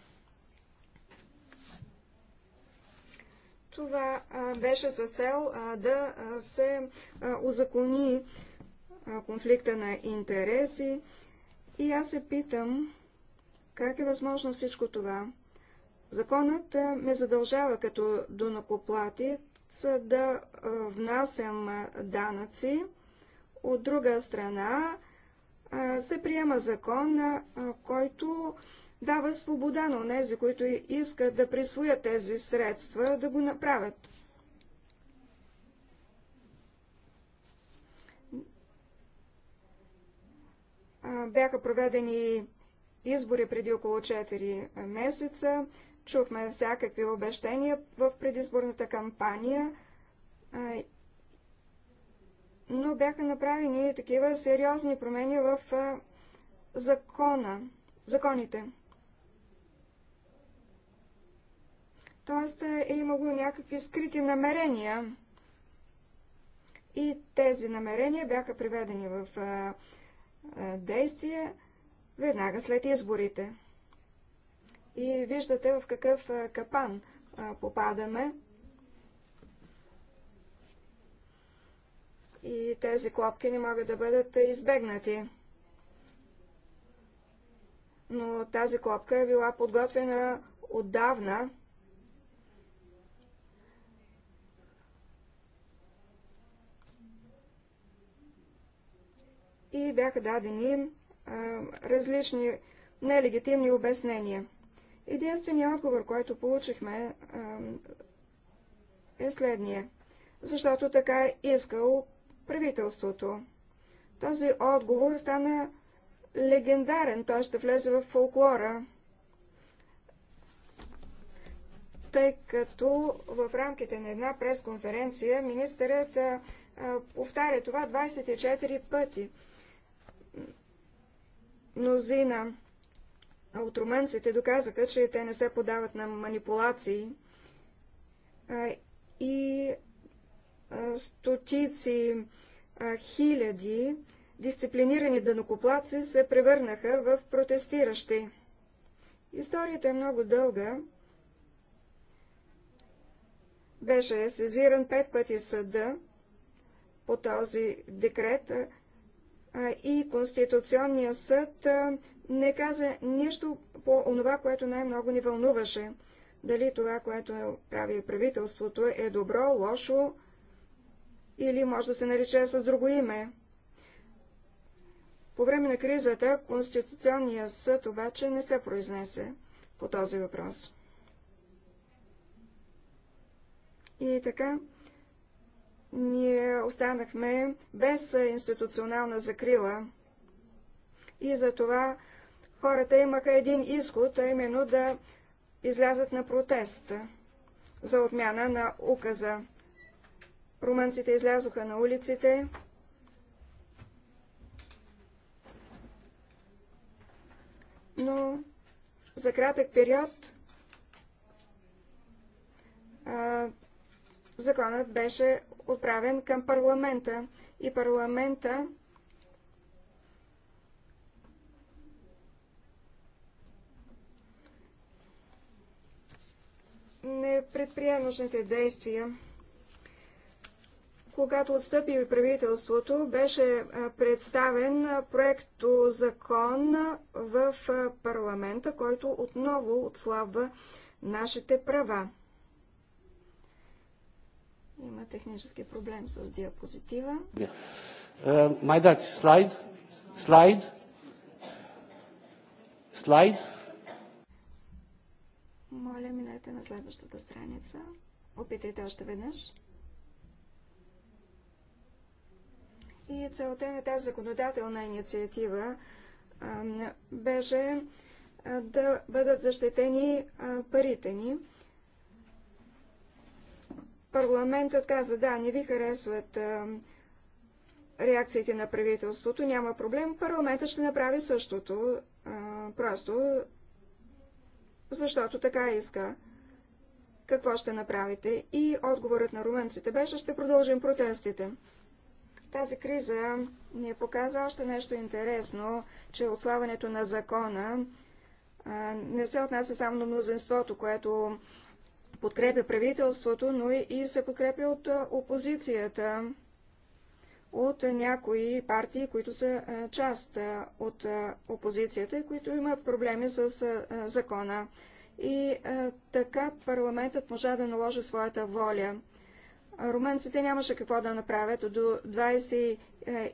Това беше за цел да се узакони конфликта на интереси. И аз се питам, как е възможно всичко това? Законът ме задължава като донакоплатец да внасям данъци. От друга страна, се приема закон, който дава свобода на тези, които искат да присвоят тези средства, да го направят. Бяха проведени избори преди около 4 месеца. Чухме всякакви обещания в предизборната кампания но бяха направени такива сериозни промени в закона, законите. Тоест е, е имало някакви скрити намерения и тези намерения бяха приведени в действие веднага след изборите. И виждате в какъв капан попадаме. и тези клопки не могат да бъдат избегнати. Но тази клопка е била подготвена отдавна. И бяха дадени а, различни нелегитимни обяснения. Единственият отговор, който получихме, а, е следния. Защото така е искал правителството. Този отговор стана легендарен, той ще влезе в фолклора, тъй като в рамките на една пресконференция министърът повтаря това 24 пъти. Мнозина от румънците доказаха, че те не се подават на манипулации и стотици хиляди дисциплинирани дънокоплаци се превърнаха в протестиращи. Историята е много дълга. Беше сезиран пет пъти съда по този декрет и Конституционния съд не каза нищо по онова, което най-много ни вълнуваше. Дали това, което прави правителството е добро, лошо, или може да се нарече с друго име. По време на кризата Конституционния съд обаче не се произнесе по този въпрос. И така, ние останахме без институционална закрила. И за това хората имаха един изход, а именно да излязат на протест за отмяна на указа. Румънците излязоха на улиците. Но за кратък период а, законът беше отправен към парламента. И парламента не предприе нужните действия когато отстъпи правителството, беше представен проекто закон в парламента, който отново отслабва нашите права. Има технически проблем с диапозитива. Е, май дати, слайд. Слайд. Слайд. Моля, минете на следващата страница. Опитайте още веднъж. И целта на тази законодателна инициатива беше да бъдат защитени парите ни. Парламентът каза, да, не ви харесват реакциите на правителството, няма проблем, парламентът ще направи същото, просто защото така иска. Какво ще направите? И отговорът на румънците беше, ще продължим протестите. Тази криза ни е показа още нещо интересно, че отславането на закона не се отнася само до мнозинството, което подкрепя правителството, но и се подкрепя от опозицията, от някои партии, които са част от опозицията и които имат проблеми с закона. И така парламентът можа да наложи своята воля румънците нямаше какво да направят до 20 е,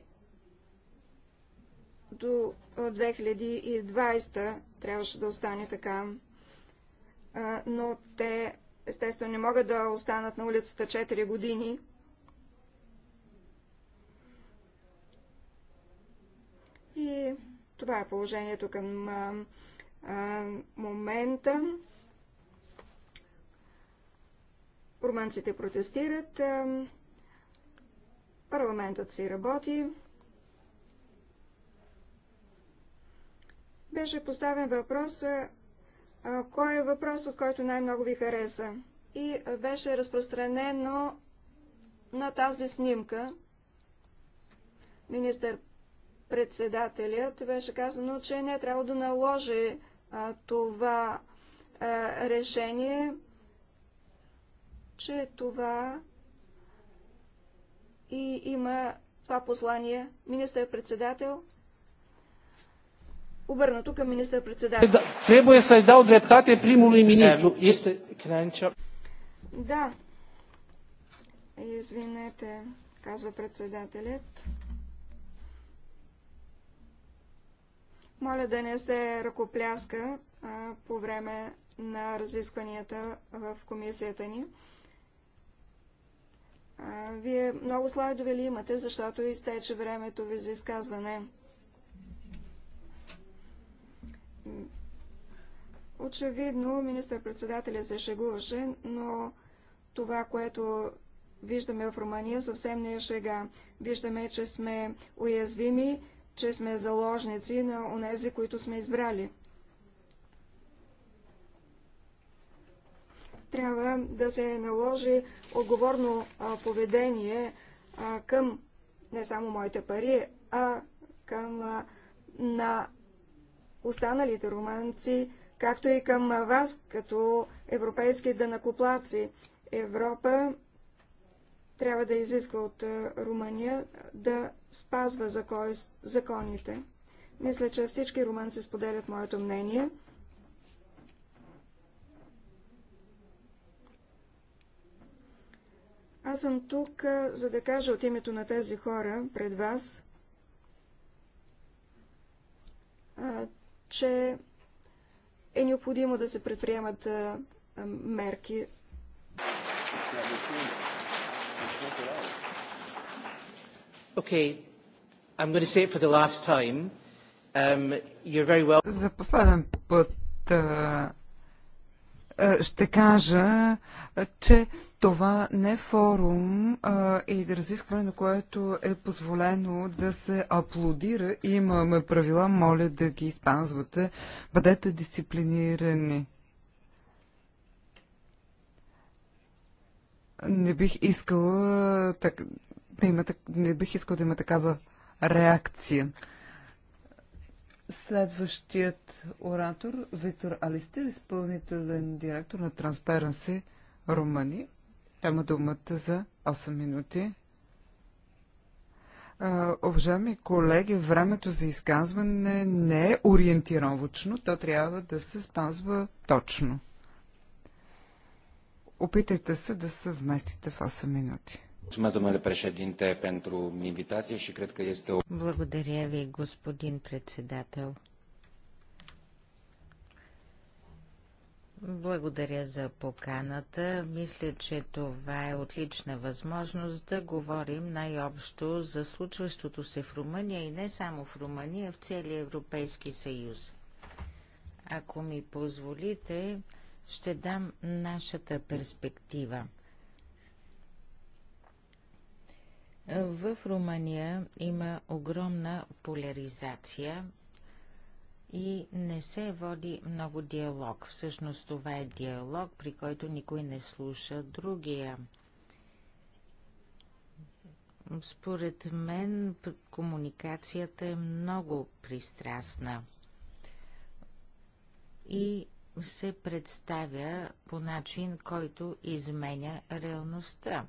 до 2020 е, трябваше да остане така. Е, но те, естествено, не могат да останат на улицата 4 години. И това е положението към момента. Румънците протестират, парламентът си работи. Беше поставен въпрос, кой е въпросът, който най-много ви хареса. И беше разпространено на тази снимка. Министър-председателят беше казано, че не е трябва да наложи това решение че това и има това послание министър-председател обърнато към министър-председател. Трябва да се дал дрепtate примului министру. Да. Извинете, казва председателят. Моля да не се ръкопляска а, по време на разискванията в комисията ни. А, вие много слайдове ли имате, защото изтече времето ви за изказване? Очевидно, министър-председателя се шегуваше, но това, което виждаме в Румъния, съвсем не е шега. Виждаме, че сме уязвими, че сме заложници на онези, които сме избрали. трябва да се наложи отговорно поведение към не само моите пари, а към на останалите романци, както и към вас, като европейски дънакоплаци. Европа трябва да изисква от Румъния да спазва законите. Мисля, че всички румънци споделят моето мнение. Аз съм тук, за да кажа от името на тези хора пред вас, че е необходимо да се предприемат мерки. Um, за последен път ще кажа, че това не е форум а, и да разискване, на което е позволено да се аплодира. Имаме правила, моля да ги изпазвате. Бъдете дисциплинирани. Не бих искала так, да има, не бих искала да има такава реакция. Следващият оратор, Виктор Алистир, изпълнителен директор на Transparency Румъни. Той има думата за 8 минути. А, уважаеми колеги, времето за изказване не е ориентировочно, то трябва да се спазва точно. Опитайте се да се вместите в 8 минути. Е Благодаря ви, господин председател. Благодаря за поканата. Мисля, че това е отлична възможност да говорим най-общо за случващото се в Румъния и не само в Румъния, в целия Европейски съюз. Ако ми позволите, ще дам нашата перспектива. В Румъния има огромна поляризация – и не се води много диалог. Всъщност това е диалог, при който никой не слуша другия. Според мен комуникацията е много пристрастна и се представя по начин, който изменя реалността.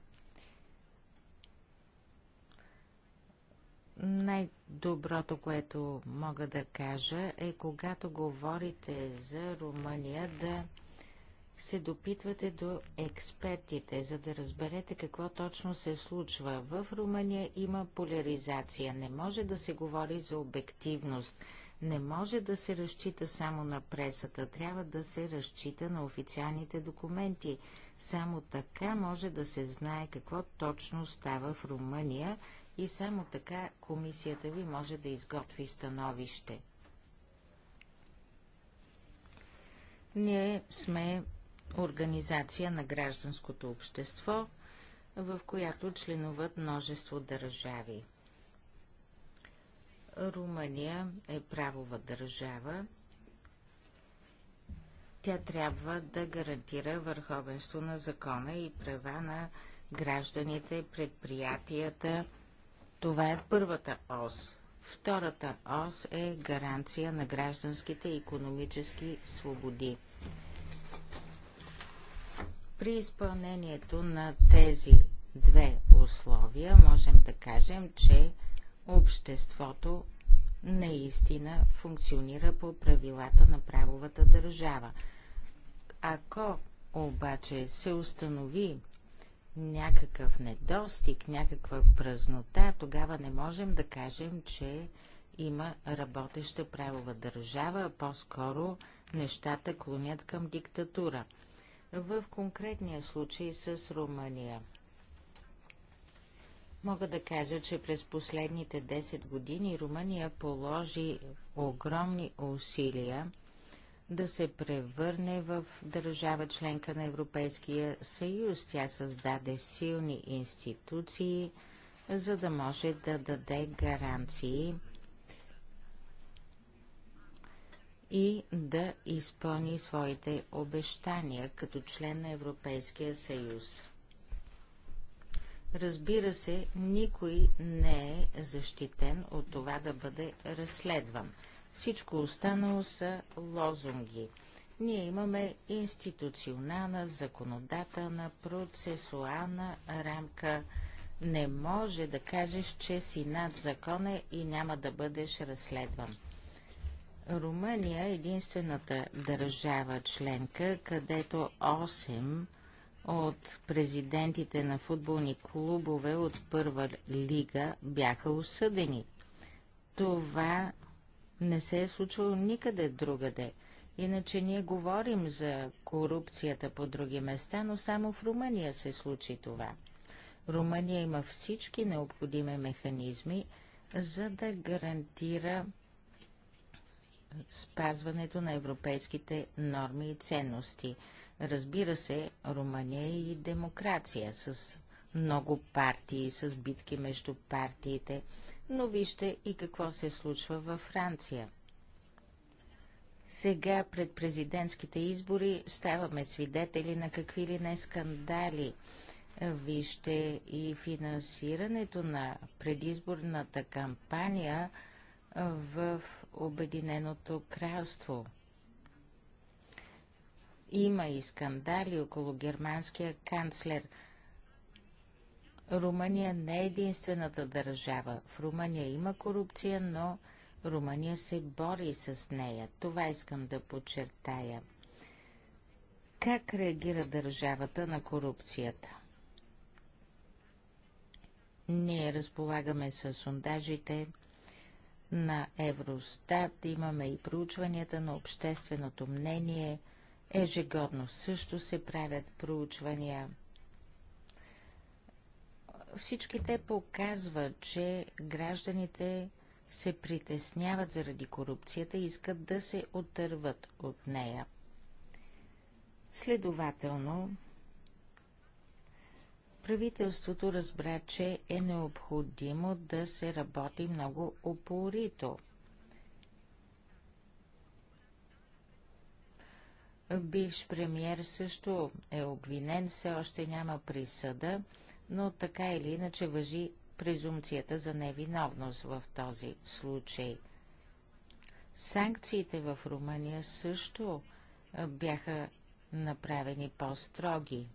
Най-доброто, което мога да кажа е, когато говорите за Румъния, да се допитвате до експертите, за да разберете какво точно се случва. В Румъния има поляризация. Не може да се говори за обективност. Не може да се разчита само на пресата. Трябва да се разчита на официалните документи. Само така може да се знае какво точно става в Румъния и само така комисията ви може да изготви становище. Ние сме организация на гражданското общество, в която членуват множество държави. Румъния е правова държава. Тя трябва да гарантира върховенство на закона и права на гражданите, предприятията, това е първата ос. Втората ос е гаранция на гражданските и економически свободи. При изпълнението на тези две условия можем да кажем, че обществото наистина функционира по правилата на правовата държава. Ако обаче се установи, някакъв недостиг, някаква празнота, тогава не можем да кажем, че има работеща правова държава, по-скоро нещата клонят към диктатура. В конкретния случай с Румъния. Мога да кажа, че през последните 10 години Румъния положи огромни усилия да се превърне в държава членка на Европейския съюз. Тя създаде силни институции, за да може да даде гаранции и да изпълни своите обещания като член на Европейския съюз. Разбира се, никой не е защитен от това да бъде разследван. Всичко останало са лозунги. Ние имаме институционална, законодателна, процесуална рамка. Не може да кажеш, че си над закона и няма да бъдеш разследван. Румъния е единствената държава членка, където 8 от президентите на футболни клубове от първа лига бяха осъдени. Това не се е случвало никъде другаде. Иначе ние говорим за корупцията по други места, но само в Румъния се случи това. Румъния има всички необходими механизми, за да гарантира спазването на европейските норми и ценности. Разбира се, Румъния е и демокрация с много партии, с битки между партиите но вижте и какво се случва във Франция. Сега пред президентските избори ставаме свидетели на какви ли не скандали. Вижте и финансирането на предизборната кампания в Обединеното кралство. Има и скандали около германския канцлер – Румъния не е единствената държава. В Румъния има корупция, но Румъния се бори с нея. Това искам да подчертая. Как реагира държавата на корупцията? Ние разполагаме с сондажите на Евростат, имаме и проучванията на общественото мнение, ежегодно също се правят проучвания – всички те показват, че гражданите се притесняват заради корупцията и искат да се отърват от нея. Следователно, правителството разбра, че е необходимо да се работи много опорито. Бивш премьер също е обвинен, все още няма присъда но така или иначе въжи презумцията за невиновност в този случай. Санкциите в Румъния също бяха направени по-строги.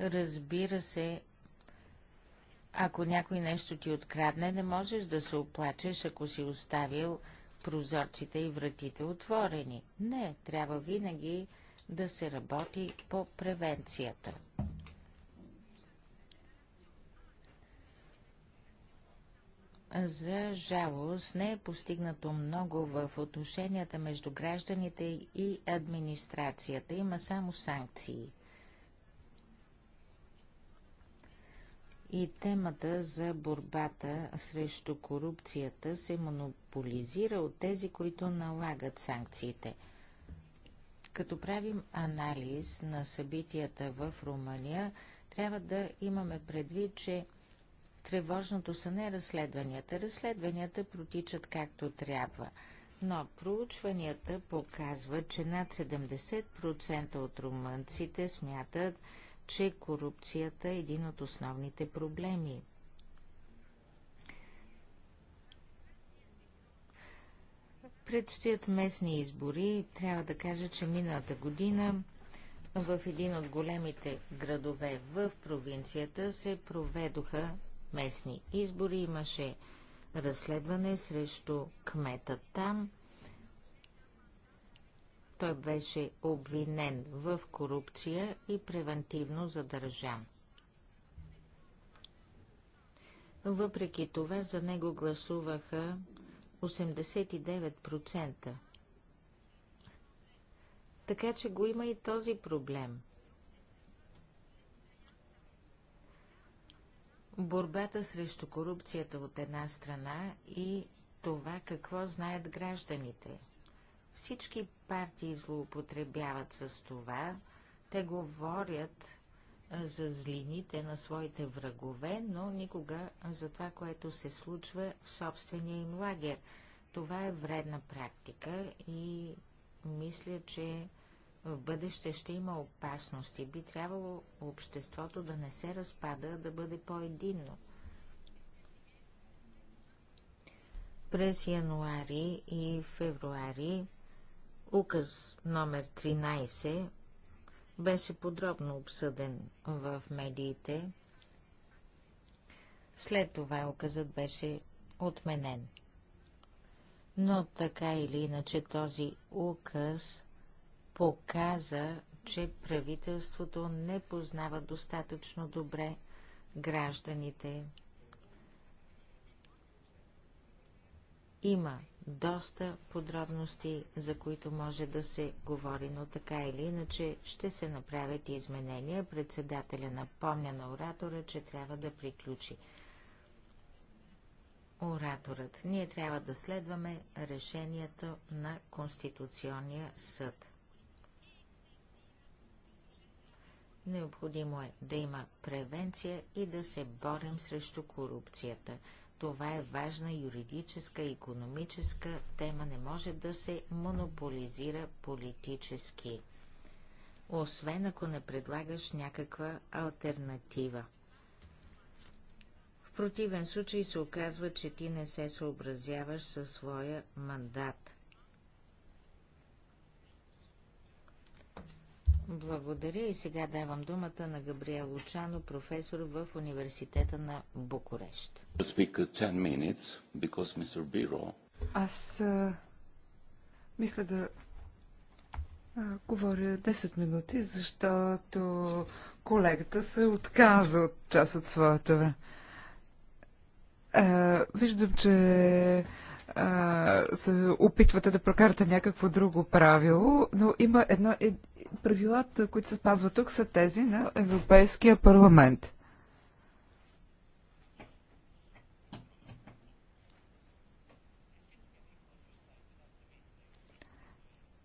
Разбира се, ако някой нещо ти открадне, не можеш да се оплачеш, ако си оставил прозорците и вратите отворени. Не, трябва винаги да се работи по превенцията. За жалост не е постигнато много в отношенията между гражданите и администрацията. Има само санкции. И темата за борбата срещу корупцията се монополизира от тези, които налагат санкциите – като правим анализ на събитията в Румъния, трябва да имаме предвид, че тревожното са не разследванията. Разследванията протичат както трябва. Но проучванията показват, че над 70% от румънците смятат, че корупцията е един от основните проблеми. Предстоят местни избори. Трябва да кажа, че миналата година в един от големите градове в провинцията се проведоха местни избори. Имаше разследване срещу кмета там. Той беше обвинен в корупция и превентивно задържан. Въпреки това за него гласуваха 89%. Така че го има и този проблем. Борбата срещу корупцията от една страна и това какво знаят гражданите. Всички партии злоупотребяват с това. Те говорят за злините на своите врагове, но никога за това, което се случва в собствения им лагер. Това е вредна практика и мисля, че в бъдеще ще има опасности. Би трябвало обществото да не се разпада, да бъде по-единно. През януари и февруари указ номер 13 беше подробно обсъден в медиите. След това указът беше отменен. Но така или иначе този указ показа, че правителството не познава достатъчно добре гражданите, Има доста подробности, за които може да се говори, но така или иначе ще се направят изменения. Председателя напомня на оратора, че трябва да приключи. Ораторът. Ние трябва да следваме решението на Конституционния съд. Необходимо е да има превенция и да се борим срещу корупцията. Това е важна юридическа и економическа тема, не може да се монополизира политически, освен ако не предлагаш някаква альтернатива. В противен случай се оказва, че ти не се съобразяваш със своя мандат – Благодаря и сега давам думата на Габриел Лучано, професор в университета на Букурещ. Uh, Аз а, мисля да а, говоря 10 минути, защото колегата се отказа от част от своето време. Виждам, че се опитвате да прокарате някакво друго правило, но има едно правилата, които се спазват тук, са тези на Европейския парламент.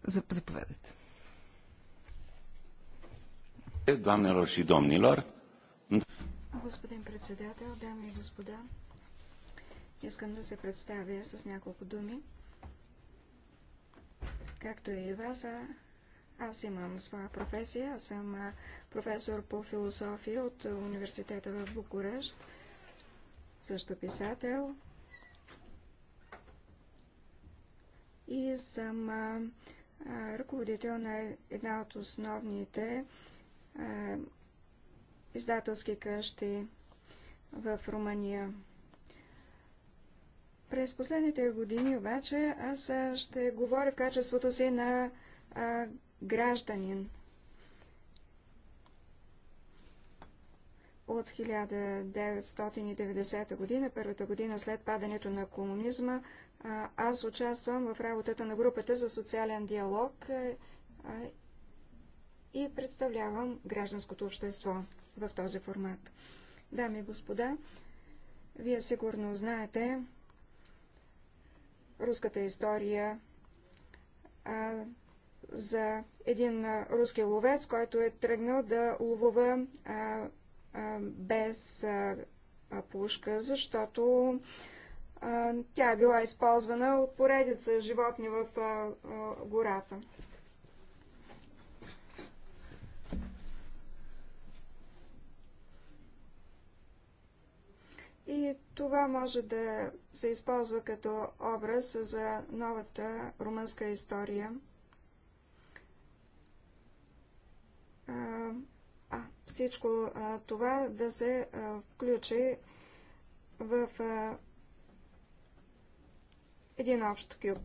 Заповядайте. Господин председател, дами и господа, искам да се представя с няколко думи. Както и вас, аз имам своя професия. Аз съм професор по философия от университета в Букурещ. Също писател. И съм а, ръководител на една от основните а, издателски къщи в Румъния. През последните години обаче аз ще говоря в качеството си на а, гражданин. От 1990 година, първата година след падането на комунизма, аз участвам в работата на групата за социален диалог и представлявам гражданското общество в този формат. Дами и господа, вие сигурно знаете руската история, за един руски ловец, който е тръгнал да ловува а, а, без а, пушка, защото а, тя е била използвана от поредица животни в а, а, гората. И това може да се използва като образ за новата румънска история. а, всичко а, това да се а, включи в а, един общ кюб.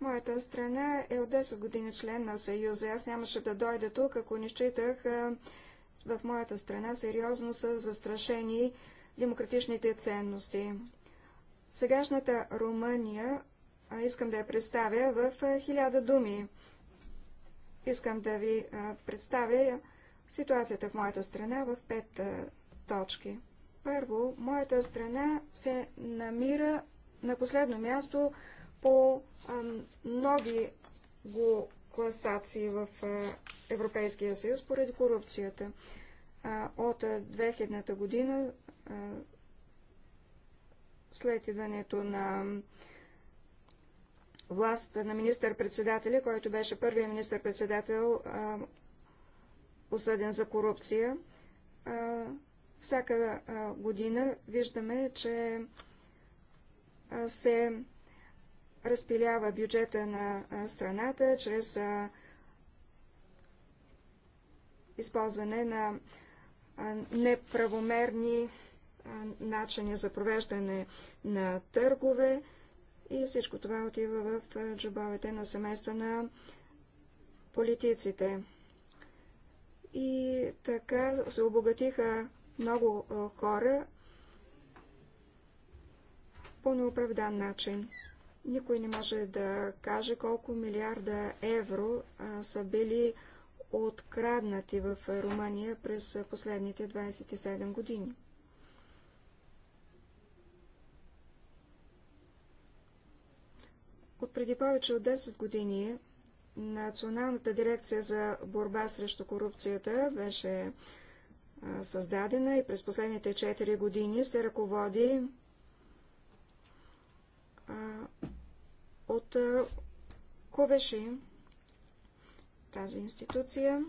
Моята страна е от 10 години член на Съюза. Аз нямаше да дойда тук, ако не считах в моята страна сериозно са застрашени демократичните ценности. Сегашната Румъния искам да я представя в хиляда думи. Искам да ви представя ситуацията в моята страна в пет точки. Първо, моята страна се намира на последно място по нови го класации в Европейския съюз поради корупцията. От 2000-та година, след идването на власт на министър-председателя, който беше първият министър-председател, осъден за корупция. всяка година виждаме, че се разпилява бюджета на страната чрез използване на неправомерни начини за провеждане на търгове, и всичко това отива в джобовете на семейства на политиците. И така се обогатиха много хора по неоправдан начин. Никой не може да каже колко милиарда евро са били откраднати в Румъния през последните 27 години. От преди повече от 10 години Националната дирекция за борба срещу корупцията беше създадена и през последните 4 години се ръководи от Кубеши тази институция.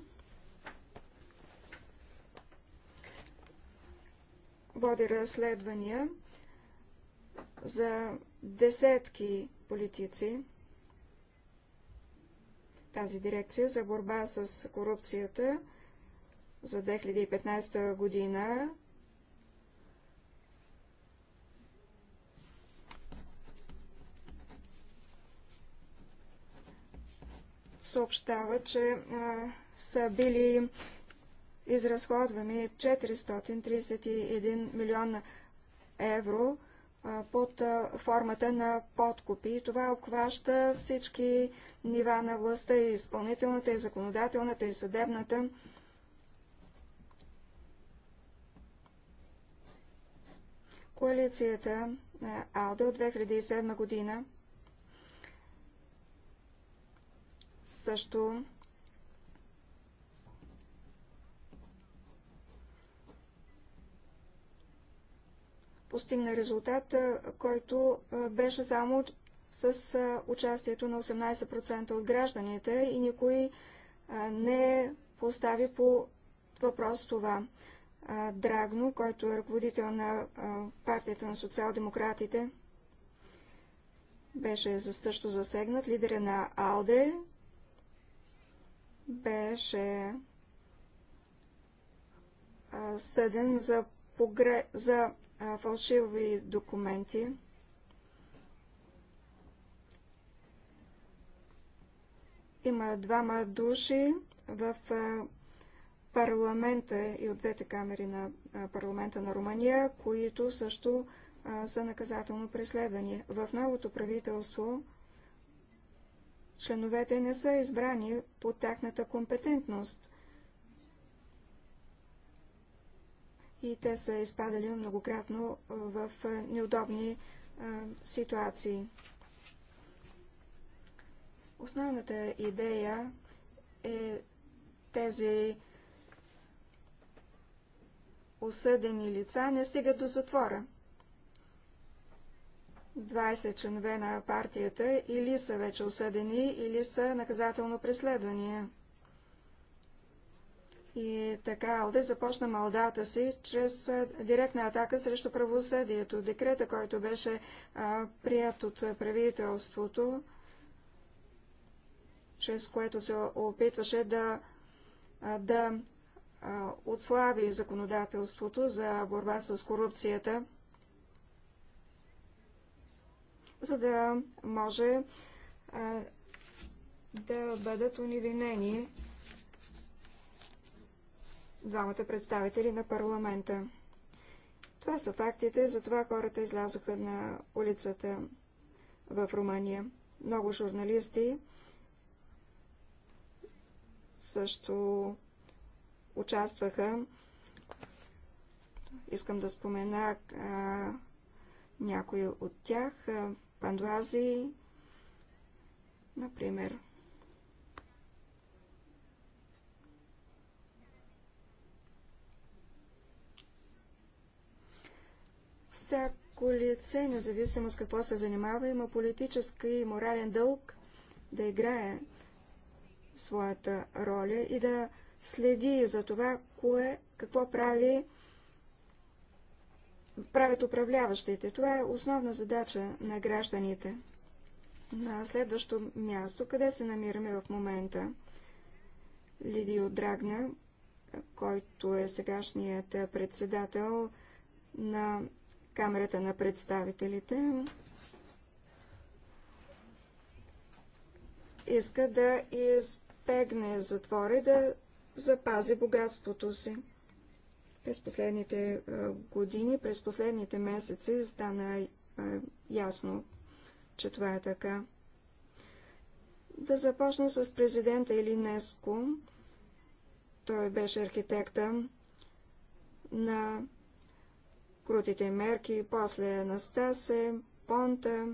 Води разследвания за десетки политици. Тази дирекция за борба с корупцията за 2015 година съобщава, че а, са били изразходвани 431 милиона евро под формата на подкупи. Това обхваща всички нива на властта, и изпълнителната, и законодателната, и съдебната. Коалицията на АЛДА от 2007 година също постигна резултат, който беше само с участието на 18% от гражданите и никой не постави по въпрос това. Драгно, който е ръководител на партията на социал-демократите, беше също засегнат. лидера на АЛДЕ беше съден за, погре... за фалшиви документи. Има двама души в парламента и от двете камери на парламента на Румъния, които също са наказателно преследвани. В новото правителство членовете не са избрани по тяхната компетентност. и те са изпадали многократно в неудобни ситуации. Основната идея е тези осъдени лица не стигат до затвора. 20 членове на партията или са вече осъдени, или са наказателно преследвания. И така Алде започна малдата си чрез директна атака срещу правосъдието. Декрета, който беше а, прият от правителството, чрез което се опитваше да, а, да а, отслаби законодателството за борба с корупцията, за да може а, да бъдат унивинени двамата представители на парламента. Това са фактите, затова хората излязоха на улицата в Румъния. Много журналисти също участваха. Искам да спомена а, някои от тях. Пандуази, например. Всяко лице, независимо с какво се занимава, има политически и морален дълг да играе своята роля и да следи за това, кое, какво прави, правят управляващите. Това е основна задача на гражданите. На следващо място, къде се намираме в момента? Лидио Драгна, който е сегашният председател на Камерата на представителите иска да избегне затвора и да запази богатството си. През последните е, години, през последните месеци стана е, ясно, че това е така. Да започна с президента Илинеско. Той беше архитекта на крутите мерки, после Анастасе, Понта,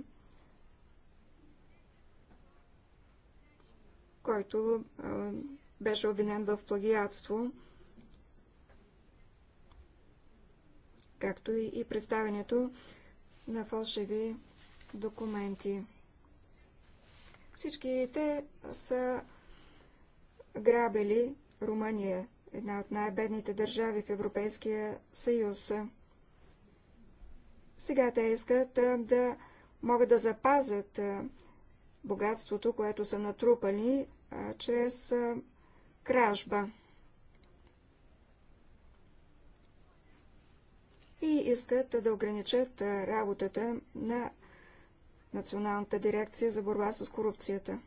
който а, беше обвинен в плагиатство, както и, и представянето на фалшиви документи. Всички те са грабели Румъния, една от най-бедните държави в Европейския съюз. Сега те искат да могат да запазят богатството, което са натрупали чрез кражба. И искат да ограничат работата на Националната дирекция за борба с корупцията.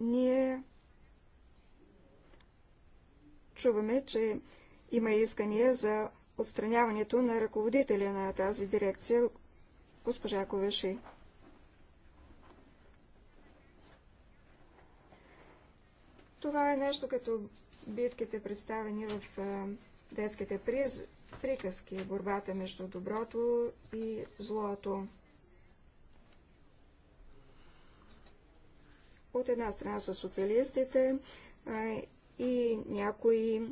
Ние чуваме, че има искания за отстраняването на ръководителя на тази дирекция, госпожа Ковеши. Това е нещо като битките представени в детските приз... приказки, борбата между доброто и злото. От една страна са социалистите а, и някои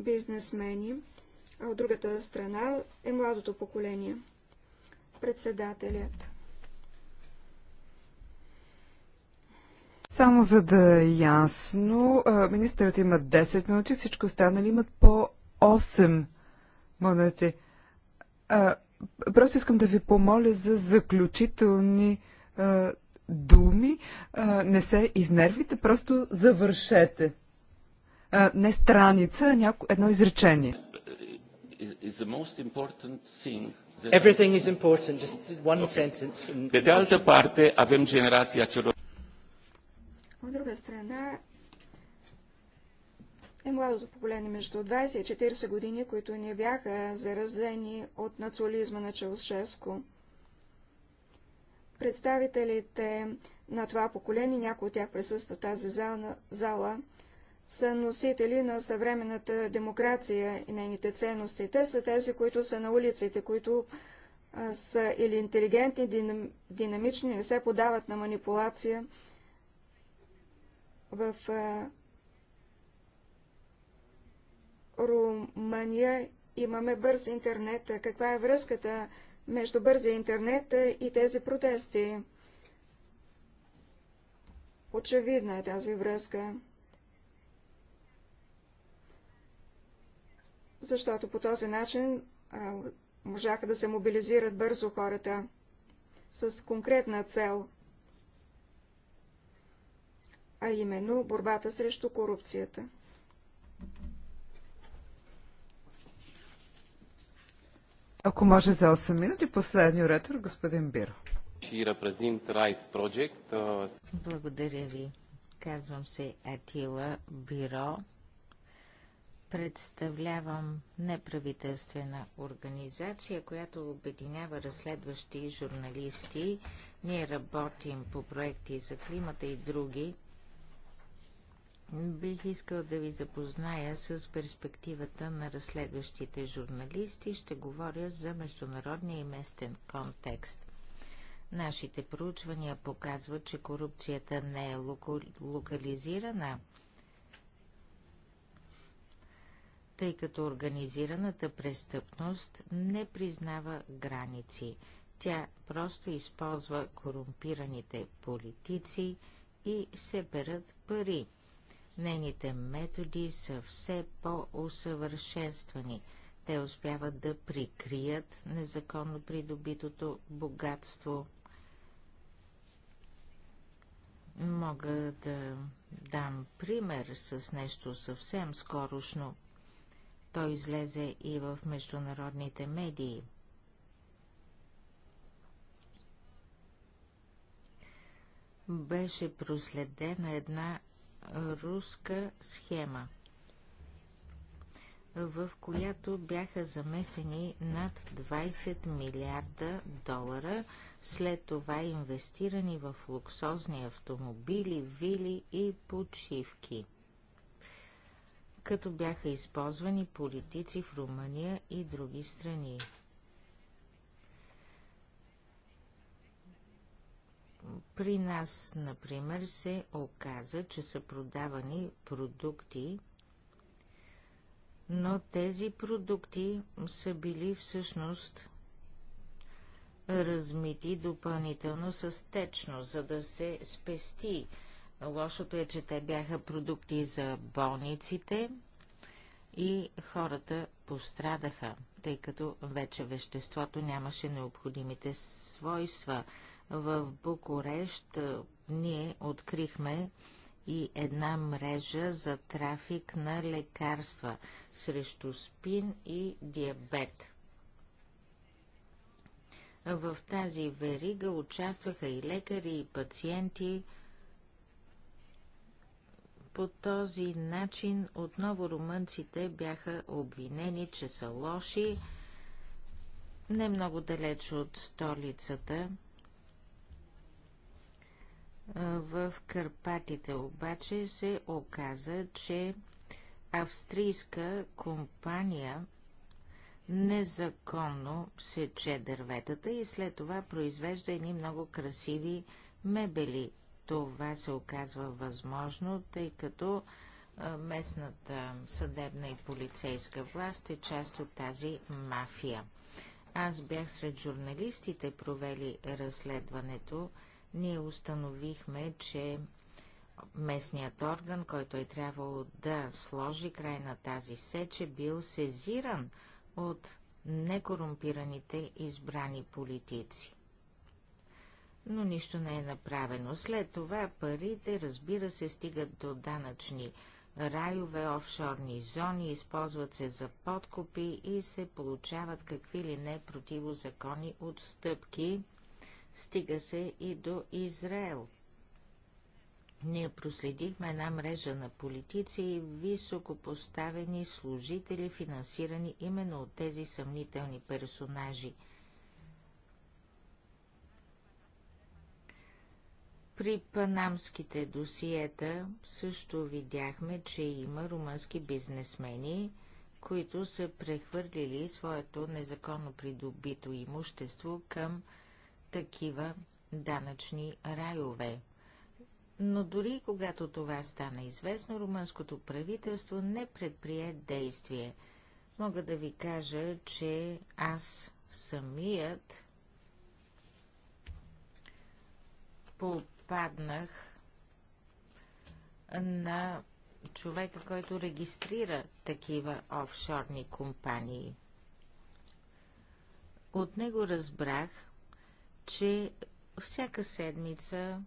бизнесмени, а от другата страна е младото поколение. Председателят. Само за да е ясно, министърът има 10 минути, всичко останали имат по 8 минути. Просто искам да ви помоля за заключителни думи. не се изнервите, просто завършете не страница, а няко... едно изречение. Everything is important, just one okay. sentence. And... de altă parte, avem generația celor... От друга страна, е младото поколение между 20 и 40 години, които не бяха заразени от национализма на Челшевско. Представителите на това поколение, някои от тях присъстват в тази зала, са носители на съвременната демокрация и нейните ценности. Те са тези, които са на улиците, които са или интелигентни, динамични, не се подават на манипулация. В Румъния имаме бърз интернет. Каква е връзката между бързия интернет и тези протести? Очевидна е тази връзка. защото по този начин а, можаха да се мобилизират бързо хората с конкретна цел, а именно борбата срещу корупцията. Ако може за 8 минути, последния ретор, господин Биро. Благодаря ви. Казвам се Атила Биро. Представлявам неправителствена организация, която обединява разследващи журналисти. Ние работим по проекти за климата и други. Бих искал да ви запозная с перспективата на разследващите журналисти. Ще говоря за международния и местен контекст. Нашите проучвания показват, че корупцията не е локализирана тъй като организираната престъпност не признава граници. Тя просто използва корумпираните политици и се берат пари. Нейните методи са все по-усъвършенствани. Те успяват да прикрият незаконно придобитото богатство. Мога да дам пример с нещо съвсем скорошно – той излезе и в международните медии. Беше проследена една руска схема, в която бяха замесени над 20 милиарда долара, след това инвестирани в луксозни автомобили, вили и почивки – като бяха използвани политици в Румъния и други страни. При нас, например, се оказа, че са продавани продукти, но тези продукти са били всъщност размити допълнително с течно, за да се спести Лошото е, че те бяха продукти за болниците и хората пострадаха, тъй като вече веществото нямаше необходимите свойства. В Букурещ ние открихме и една мрежа за трафик на лекарства срещу спин и диабет. В тази верига участваха и лекари, и пациенти, по този начин отново румънците бяха обвинени, че са лоши, не много далеч от столицата. В Карпатите обаче се оказа, че австрийска компания незаконно сече дърветата и след това произвежда едни много красиви мебели. Това се оказва възможно, тъй като местната съдебна и полицейска власт е част от тази мафия. Аз бях сред журналистите, провели разследването. Ние установихме, че местният орган, който е трябвало да сложи край на тази сеч, е бил сезиран от некорумпираните избрани политици но нищо не е направено. След това парите, разбира се, стигат до данъчни райове, офшорни зони, използват се за подкупи и се получават какви ли не противозакони отстъпки. Стига се и до Израел. Ние проследихме една мрежа на политици и високопоставени служители, финансирани именно от тези съмнителни персонажи – При панамските досиета също видяхме, че има румънски бизнесмени, които са прехвърлили своето незаконно придобито имущество към такива данъчни райове. Но дори когато това стана известно, румънското правителство не предприе действие. Мога да ви кажа, че аз самият по попаднах на човека, който регистрира такива офшорни компании. От него разбрах, че всяка седмица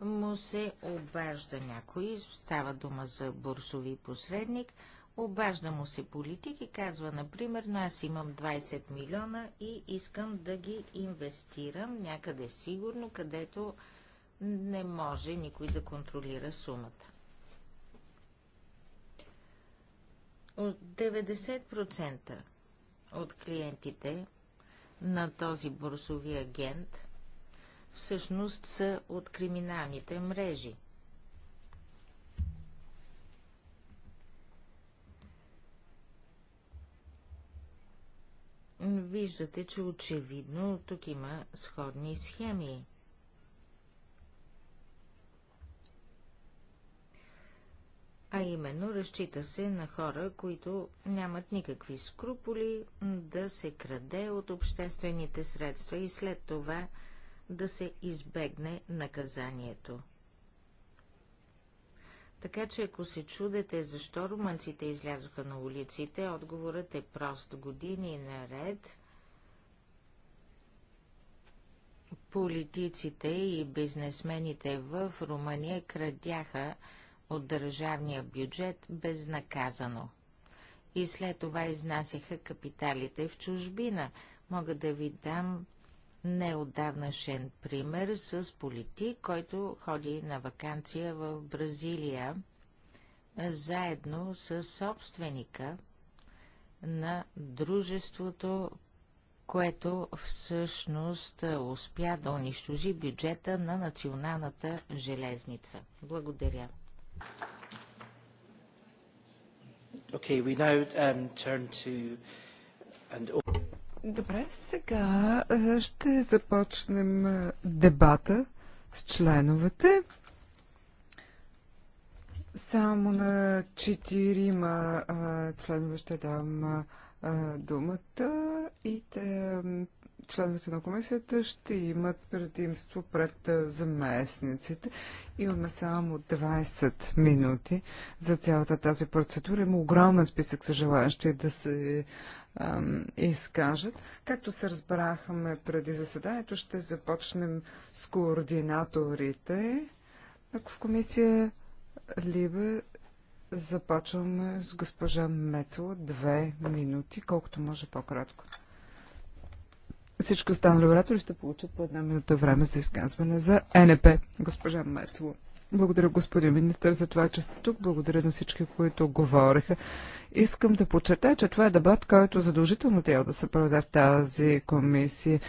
му се обажда някой, става дума за борсови посредник – Обажда му се политик и казва, например, но аз имам 20 милиона и искам да ги инвестирам някъде сигурно, където не може никой да контролира сумата. От 90% от клиентите на този борсови агент всъщност са от криминалните мрежи. Виждате, че очевидно тук има сходни схеми. А именно разчита се на хора, които нямат никакви скруполи да се краде от обществените средства и след това да се избегне наказанието. Така че ако се чудете защо румънците излязоха на улиците, отговорът е прост. Години наред политиците и бизнесмените в Румъния крадяха от държавния бюджет безнаказано. И след това изнасяха капиталите в чужбина. Мога да ви дам неотдавнашен пример с политик, който ходи на вакансия в Бразилия заедно с собственика на дружеството, което всъщност успя да унищожи бюджета на националната железница. Благодаря. Okay, we now, um, turn to... and... Добре, сега е, ще започнем е, дебата с членовете. Само на четирима е, членове ще дам думата и те, членовете на комисията ще имат предимство пред заместниците. Имаме само 20 минути за цялата тази процедура. Има огромен списък за желаящи да се изкажат. Както се разбрахме преди заседанието, ще започнем с координаторите. Ако в комисия Либе започваме с госпожа Мецела две минути, колкото може по-кратко. Всички останали оратори ще получат по една минута време за изказване за НП. Госпожа Мецела. Благодаря, господин министър, за това, че сте тук. Благодаря на всички, които говориха. Искам да подчертая, че това е дебат, който задължително трябва да се проведе в тази комисия.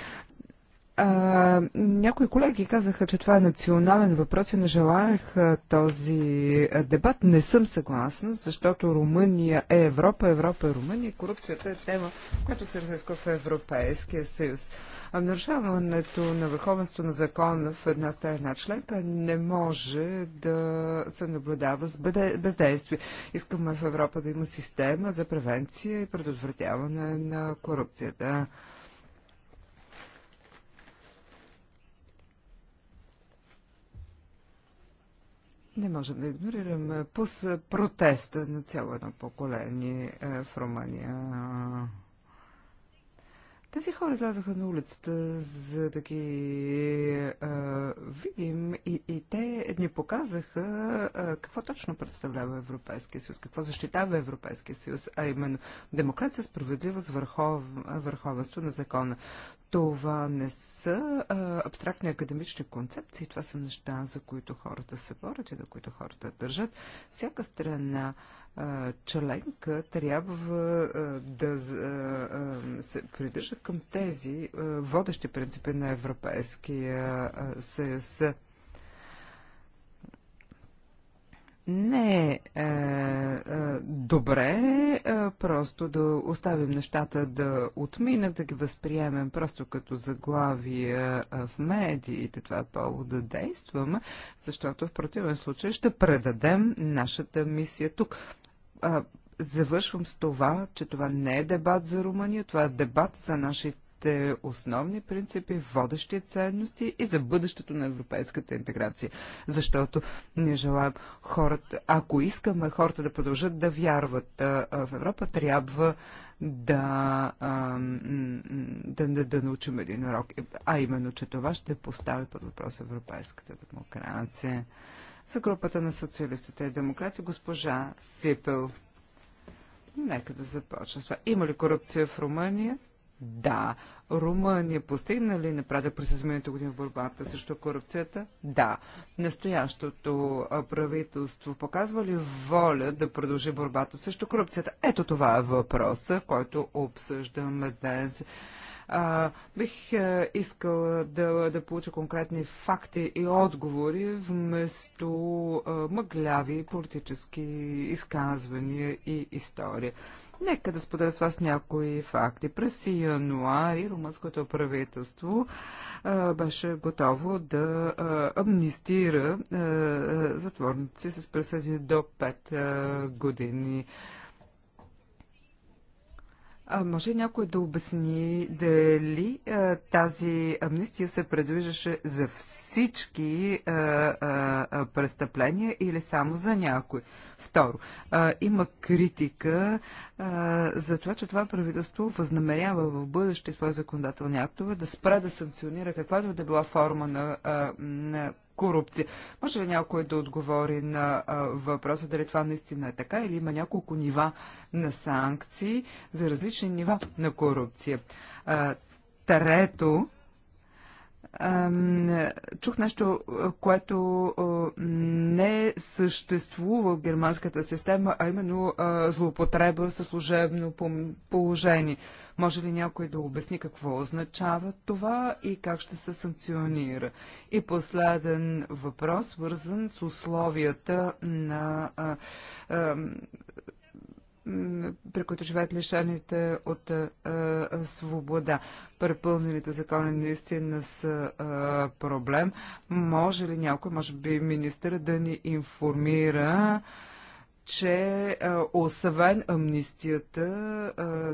А, някои колеги казаха, че това е национален въпрос и не желаях този дебат. Не съм съгласна, защото Румъния е Европа, Европа е Румъния. Корупцията е тема, която се разисква в Европейския съюз. А нарушаването на върховенство на закона в една страна членка не може да се наблюдава с бездействие. Искаме в Европа да има система за превенция и предотвратяване на корупцията. Не можем да игнорираме пус протеста на цяло едно поколение е, в Румъния. Тези хора излязаха на улицата, за да ги а, видим и, и те ни показаха а, какво точно представлява Европейския съюз, какво защитава Европейския съюз, а именно демокрация, справедливост, върхов, върховенство на закона. Това не са а, абстрактни академични концепции, това са неща, за които хората се борят и на които хората държат. Всяка страна членка трябва да се придържа към тези водещи принципи на Европейския съюз. Не е, добре е, просто да оставим нещата да отминат, да ги възприемем просто като заглавия в медиите. Това е повод да действаме, защото в противен случай ще предадем нашата мисия тук. А, завършвам с това, че това не е дебат за Румъния, това е дебат за нашите основни принципи, водещи ценности и за бъдещето на европейската интеграция. Защото не желаем хората, ако искаме хората да продължат да вярват а, в Европа, трябва да, а, да, да, да научим един урок. А именно, че това ще постави под въпрос европейската демокрация. За групата на социалистите и демократи госпожа Сипел. Нека да започна с това. Има ли корупция в Румъния? Да. Румъния постигна ли напредък през изминалите години в борбата срещу корупцията? Да. Настоящото правителство показва ли воля да продължи борбата срещу корупцията? Ето това е въпроса, който обсъждаме днес. А, бих а, е, искал да, да получа конкретни факти и отговори вместо а, е, мъгляви политически изказвания и история. Нека да споделя с вас някои факти. През януари румънското правителство а, е, беше готово да а, амнистира а, затворници с присъди до 5 а, години. А, а може някой да обясни дали а, тази амнистия се предвиждаше за всички а, а, престъпления или само за някой? Второ, а, има критика а, за това, че това правителство възнамерява в бъдеще свои законодателни актове да спре да санкционира каквато да била форма на, а, на корупция. Може ли някой да отговори на въпроса дали това наистина е така или има няколко нива на санкции за различни нива на корупция? Трето, чух нещо, което не съществува в германската система, а именно злоупотреба със служебно положение. Може ли някой да обясни какво означава това и как ще се санкционира? И последен въпрос, свързан с условията на а, а, при които живеят лишените от а, а, свобода. Препълнените закони наистина са а, проблем. Може ли някой, може би министър, да ни информира а, че освен амнистията,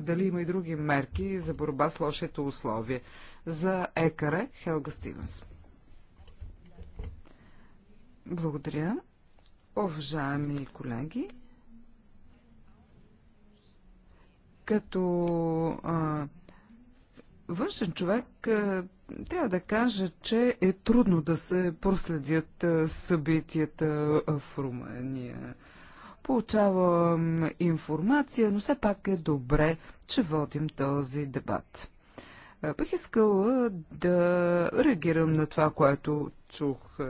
дали има и други мерки за борба с лошите условия. За ЕКАРЕ Хелга Стивенс. Благодаря. Уважаеми колеги, като а, външен човек а, трябва да кажа, че е трудно да се проследят а, събитията в Румъния. А, получавам информация, но все пак е добре, че водим този дебат. Е, бих искала да реагирам на това, което чух. Е,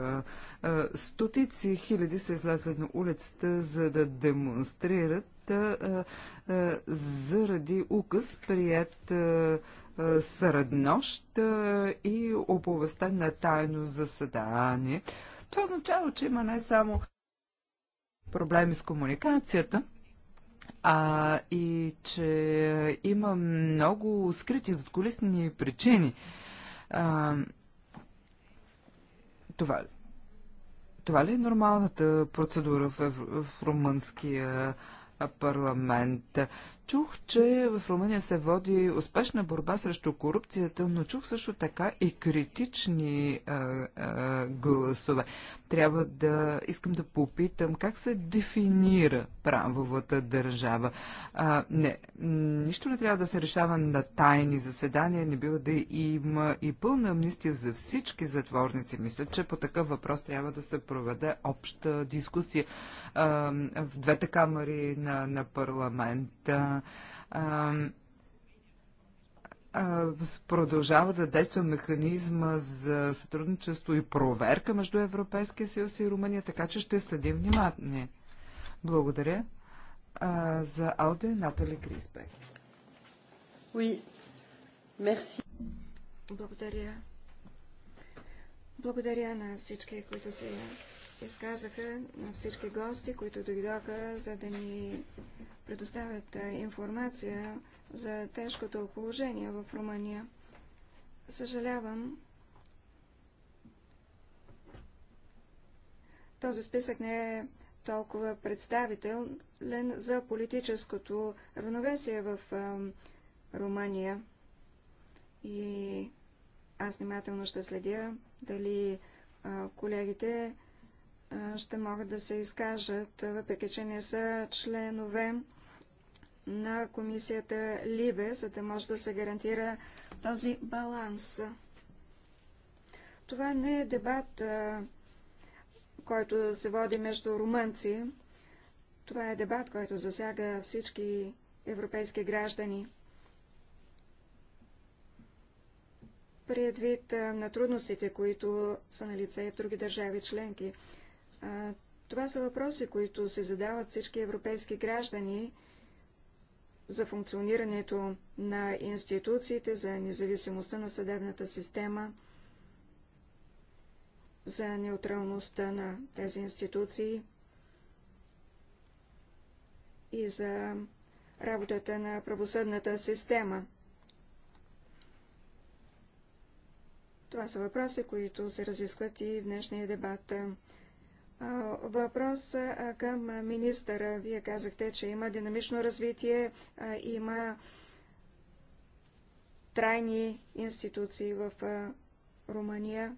е, стотици хиляди са излезли на улицата, за да демонстрират заради указ, прият сред нощ и оповестен на тайно заседание. Това означава, че има не само проблеми с комуникацията, а и че има много скрити задколисни причини. А, това ли? Това ли е нормалната процедура в, в румънския парламент. Чух, че в Румъния се води успешна борба срещу корупцията, но чух също така и критични а, а, гласове. Трябва да искам да попитам как се дефинира правовата държава. А, не, нищо не трябва да се решава на тайни заседания, не бива да има и пълна амнистия за всички затворници. Мисля, че по такъв въпрос трябва да се проведе обща дискусия в двете камери на, на парламента. Продължава да действа механизма за сътрудничество и проверка между Европейския съюз и Румъния, така че ще следим внимателно. Благодаря. За Ауде Натали Крисбек. Oui. Merci. Благодаря. Благодаря на всички, които се изказаха на всички гости, които дойдоха, за да ни предоставят информация за тежкото положение в Румъния. Съжалявам, този списък не е толкова представителен за политическото равновесие в Румъния. И аз внимателно ще следя дали колегите ще могат да се изкажат, въпреки че не са членове на комисията Либе, за да може да се гарантира този баланс. Това не е дебат, който се води между румънци. Това е дебат, който засяга всички европейски граждани. Предвид на трудностите, които са на лице в други държави членки, това са въпроси, които се задават всички европейски граждани за функционирането на институциите, за независимостта на съдебната система, за неутралността на тези институции и за работата на правосъдната система. Това са въпроси, които се разискват и в днешния дебат. Въпрос към министъра. Вие казахте, че има динамично развитие, има трайни институции в Румъния.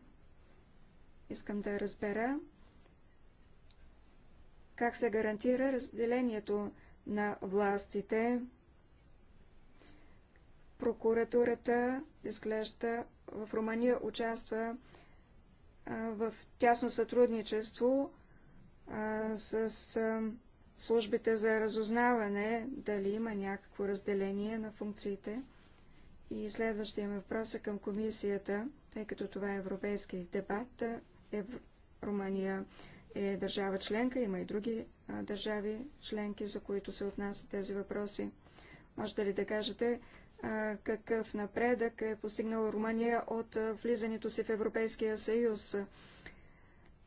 Искам да разбера как се гарантира разделението на властите. Прокуратурата изглежда в Румъния участва в тясно сътрудничество с службите за разузнаване, дали има някакво разделение на функциите. И следващия ми въпрос е към комисията, тъй като това е европейски дебат. Ев... Румъния е държава членка, има и други държави членки, за които се отнасят тези въпроси. Можете ли да кажете какъв напредък е постигнала Румъния от влизането си в Европейския съюз.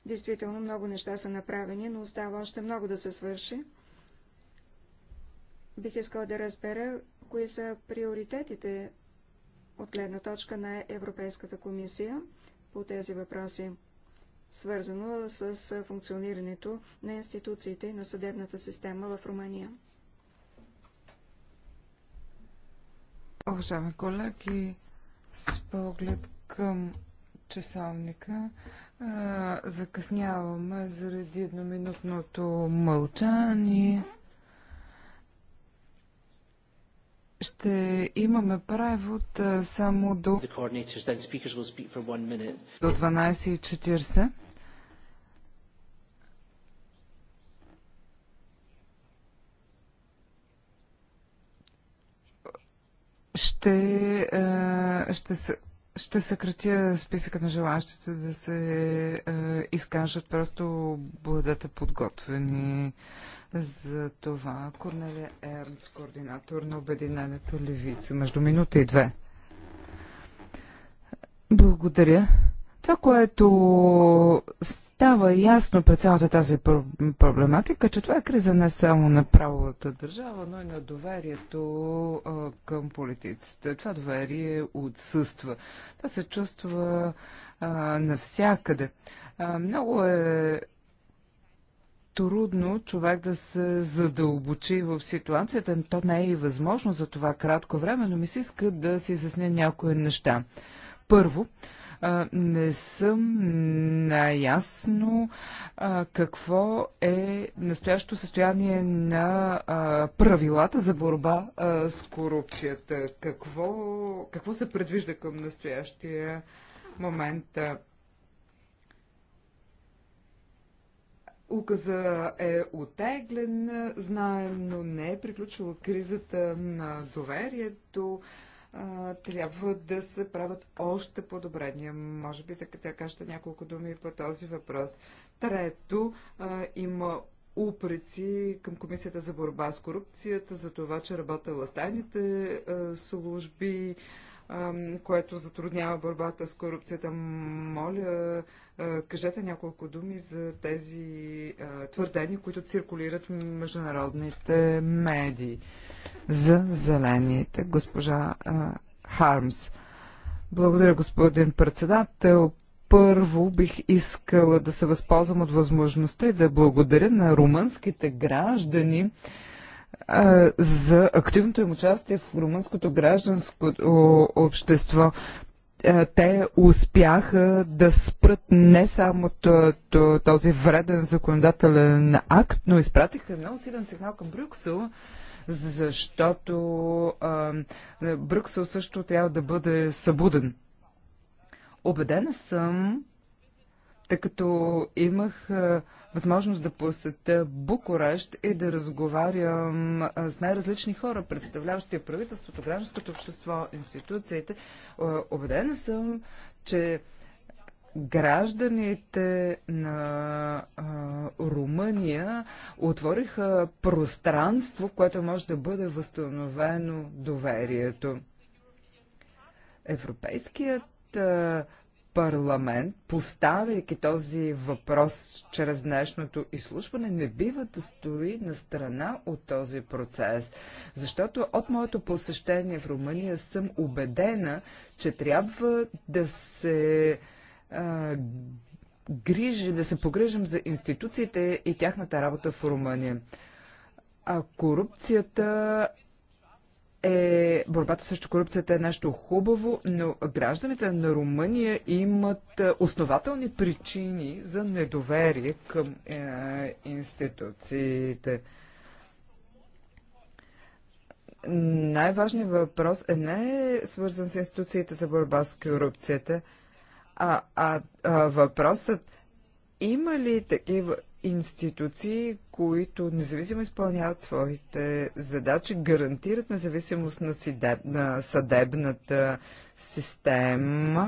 Действително много неща са направени, но остава още много да се свърши. Бих искала да разбера, кои са приоритетите от гледна точка на Европейската комисия по тези въпроси, свързано с функционирането на институциите и на съдебната система в Румъния. Уважаеми колеги, с поглед към часовника закъсняваме заради едноминутното мълчание. Ще имаме превод само до, до 12.40. ще, е, ще ще съкратя списъка на желащите да се е, изкажат. Просто бъдете подготвени за това. Корнелия Ернс, координатор на Обединената левица, между минута и две. Благодаря. Това, което става ясно пред цялата тази проблематика, че това е криза не само на правовата държава, но и на доверието а, към политиците. Това доверие отсъства. Това се чувства а, навсякъде. А, много е трудно човек да се задълбочи в ситуацията. То не е и възможно за това кратко време, но ми се иска да си изясня някои неща. Първо, не съм наясно какво е настоящото състояние на правилата за борба с корупцията. Какво, какво се предвижда към настоящия момент? Указа е отеглен, знаем, но не е приключила кризата на доверието трябва да се правят още по подобрения. Може би така да кажете няколко думи по този въпрос. Трето, има упреци към Комисията за борба с корупцията за това, че работа в тайните служби, което затруднява борбата с корупцията. Моля, кажете няколко думи за тези твърдения, които циркулират в международните медии за зелените. Госпожа Хармс. Благодаря, господин председател. Първо бих искала да се възползвам от възможността и да благодаря на румънските граждани за активното им участие в румънското гражданско общество. Те успяха да спрат не само този вреден законодателен акт, но изпратиха много силен сигнал към Брюксел, защото Брюксел също трябва да бъде събуден. Обедена съм, тъй като имах възможност да посетя Букурещ и да разговарям с най-различни хора, представляващи правителството, гражданското общество, институциите. Обедена съм, че гражданите на Румъния отвориха пространство, което може да бъде възстановено доверието. Европейският парламент, поставяйки този въпрос чрез днешното изслушване, не бива да стои на страна от този процес. Защото от моето посещение в Румъния съм убедена, че трябва да се а, грижи, да се погрежим за институциите и тяхната работа в Румъния. А корупцията е борбата срещу корупцията е нещо хубаво, но гражданите на Румъния имат е, основателни причини за недоверие към е, институциите. Най-важният въпрос е не е свързан с институциите за борба с корупцията, а, а, а въпросът има ли такива институции, които независимо изпълняват своите задачи, гарантират независимост на, сидеб, на съдебната система.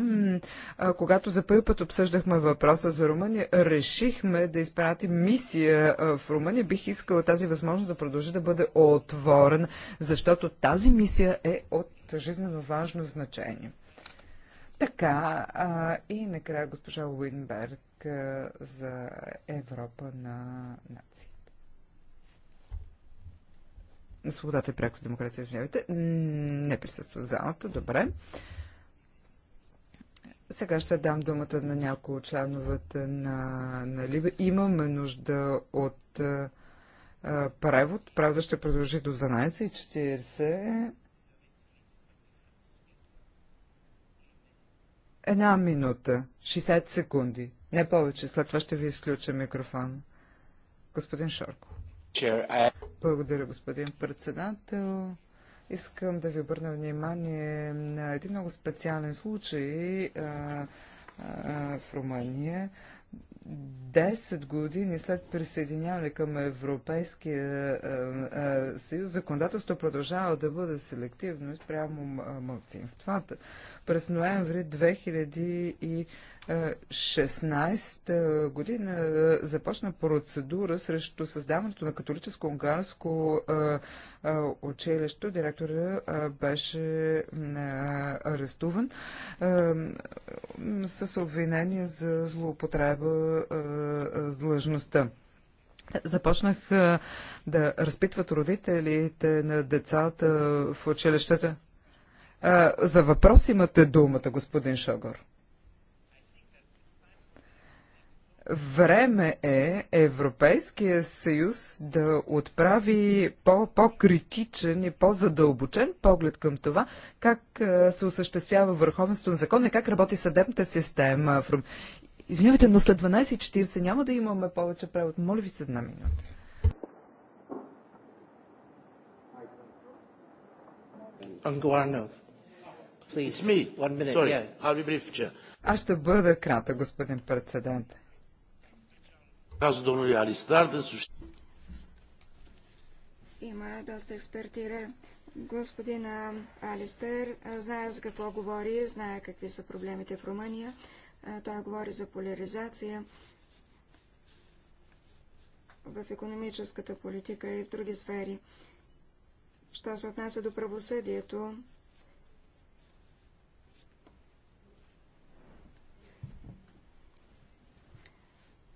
А, когато за първи път обсъждахме въпроса за Румъния, решихме да изпратим мисия в Румъния. Бих искала тази възможност да продължи да бъде отворена, защото тази мисия е от жизненно важно значение. Така, а, и накрая госпожа Уинберг за Европа на нациите. Свободата и прякото демокрация, извинявайте, не присъства в залата. Добре. Сега ще дам думата на някои от членовете на, на Либа. Имаме нужда от а, превод. Правда ще продължи до 12.40. Една минута, 60 секунди, не повече, след това ще ви изключа микрофона. Господин Шорко. Благодаря, господин председател. Искам да ви обърна внимание на един много специален случай а, а, в Румъния. 10 години след присъединяване към Европейския е, е, съюз, законодателство продължава да бъде селективно спрямо мълцинствата. Е, През ноември 2000 и 16 година започна процедура срещу създаването на католическо-унгарско училище. Директора беше арестуван с обвинение за злоупотреба с длъжността. Започнах да разпитват родителите на децата в училищата. За въпрос имате думата, господин Шогор. Време е Европейския съюз да отправи по-критичен -по и по-задълбочен поглед към това, как се осъществява върховенството на закона и как работи съдебната система. Извинявайте, но след 12.40 няма да имаме повече превод. Моля ви се една минута. Аз ще бъда крата, господин председател domnului Има доста експертира. Господин Алистер знае за какво говори, знае какви са проблемите в Румъния. Той говори за поляризация в економическата политика и в други сфери. Що се отнася до правосъдието,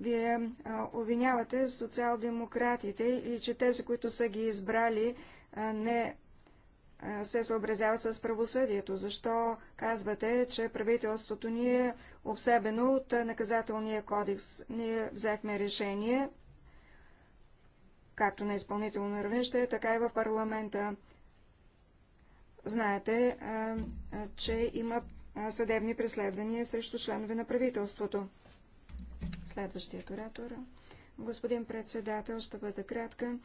Вие обвинявате социал-демократите и че тези, които са ги избрали, не се съобразяват с правосъдието. Защо казвате, че правителството ни е обсебено от наказателния кодекс? Ние взехме решение, както на изпълнително равнище, така и в парламента. Знаете, че има съдебни преследвания срещу членове на правителството. Следващият оратор. Господин председател, ще бъда кратка.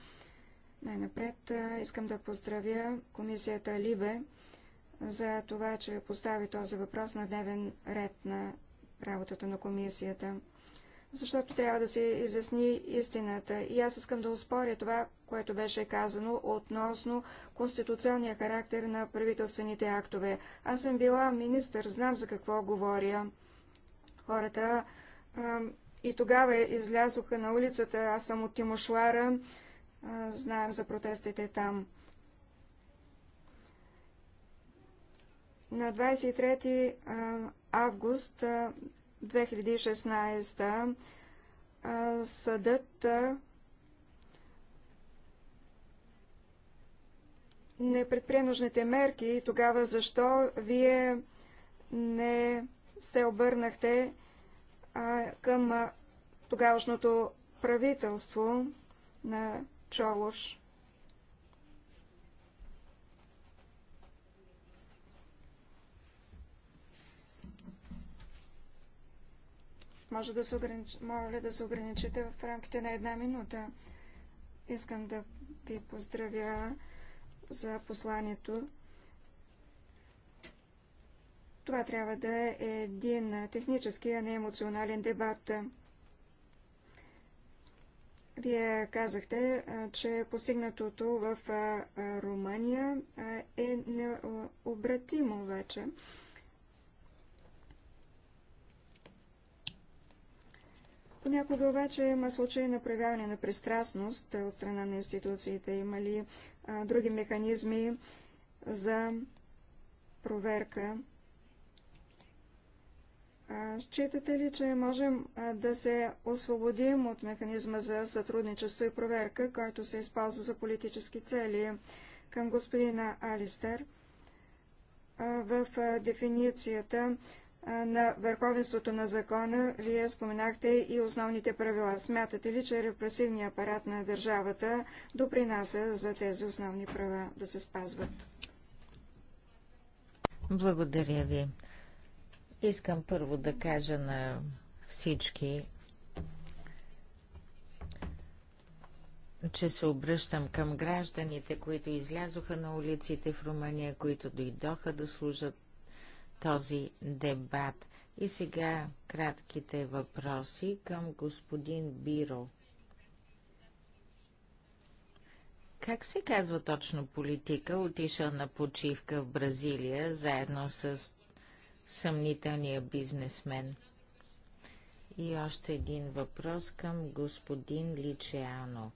Най-напред искам да поздравя комисията Либе за това, че постави този въпрос на дневен ред на работата на комисията. Защото трябва да се изясни истината. И аз искам да успоря това, което беше казано относно конституционния характер на правителствените актове. Аз съм била министър, знам за какво говоря. Хората и тогава излязоха на улицата, аз съм от Тимошуара, знаем за протестите там. На 23 август 2016 съдът не предприе нужните мерки, тогава защо вие не се обърнахте към тогавашното правителство на Чолош. Може да се огранич... Моля да се ограничите в рамките на една минута. Искам да ви поздравя за посланието това трябва да е един технически, а не емоционален дебат. Вие казахте, че постигнатото в Румъния е необратимо вече. Понякога обаче има случаи на проявяване на пристрастност от страна на институциите. Има ли други механизми за проверка Считате ли, че можем да се освободим от механизма за сътрудничество и проверка, който се използва за политически цели към господина Алистер в дефиницията на върховенството на закона, вие споменахте и основните правила. Смятате ли, че репресивният апарат на държавата допринася за тези основни права да се спазват? Благодаря ви. Искам първо да кажа на всички, че се обръщам към гражданите, които излязоха на улиците в Румъния, които дойдоха да служат този дебат. И сега кратките въпроси към господин Биро. Как се казва точно политика? Отишъл на почивка в Бразилия, заедно с съмнителния бизнесмен. И още един въпрос към господин Личеано.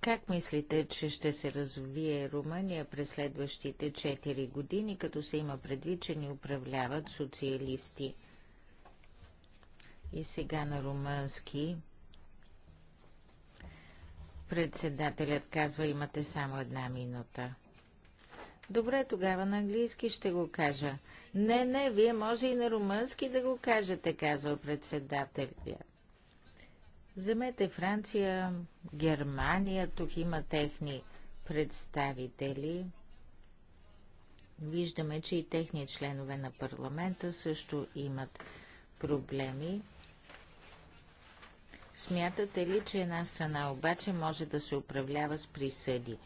Как мислите, че ще се развие Румъния през следващите 4 години, като се има предвид, че ни управляват социалисти? И сега на румънски. Председателят казва, имате само една минута. Добре, тогава на английски ще го кажа. Не, не, вие може и на румънски да го кажете, казва председателя. Вземете Франция, Германия, тук има техни представители. Виждаме, че и техни членове на парламента също имат проблеми. Смятате ли, че една страна обаче може да се управлява с присъди?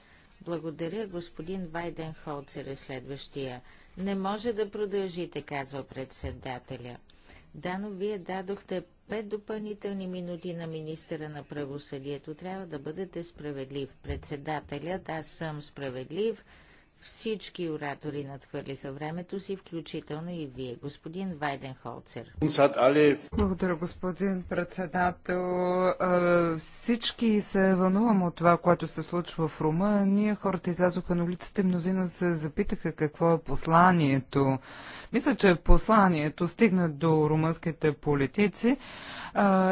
Благодаря, господин Вайден Холцер е следващия. Не може да продължите, казва председателя. Да, но вие дадохте пет допълнителни минути на министъра на правосъдието. Трябва да бъдете справедлив. Председателят, аз съм справедлив, всички оратори надхвърлиха времето си, включително и вие, господин Вайденхолцер. Благодаря, господин председател. Всички се вълнувам от това, което се случва в Рума. Ние хората излязоха на улиците, мнозина се запитаха какво е посланието. Мисля, че посланието стигна до румънските политици.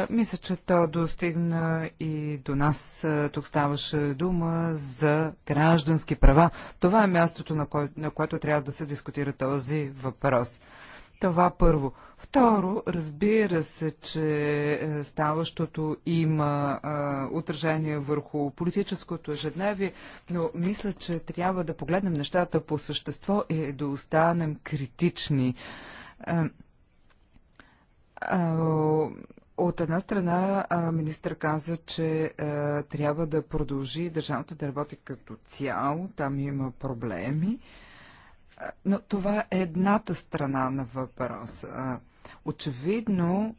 Мисля, че то достигна и до нас. Тук ставаше дума за граждански права. Това е мястото, на, кое, на което трябва да се дискутира този въпрос. Това първо. Второ, разбира се, че е, ставащото има а, е, отражение върху политическото ежедневие, но мисля, че трябва да погледнем нещата по същество и да останем критични. А, е, а, от една страна министър каза, че трябва да продължи държавата да работи като цяло, там има проблеми, но това е едната страна на въпроса. Очевидно,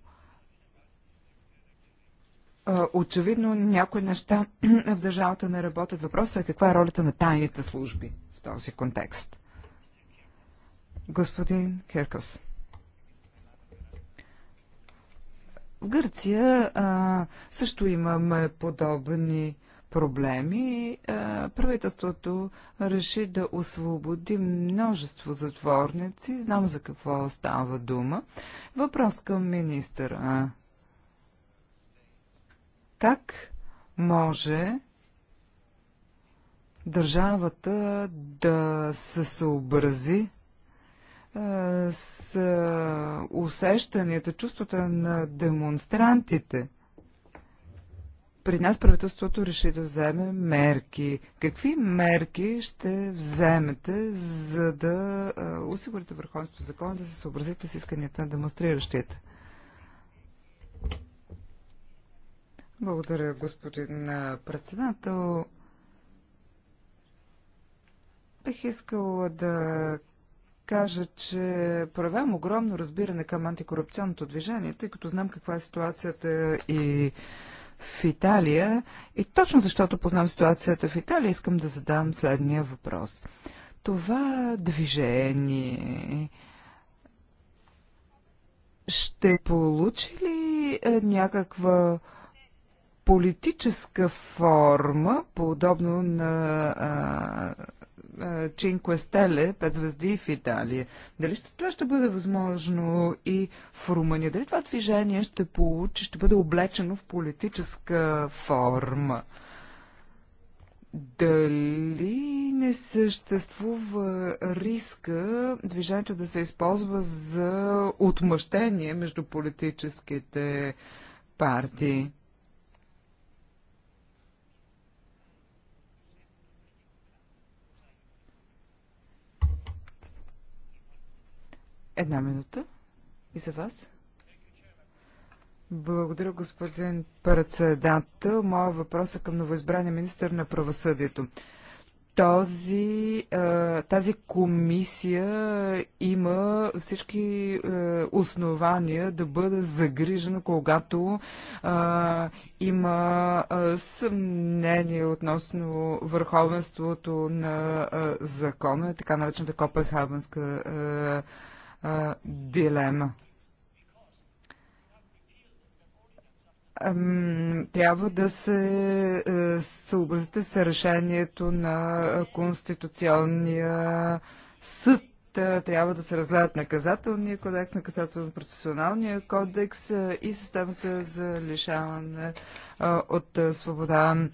очевидно някои неща в държавата не работят. Въпросът е каква е ролята на тайните служби в този контекст. Господин Херкос. В Гърция а, също имаме подобни проблеми. А, правителството реши да освободи множество затворници. Знам за какво става дума. Въпрос към министъра. Как може държавата да се съобрази е, с е, усещанията, чувствата на демонстрантите. При нас правителството реши да вземе мерки. Какви мерки ще вземете, за да е, осигурите върховенството закона, да се съобразите с исканията на демонстриращите? Благодаря, господин председател. Бих искала да кажа, че проявявам огромно разбиране към антикорупционното движение, тъй като знам каква е ситуацията и в Италия. И точно защото познам ситуацията в Италия, искам да задам следния въпрос. Това движение ще получи ли е, някаква политическа форма, подобно на Чинкве Стеле, пет звезди в Италия. Дали ще, това ще бъде възможно и в Румъния? Дали това движение ще получи, ще бъде облечено в политическа форма? Дали не съществува риска движението да се използва за отмъщение между политическите партии? Една минута. И за вас. Благодаря, господин председател. Моя въпрос е към новоизбрания министр на правосъдието. Този, е, тази комисия има всички е, основания да бъде загрижена, когато е, има съмнение относно върховенството на закона, така наречената Копенхагенска дилема. трябва да се е, съобразите с решението на Конституционния съд. Трябва да се разгледат наказателния кодекс, наказателно професионалния кодекс е, и системата за лишаване е, от свобода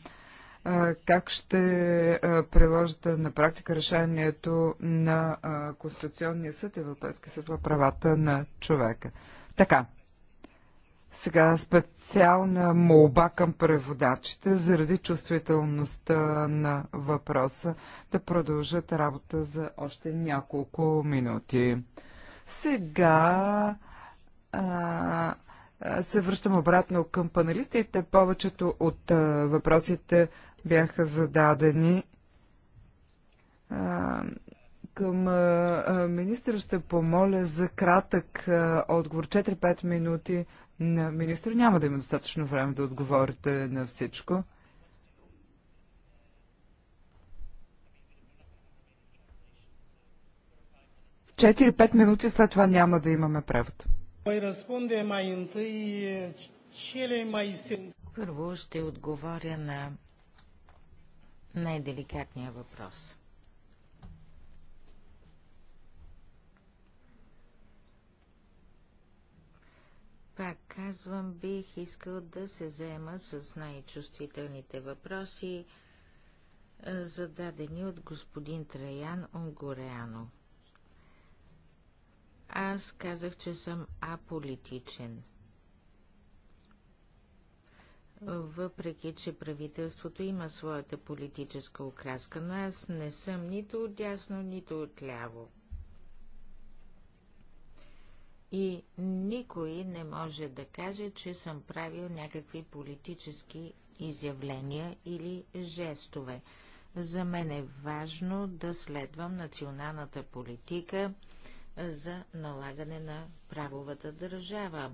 как ще приложите на практика решението на Конституционния съд, Европейския съд по правата на човека. Така. Сега специална молба към преводачите заради чувствителността на въпроса да продължат работа за още няколко минути. Сега а, се връщам обратно към панелистите. Повечето от а, въпросите бяха зададени към министър ще помоля за кратък отговор. 4-5 минути на министър. Няма да има достатъчно време да отговорите на всичко. Четири-пет минути след това няма да имаме превод. Първо ще отговоря на най-деликатния въпрос. Пак казвам, бих искал да се заема с най-чувствителните въпроси, е, зададени от господин Траян Онгореано. Аз казах, че съм аполитичен – въпреки че правителството има своята политическа окраска, но аз не съм нито от дясно, нито от ляво. И никой не може да каже, че съм правил някакви политически изявления или жестове. За мен е важно да следвам националната политика за налагане на правовата държава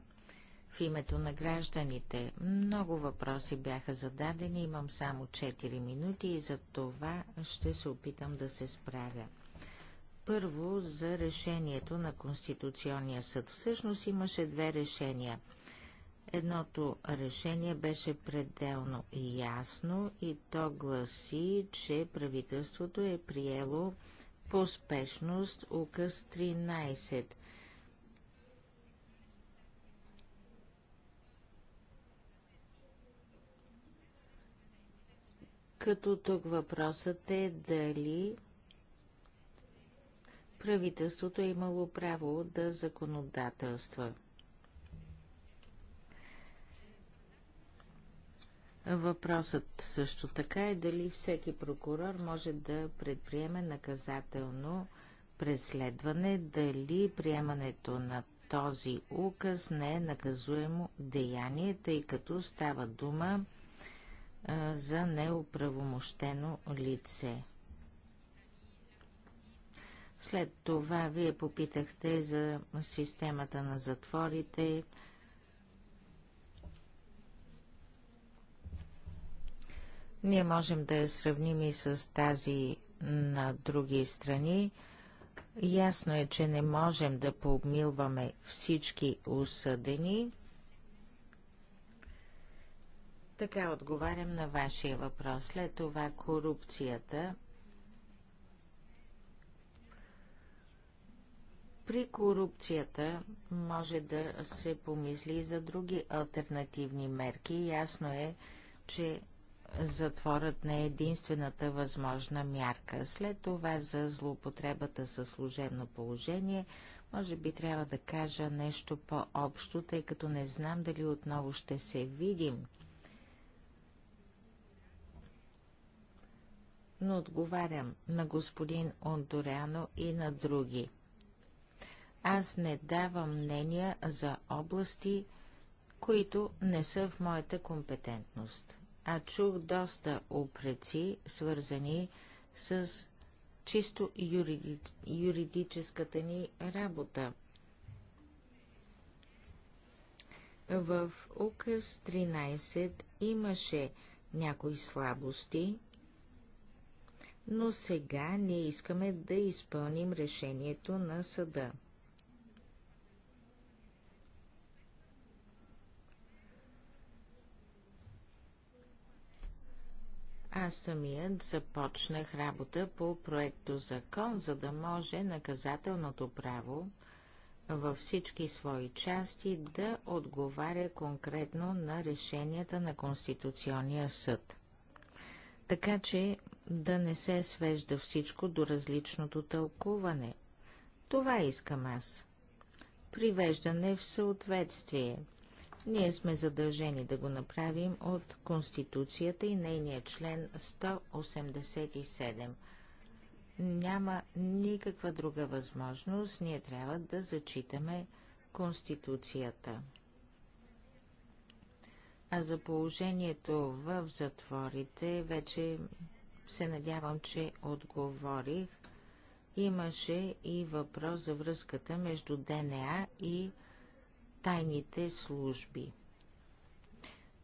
в името на гражданите. Много въпроси бяха зададени, имам само 4 минути и за това ще се опитам да се справя. Първо за решението на Конституционния съд. Всъщност имаше две решения. Едното решение беше пределно ясно и то гласи, че правителството е приело по спешност указ 13 – като тук въпросът е дали правителството е имало право да законодателства. Въпросът също така е дали всеки прокурор може да предприеме наказателно преследване, дали приемането на този указ не е наказуемо деяние, тъй като става дума за неоправомощено лице. След това вие попитахте за системата на затворите. Ние можем да я сравним и с тази на други страни. Ясно е, че не можем да пообмилваме всички осъдени, така отговарям на вашия въпрос. След това корупцията. При корупцията може да се помисли и за други альтернативни мерки. Ясно е, че затворът не е единствената възможна мярка. След това за злоупотребата със служебно положение, може би трябва да кажа нещо по-общо, тъй като не знам дали отново ще се видим но отговарям на господин Ондоряно и на други. Аз не давам мнения за области, които не са в моята компетентност, а чух доста опреци, свързани с чисто юриди... юридическата ни работа. В указ 13 имаше някои слабости, но сега ние искаме да изпълним решението на съда. Аз самият започнах работа по проекто закон, за да може наказателното право във всички свои части да отговаря конкретно на решенията на Конституционния съд. Така че да не се свежда всичко до различното тълкуване. Това искам аз. Привеждане в съответствие. Ние сме задължени да го направим от Конституцията и нейния член 187. Няма никаква друга възможност, ние трябва да зачитаме Конституцията. А за положението в затворите вече се надявам, че отговорих. Имаше и въпрос за връзката между ДНА и тайните служби.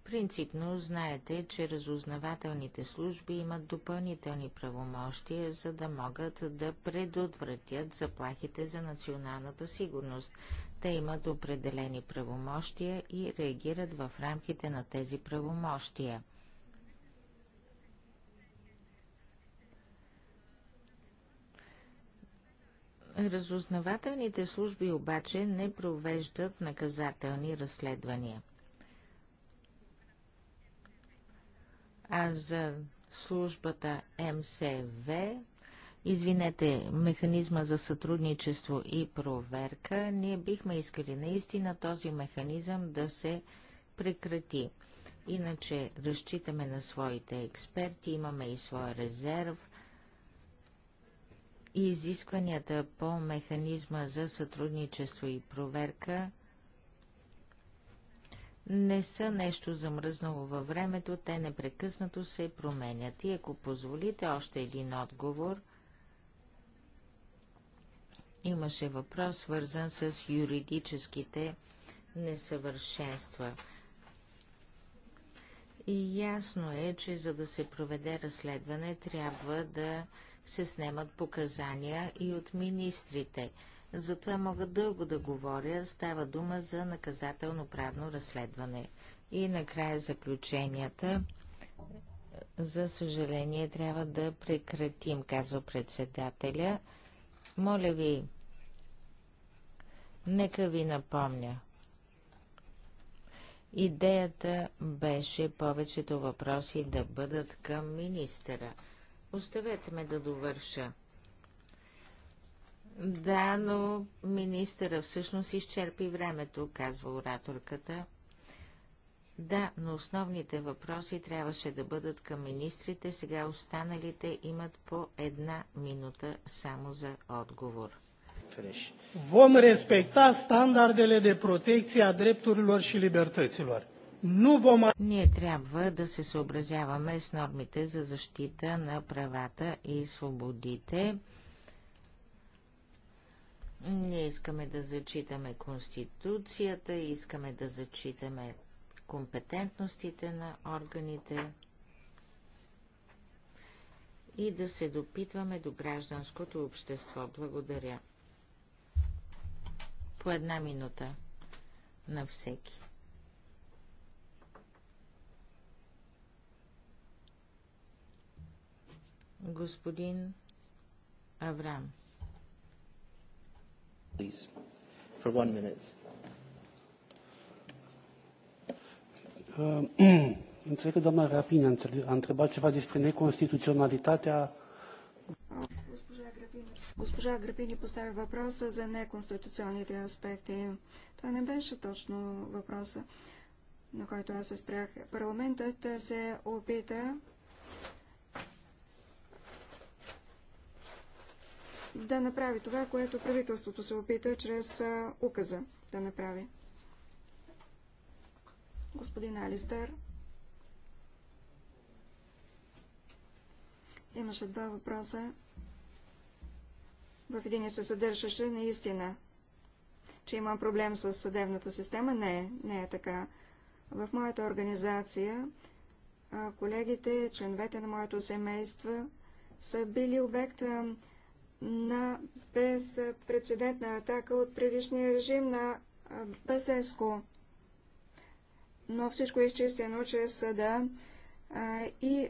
Принципно знаете, че разузнавателните служби имат допълнителни правомощия, за да могат да предотвратят заплахите за националната сигурност. Те имат определени правомощия и реагират в рамките на тези правомощия. Разузнавателните служби обаче не провеждат наказателни разследвания. А за службата МСВ, извинете, механизма за сътрудничество и проверка, ние бихме искали наистина този механизъм да се прекрати. Иначе разчитаме на своите експерти, имаме и своя резерв – и изискванията по механизма за сътрудничество и проверка не са нещо замръзнало във времето, те непрекъснато се променят. И ако позволите още един отговор, имаше въпрос, свързан с юридическите несъвършенства. И ясно е, че за да се проведе разследване, трябва да се снемат показания и от министрите. Затова мога дълго да говоря, става дума за наказателно-правно разследване. И накрая заключенията. За съжаление, трябва да прекратим, казва председателя. Моля ви, нека ви напомня. Идеята беше повечето въпроси да бъдат към министъра. Оставете ме да довърша. Да, но министъра всъщност изчерпи времето, казва ораторката. Да, но основните въпроси трябваше да бъдат към министрите, сега останалите имат по една минута само за отговор. Vom respecta standardele de protecție a drepturilor și libertăților. Ние трябва да се съобразяваме с нормите за защита на правата и свободите. Ние искаме да зачитаме Конституцията, искаме да зачитаме компетентностите на органите и да се допитваме до гражданското общество. Благодаря. По една минута на всеки. господин Аврам. Please, for one minute. Uh, înțeleg că doamna Rapin a întrebat ceva despre neconstituționalitatea Госпожа Грапини постави въпроса за неконституционните аспекти. Това не беше точно въпроса, на който аз се спрях. Парламентът се опита да направи това, което правителството се опита чрез указа да направи. Господин Алистер. Имаше два въпроса. В един се съдържаше наистина, че имам проблем с съдебната система. Не, не е така. В моята организация колегите, членовете на моето семейство са били обект на безпредседентна атака от предишния режим на Басенско. Но всичко е изчистено чрез съда и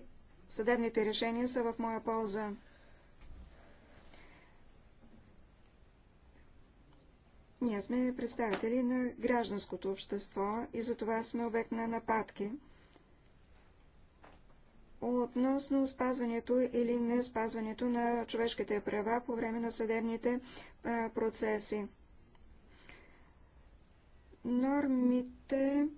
съдебните решения са в моя полза. Ние сме представители на гражданското общество и за това сме обект на нападки относно спазването или не спазването на човешките права по време на съдебните процеси. Нормите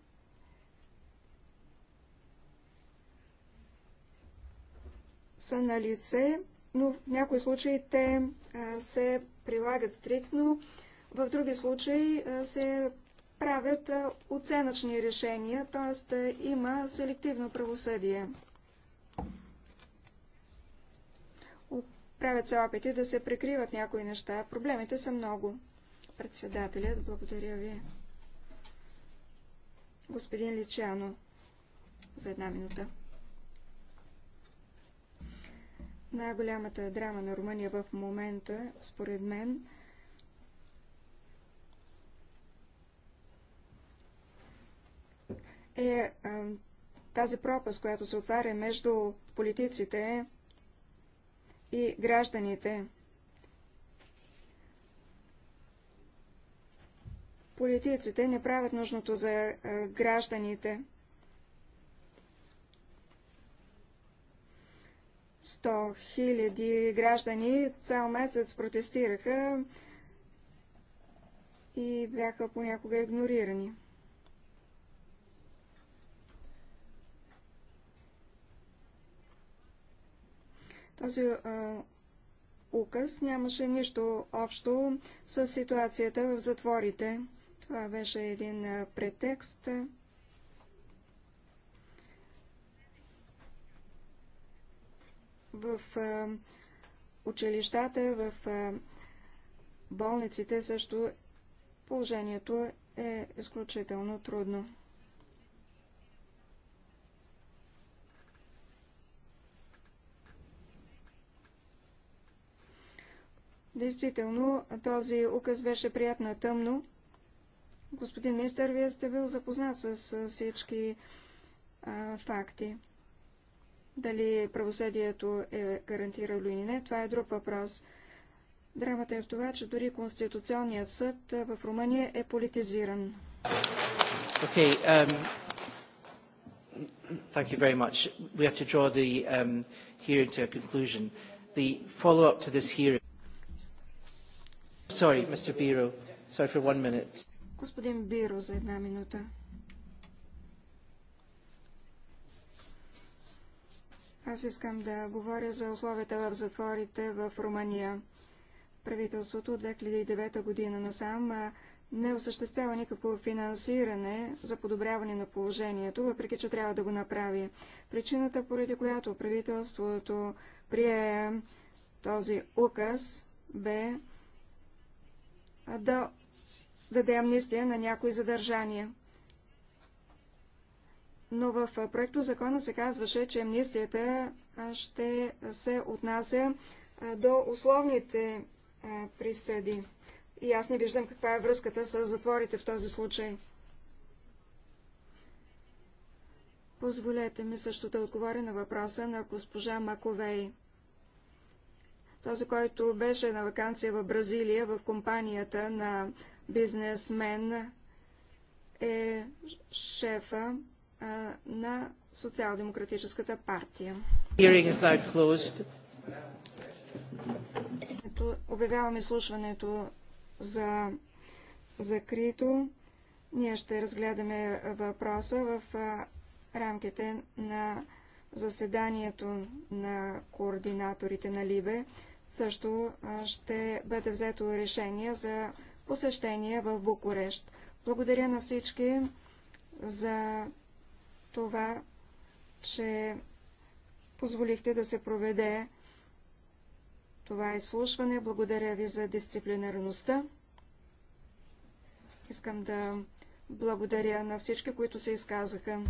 са на лице, но в някои случаи те се прилагат стриктно, в други случаи се правят оценъчни решения, т.е. има селективно правосъдие. Правят се опити да се прикриват някои неща. Проблемите са много. Председателят, благодаря ви. Господин Личано, за една минута. Най-голямата драма на Румъния в момента, според мен, е а, тази пропаст, която се отваря между политиците и гражданите. Политиците не правят нужното за е, гражданите. 100 хиляди граждани цял месец протестираха и бяха понякога игнорирани. Този а, указ нямаше нищо общо с ситуацията в затворите. Това беше един а, претекст. В а, училищата, в а, болниците също положението е изключително трудно. Действително, този указ беше прият на тъмно. Господин министър, вие сте бил запознат с всички а, факти. Дали правосъдието е гарантирало или не, това е друг въпрос. Драмата е в това, че дори Конституционният съд в Румъния е политизиран. Okay, um, thank you very much. We have to draw the um, hearing to a conclusion. The follow-up to this hearing... Господин Биро за една минута. Аз искам да говоря за условията в затворите в Румъния. Правителството от 2009 година насам не осъществява никакво финансиране за подобряване на положението, въпреки че трябва да го направи. Причината, поради която правителството прие този указ, бе да даде амнистия на някои задържания. Но в проекто закона се казваше, че амнистията ще се отнася до условните присъди. И аз не виждам каква е връзката с затворите в този случай. Позволете ми също да отговоря на въпроса на госпожа Маковей. Този, който беше на вакансия в Бразилия, в компанията на бизнесмен, е шефа а, на Социал-демократическата партия. обявяваме слушването за закрито. Ние ще разгледаме въпроса в рамките на заседанието на координаторите на Либе също ще бъде взето решение за посещение в Букурещ. Благодаря на всички за това, че позволихте да се проведе това изслушване. Благодаря ви за дисциплинарността. Искам да благодаря на всички, които се изказаха.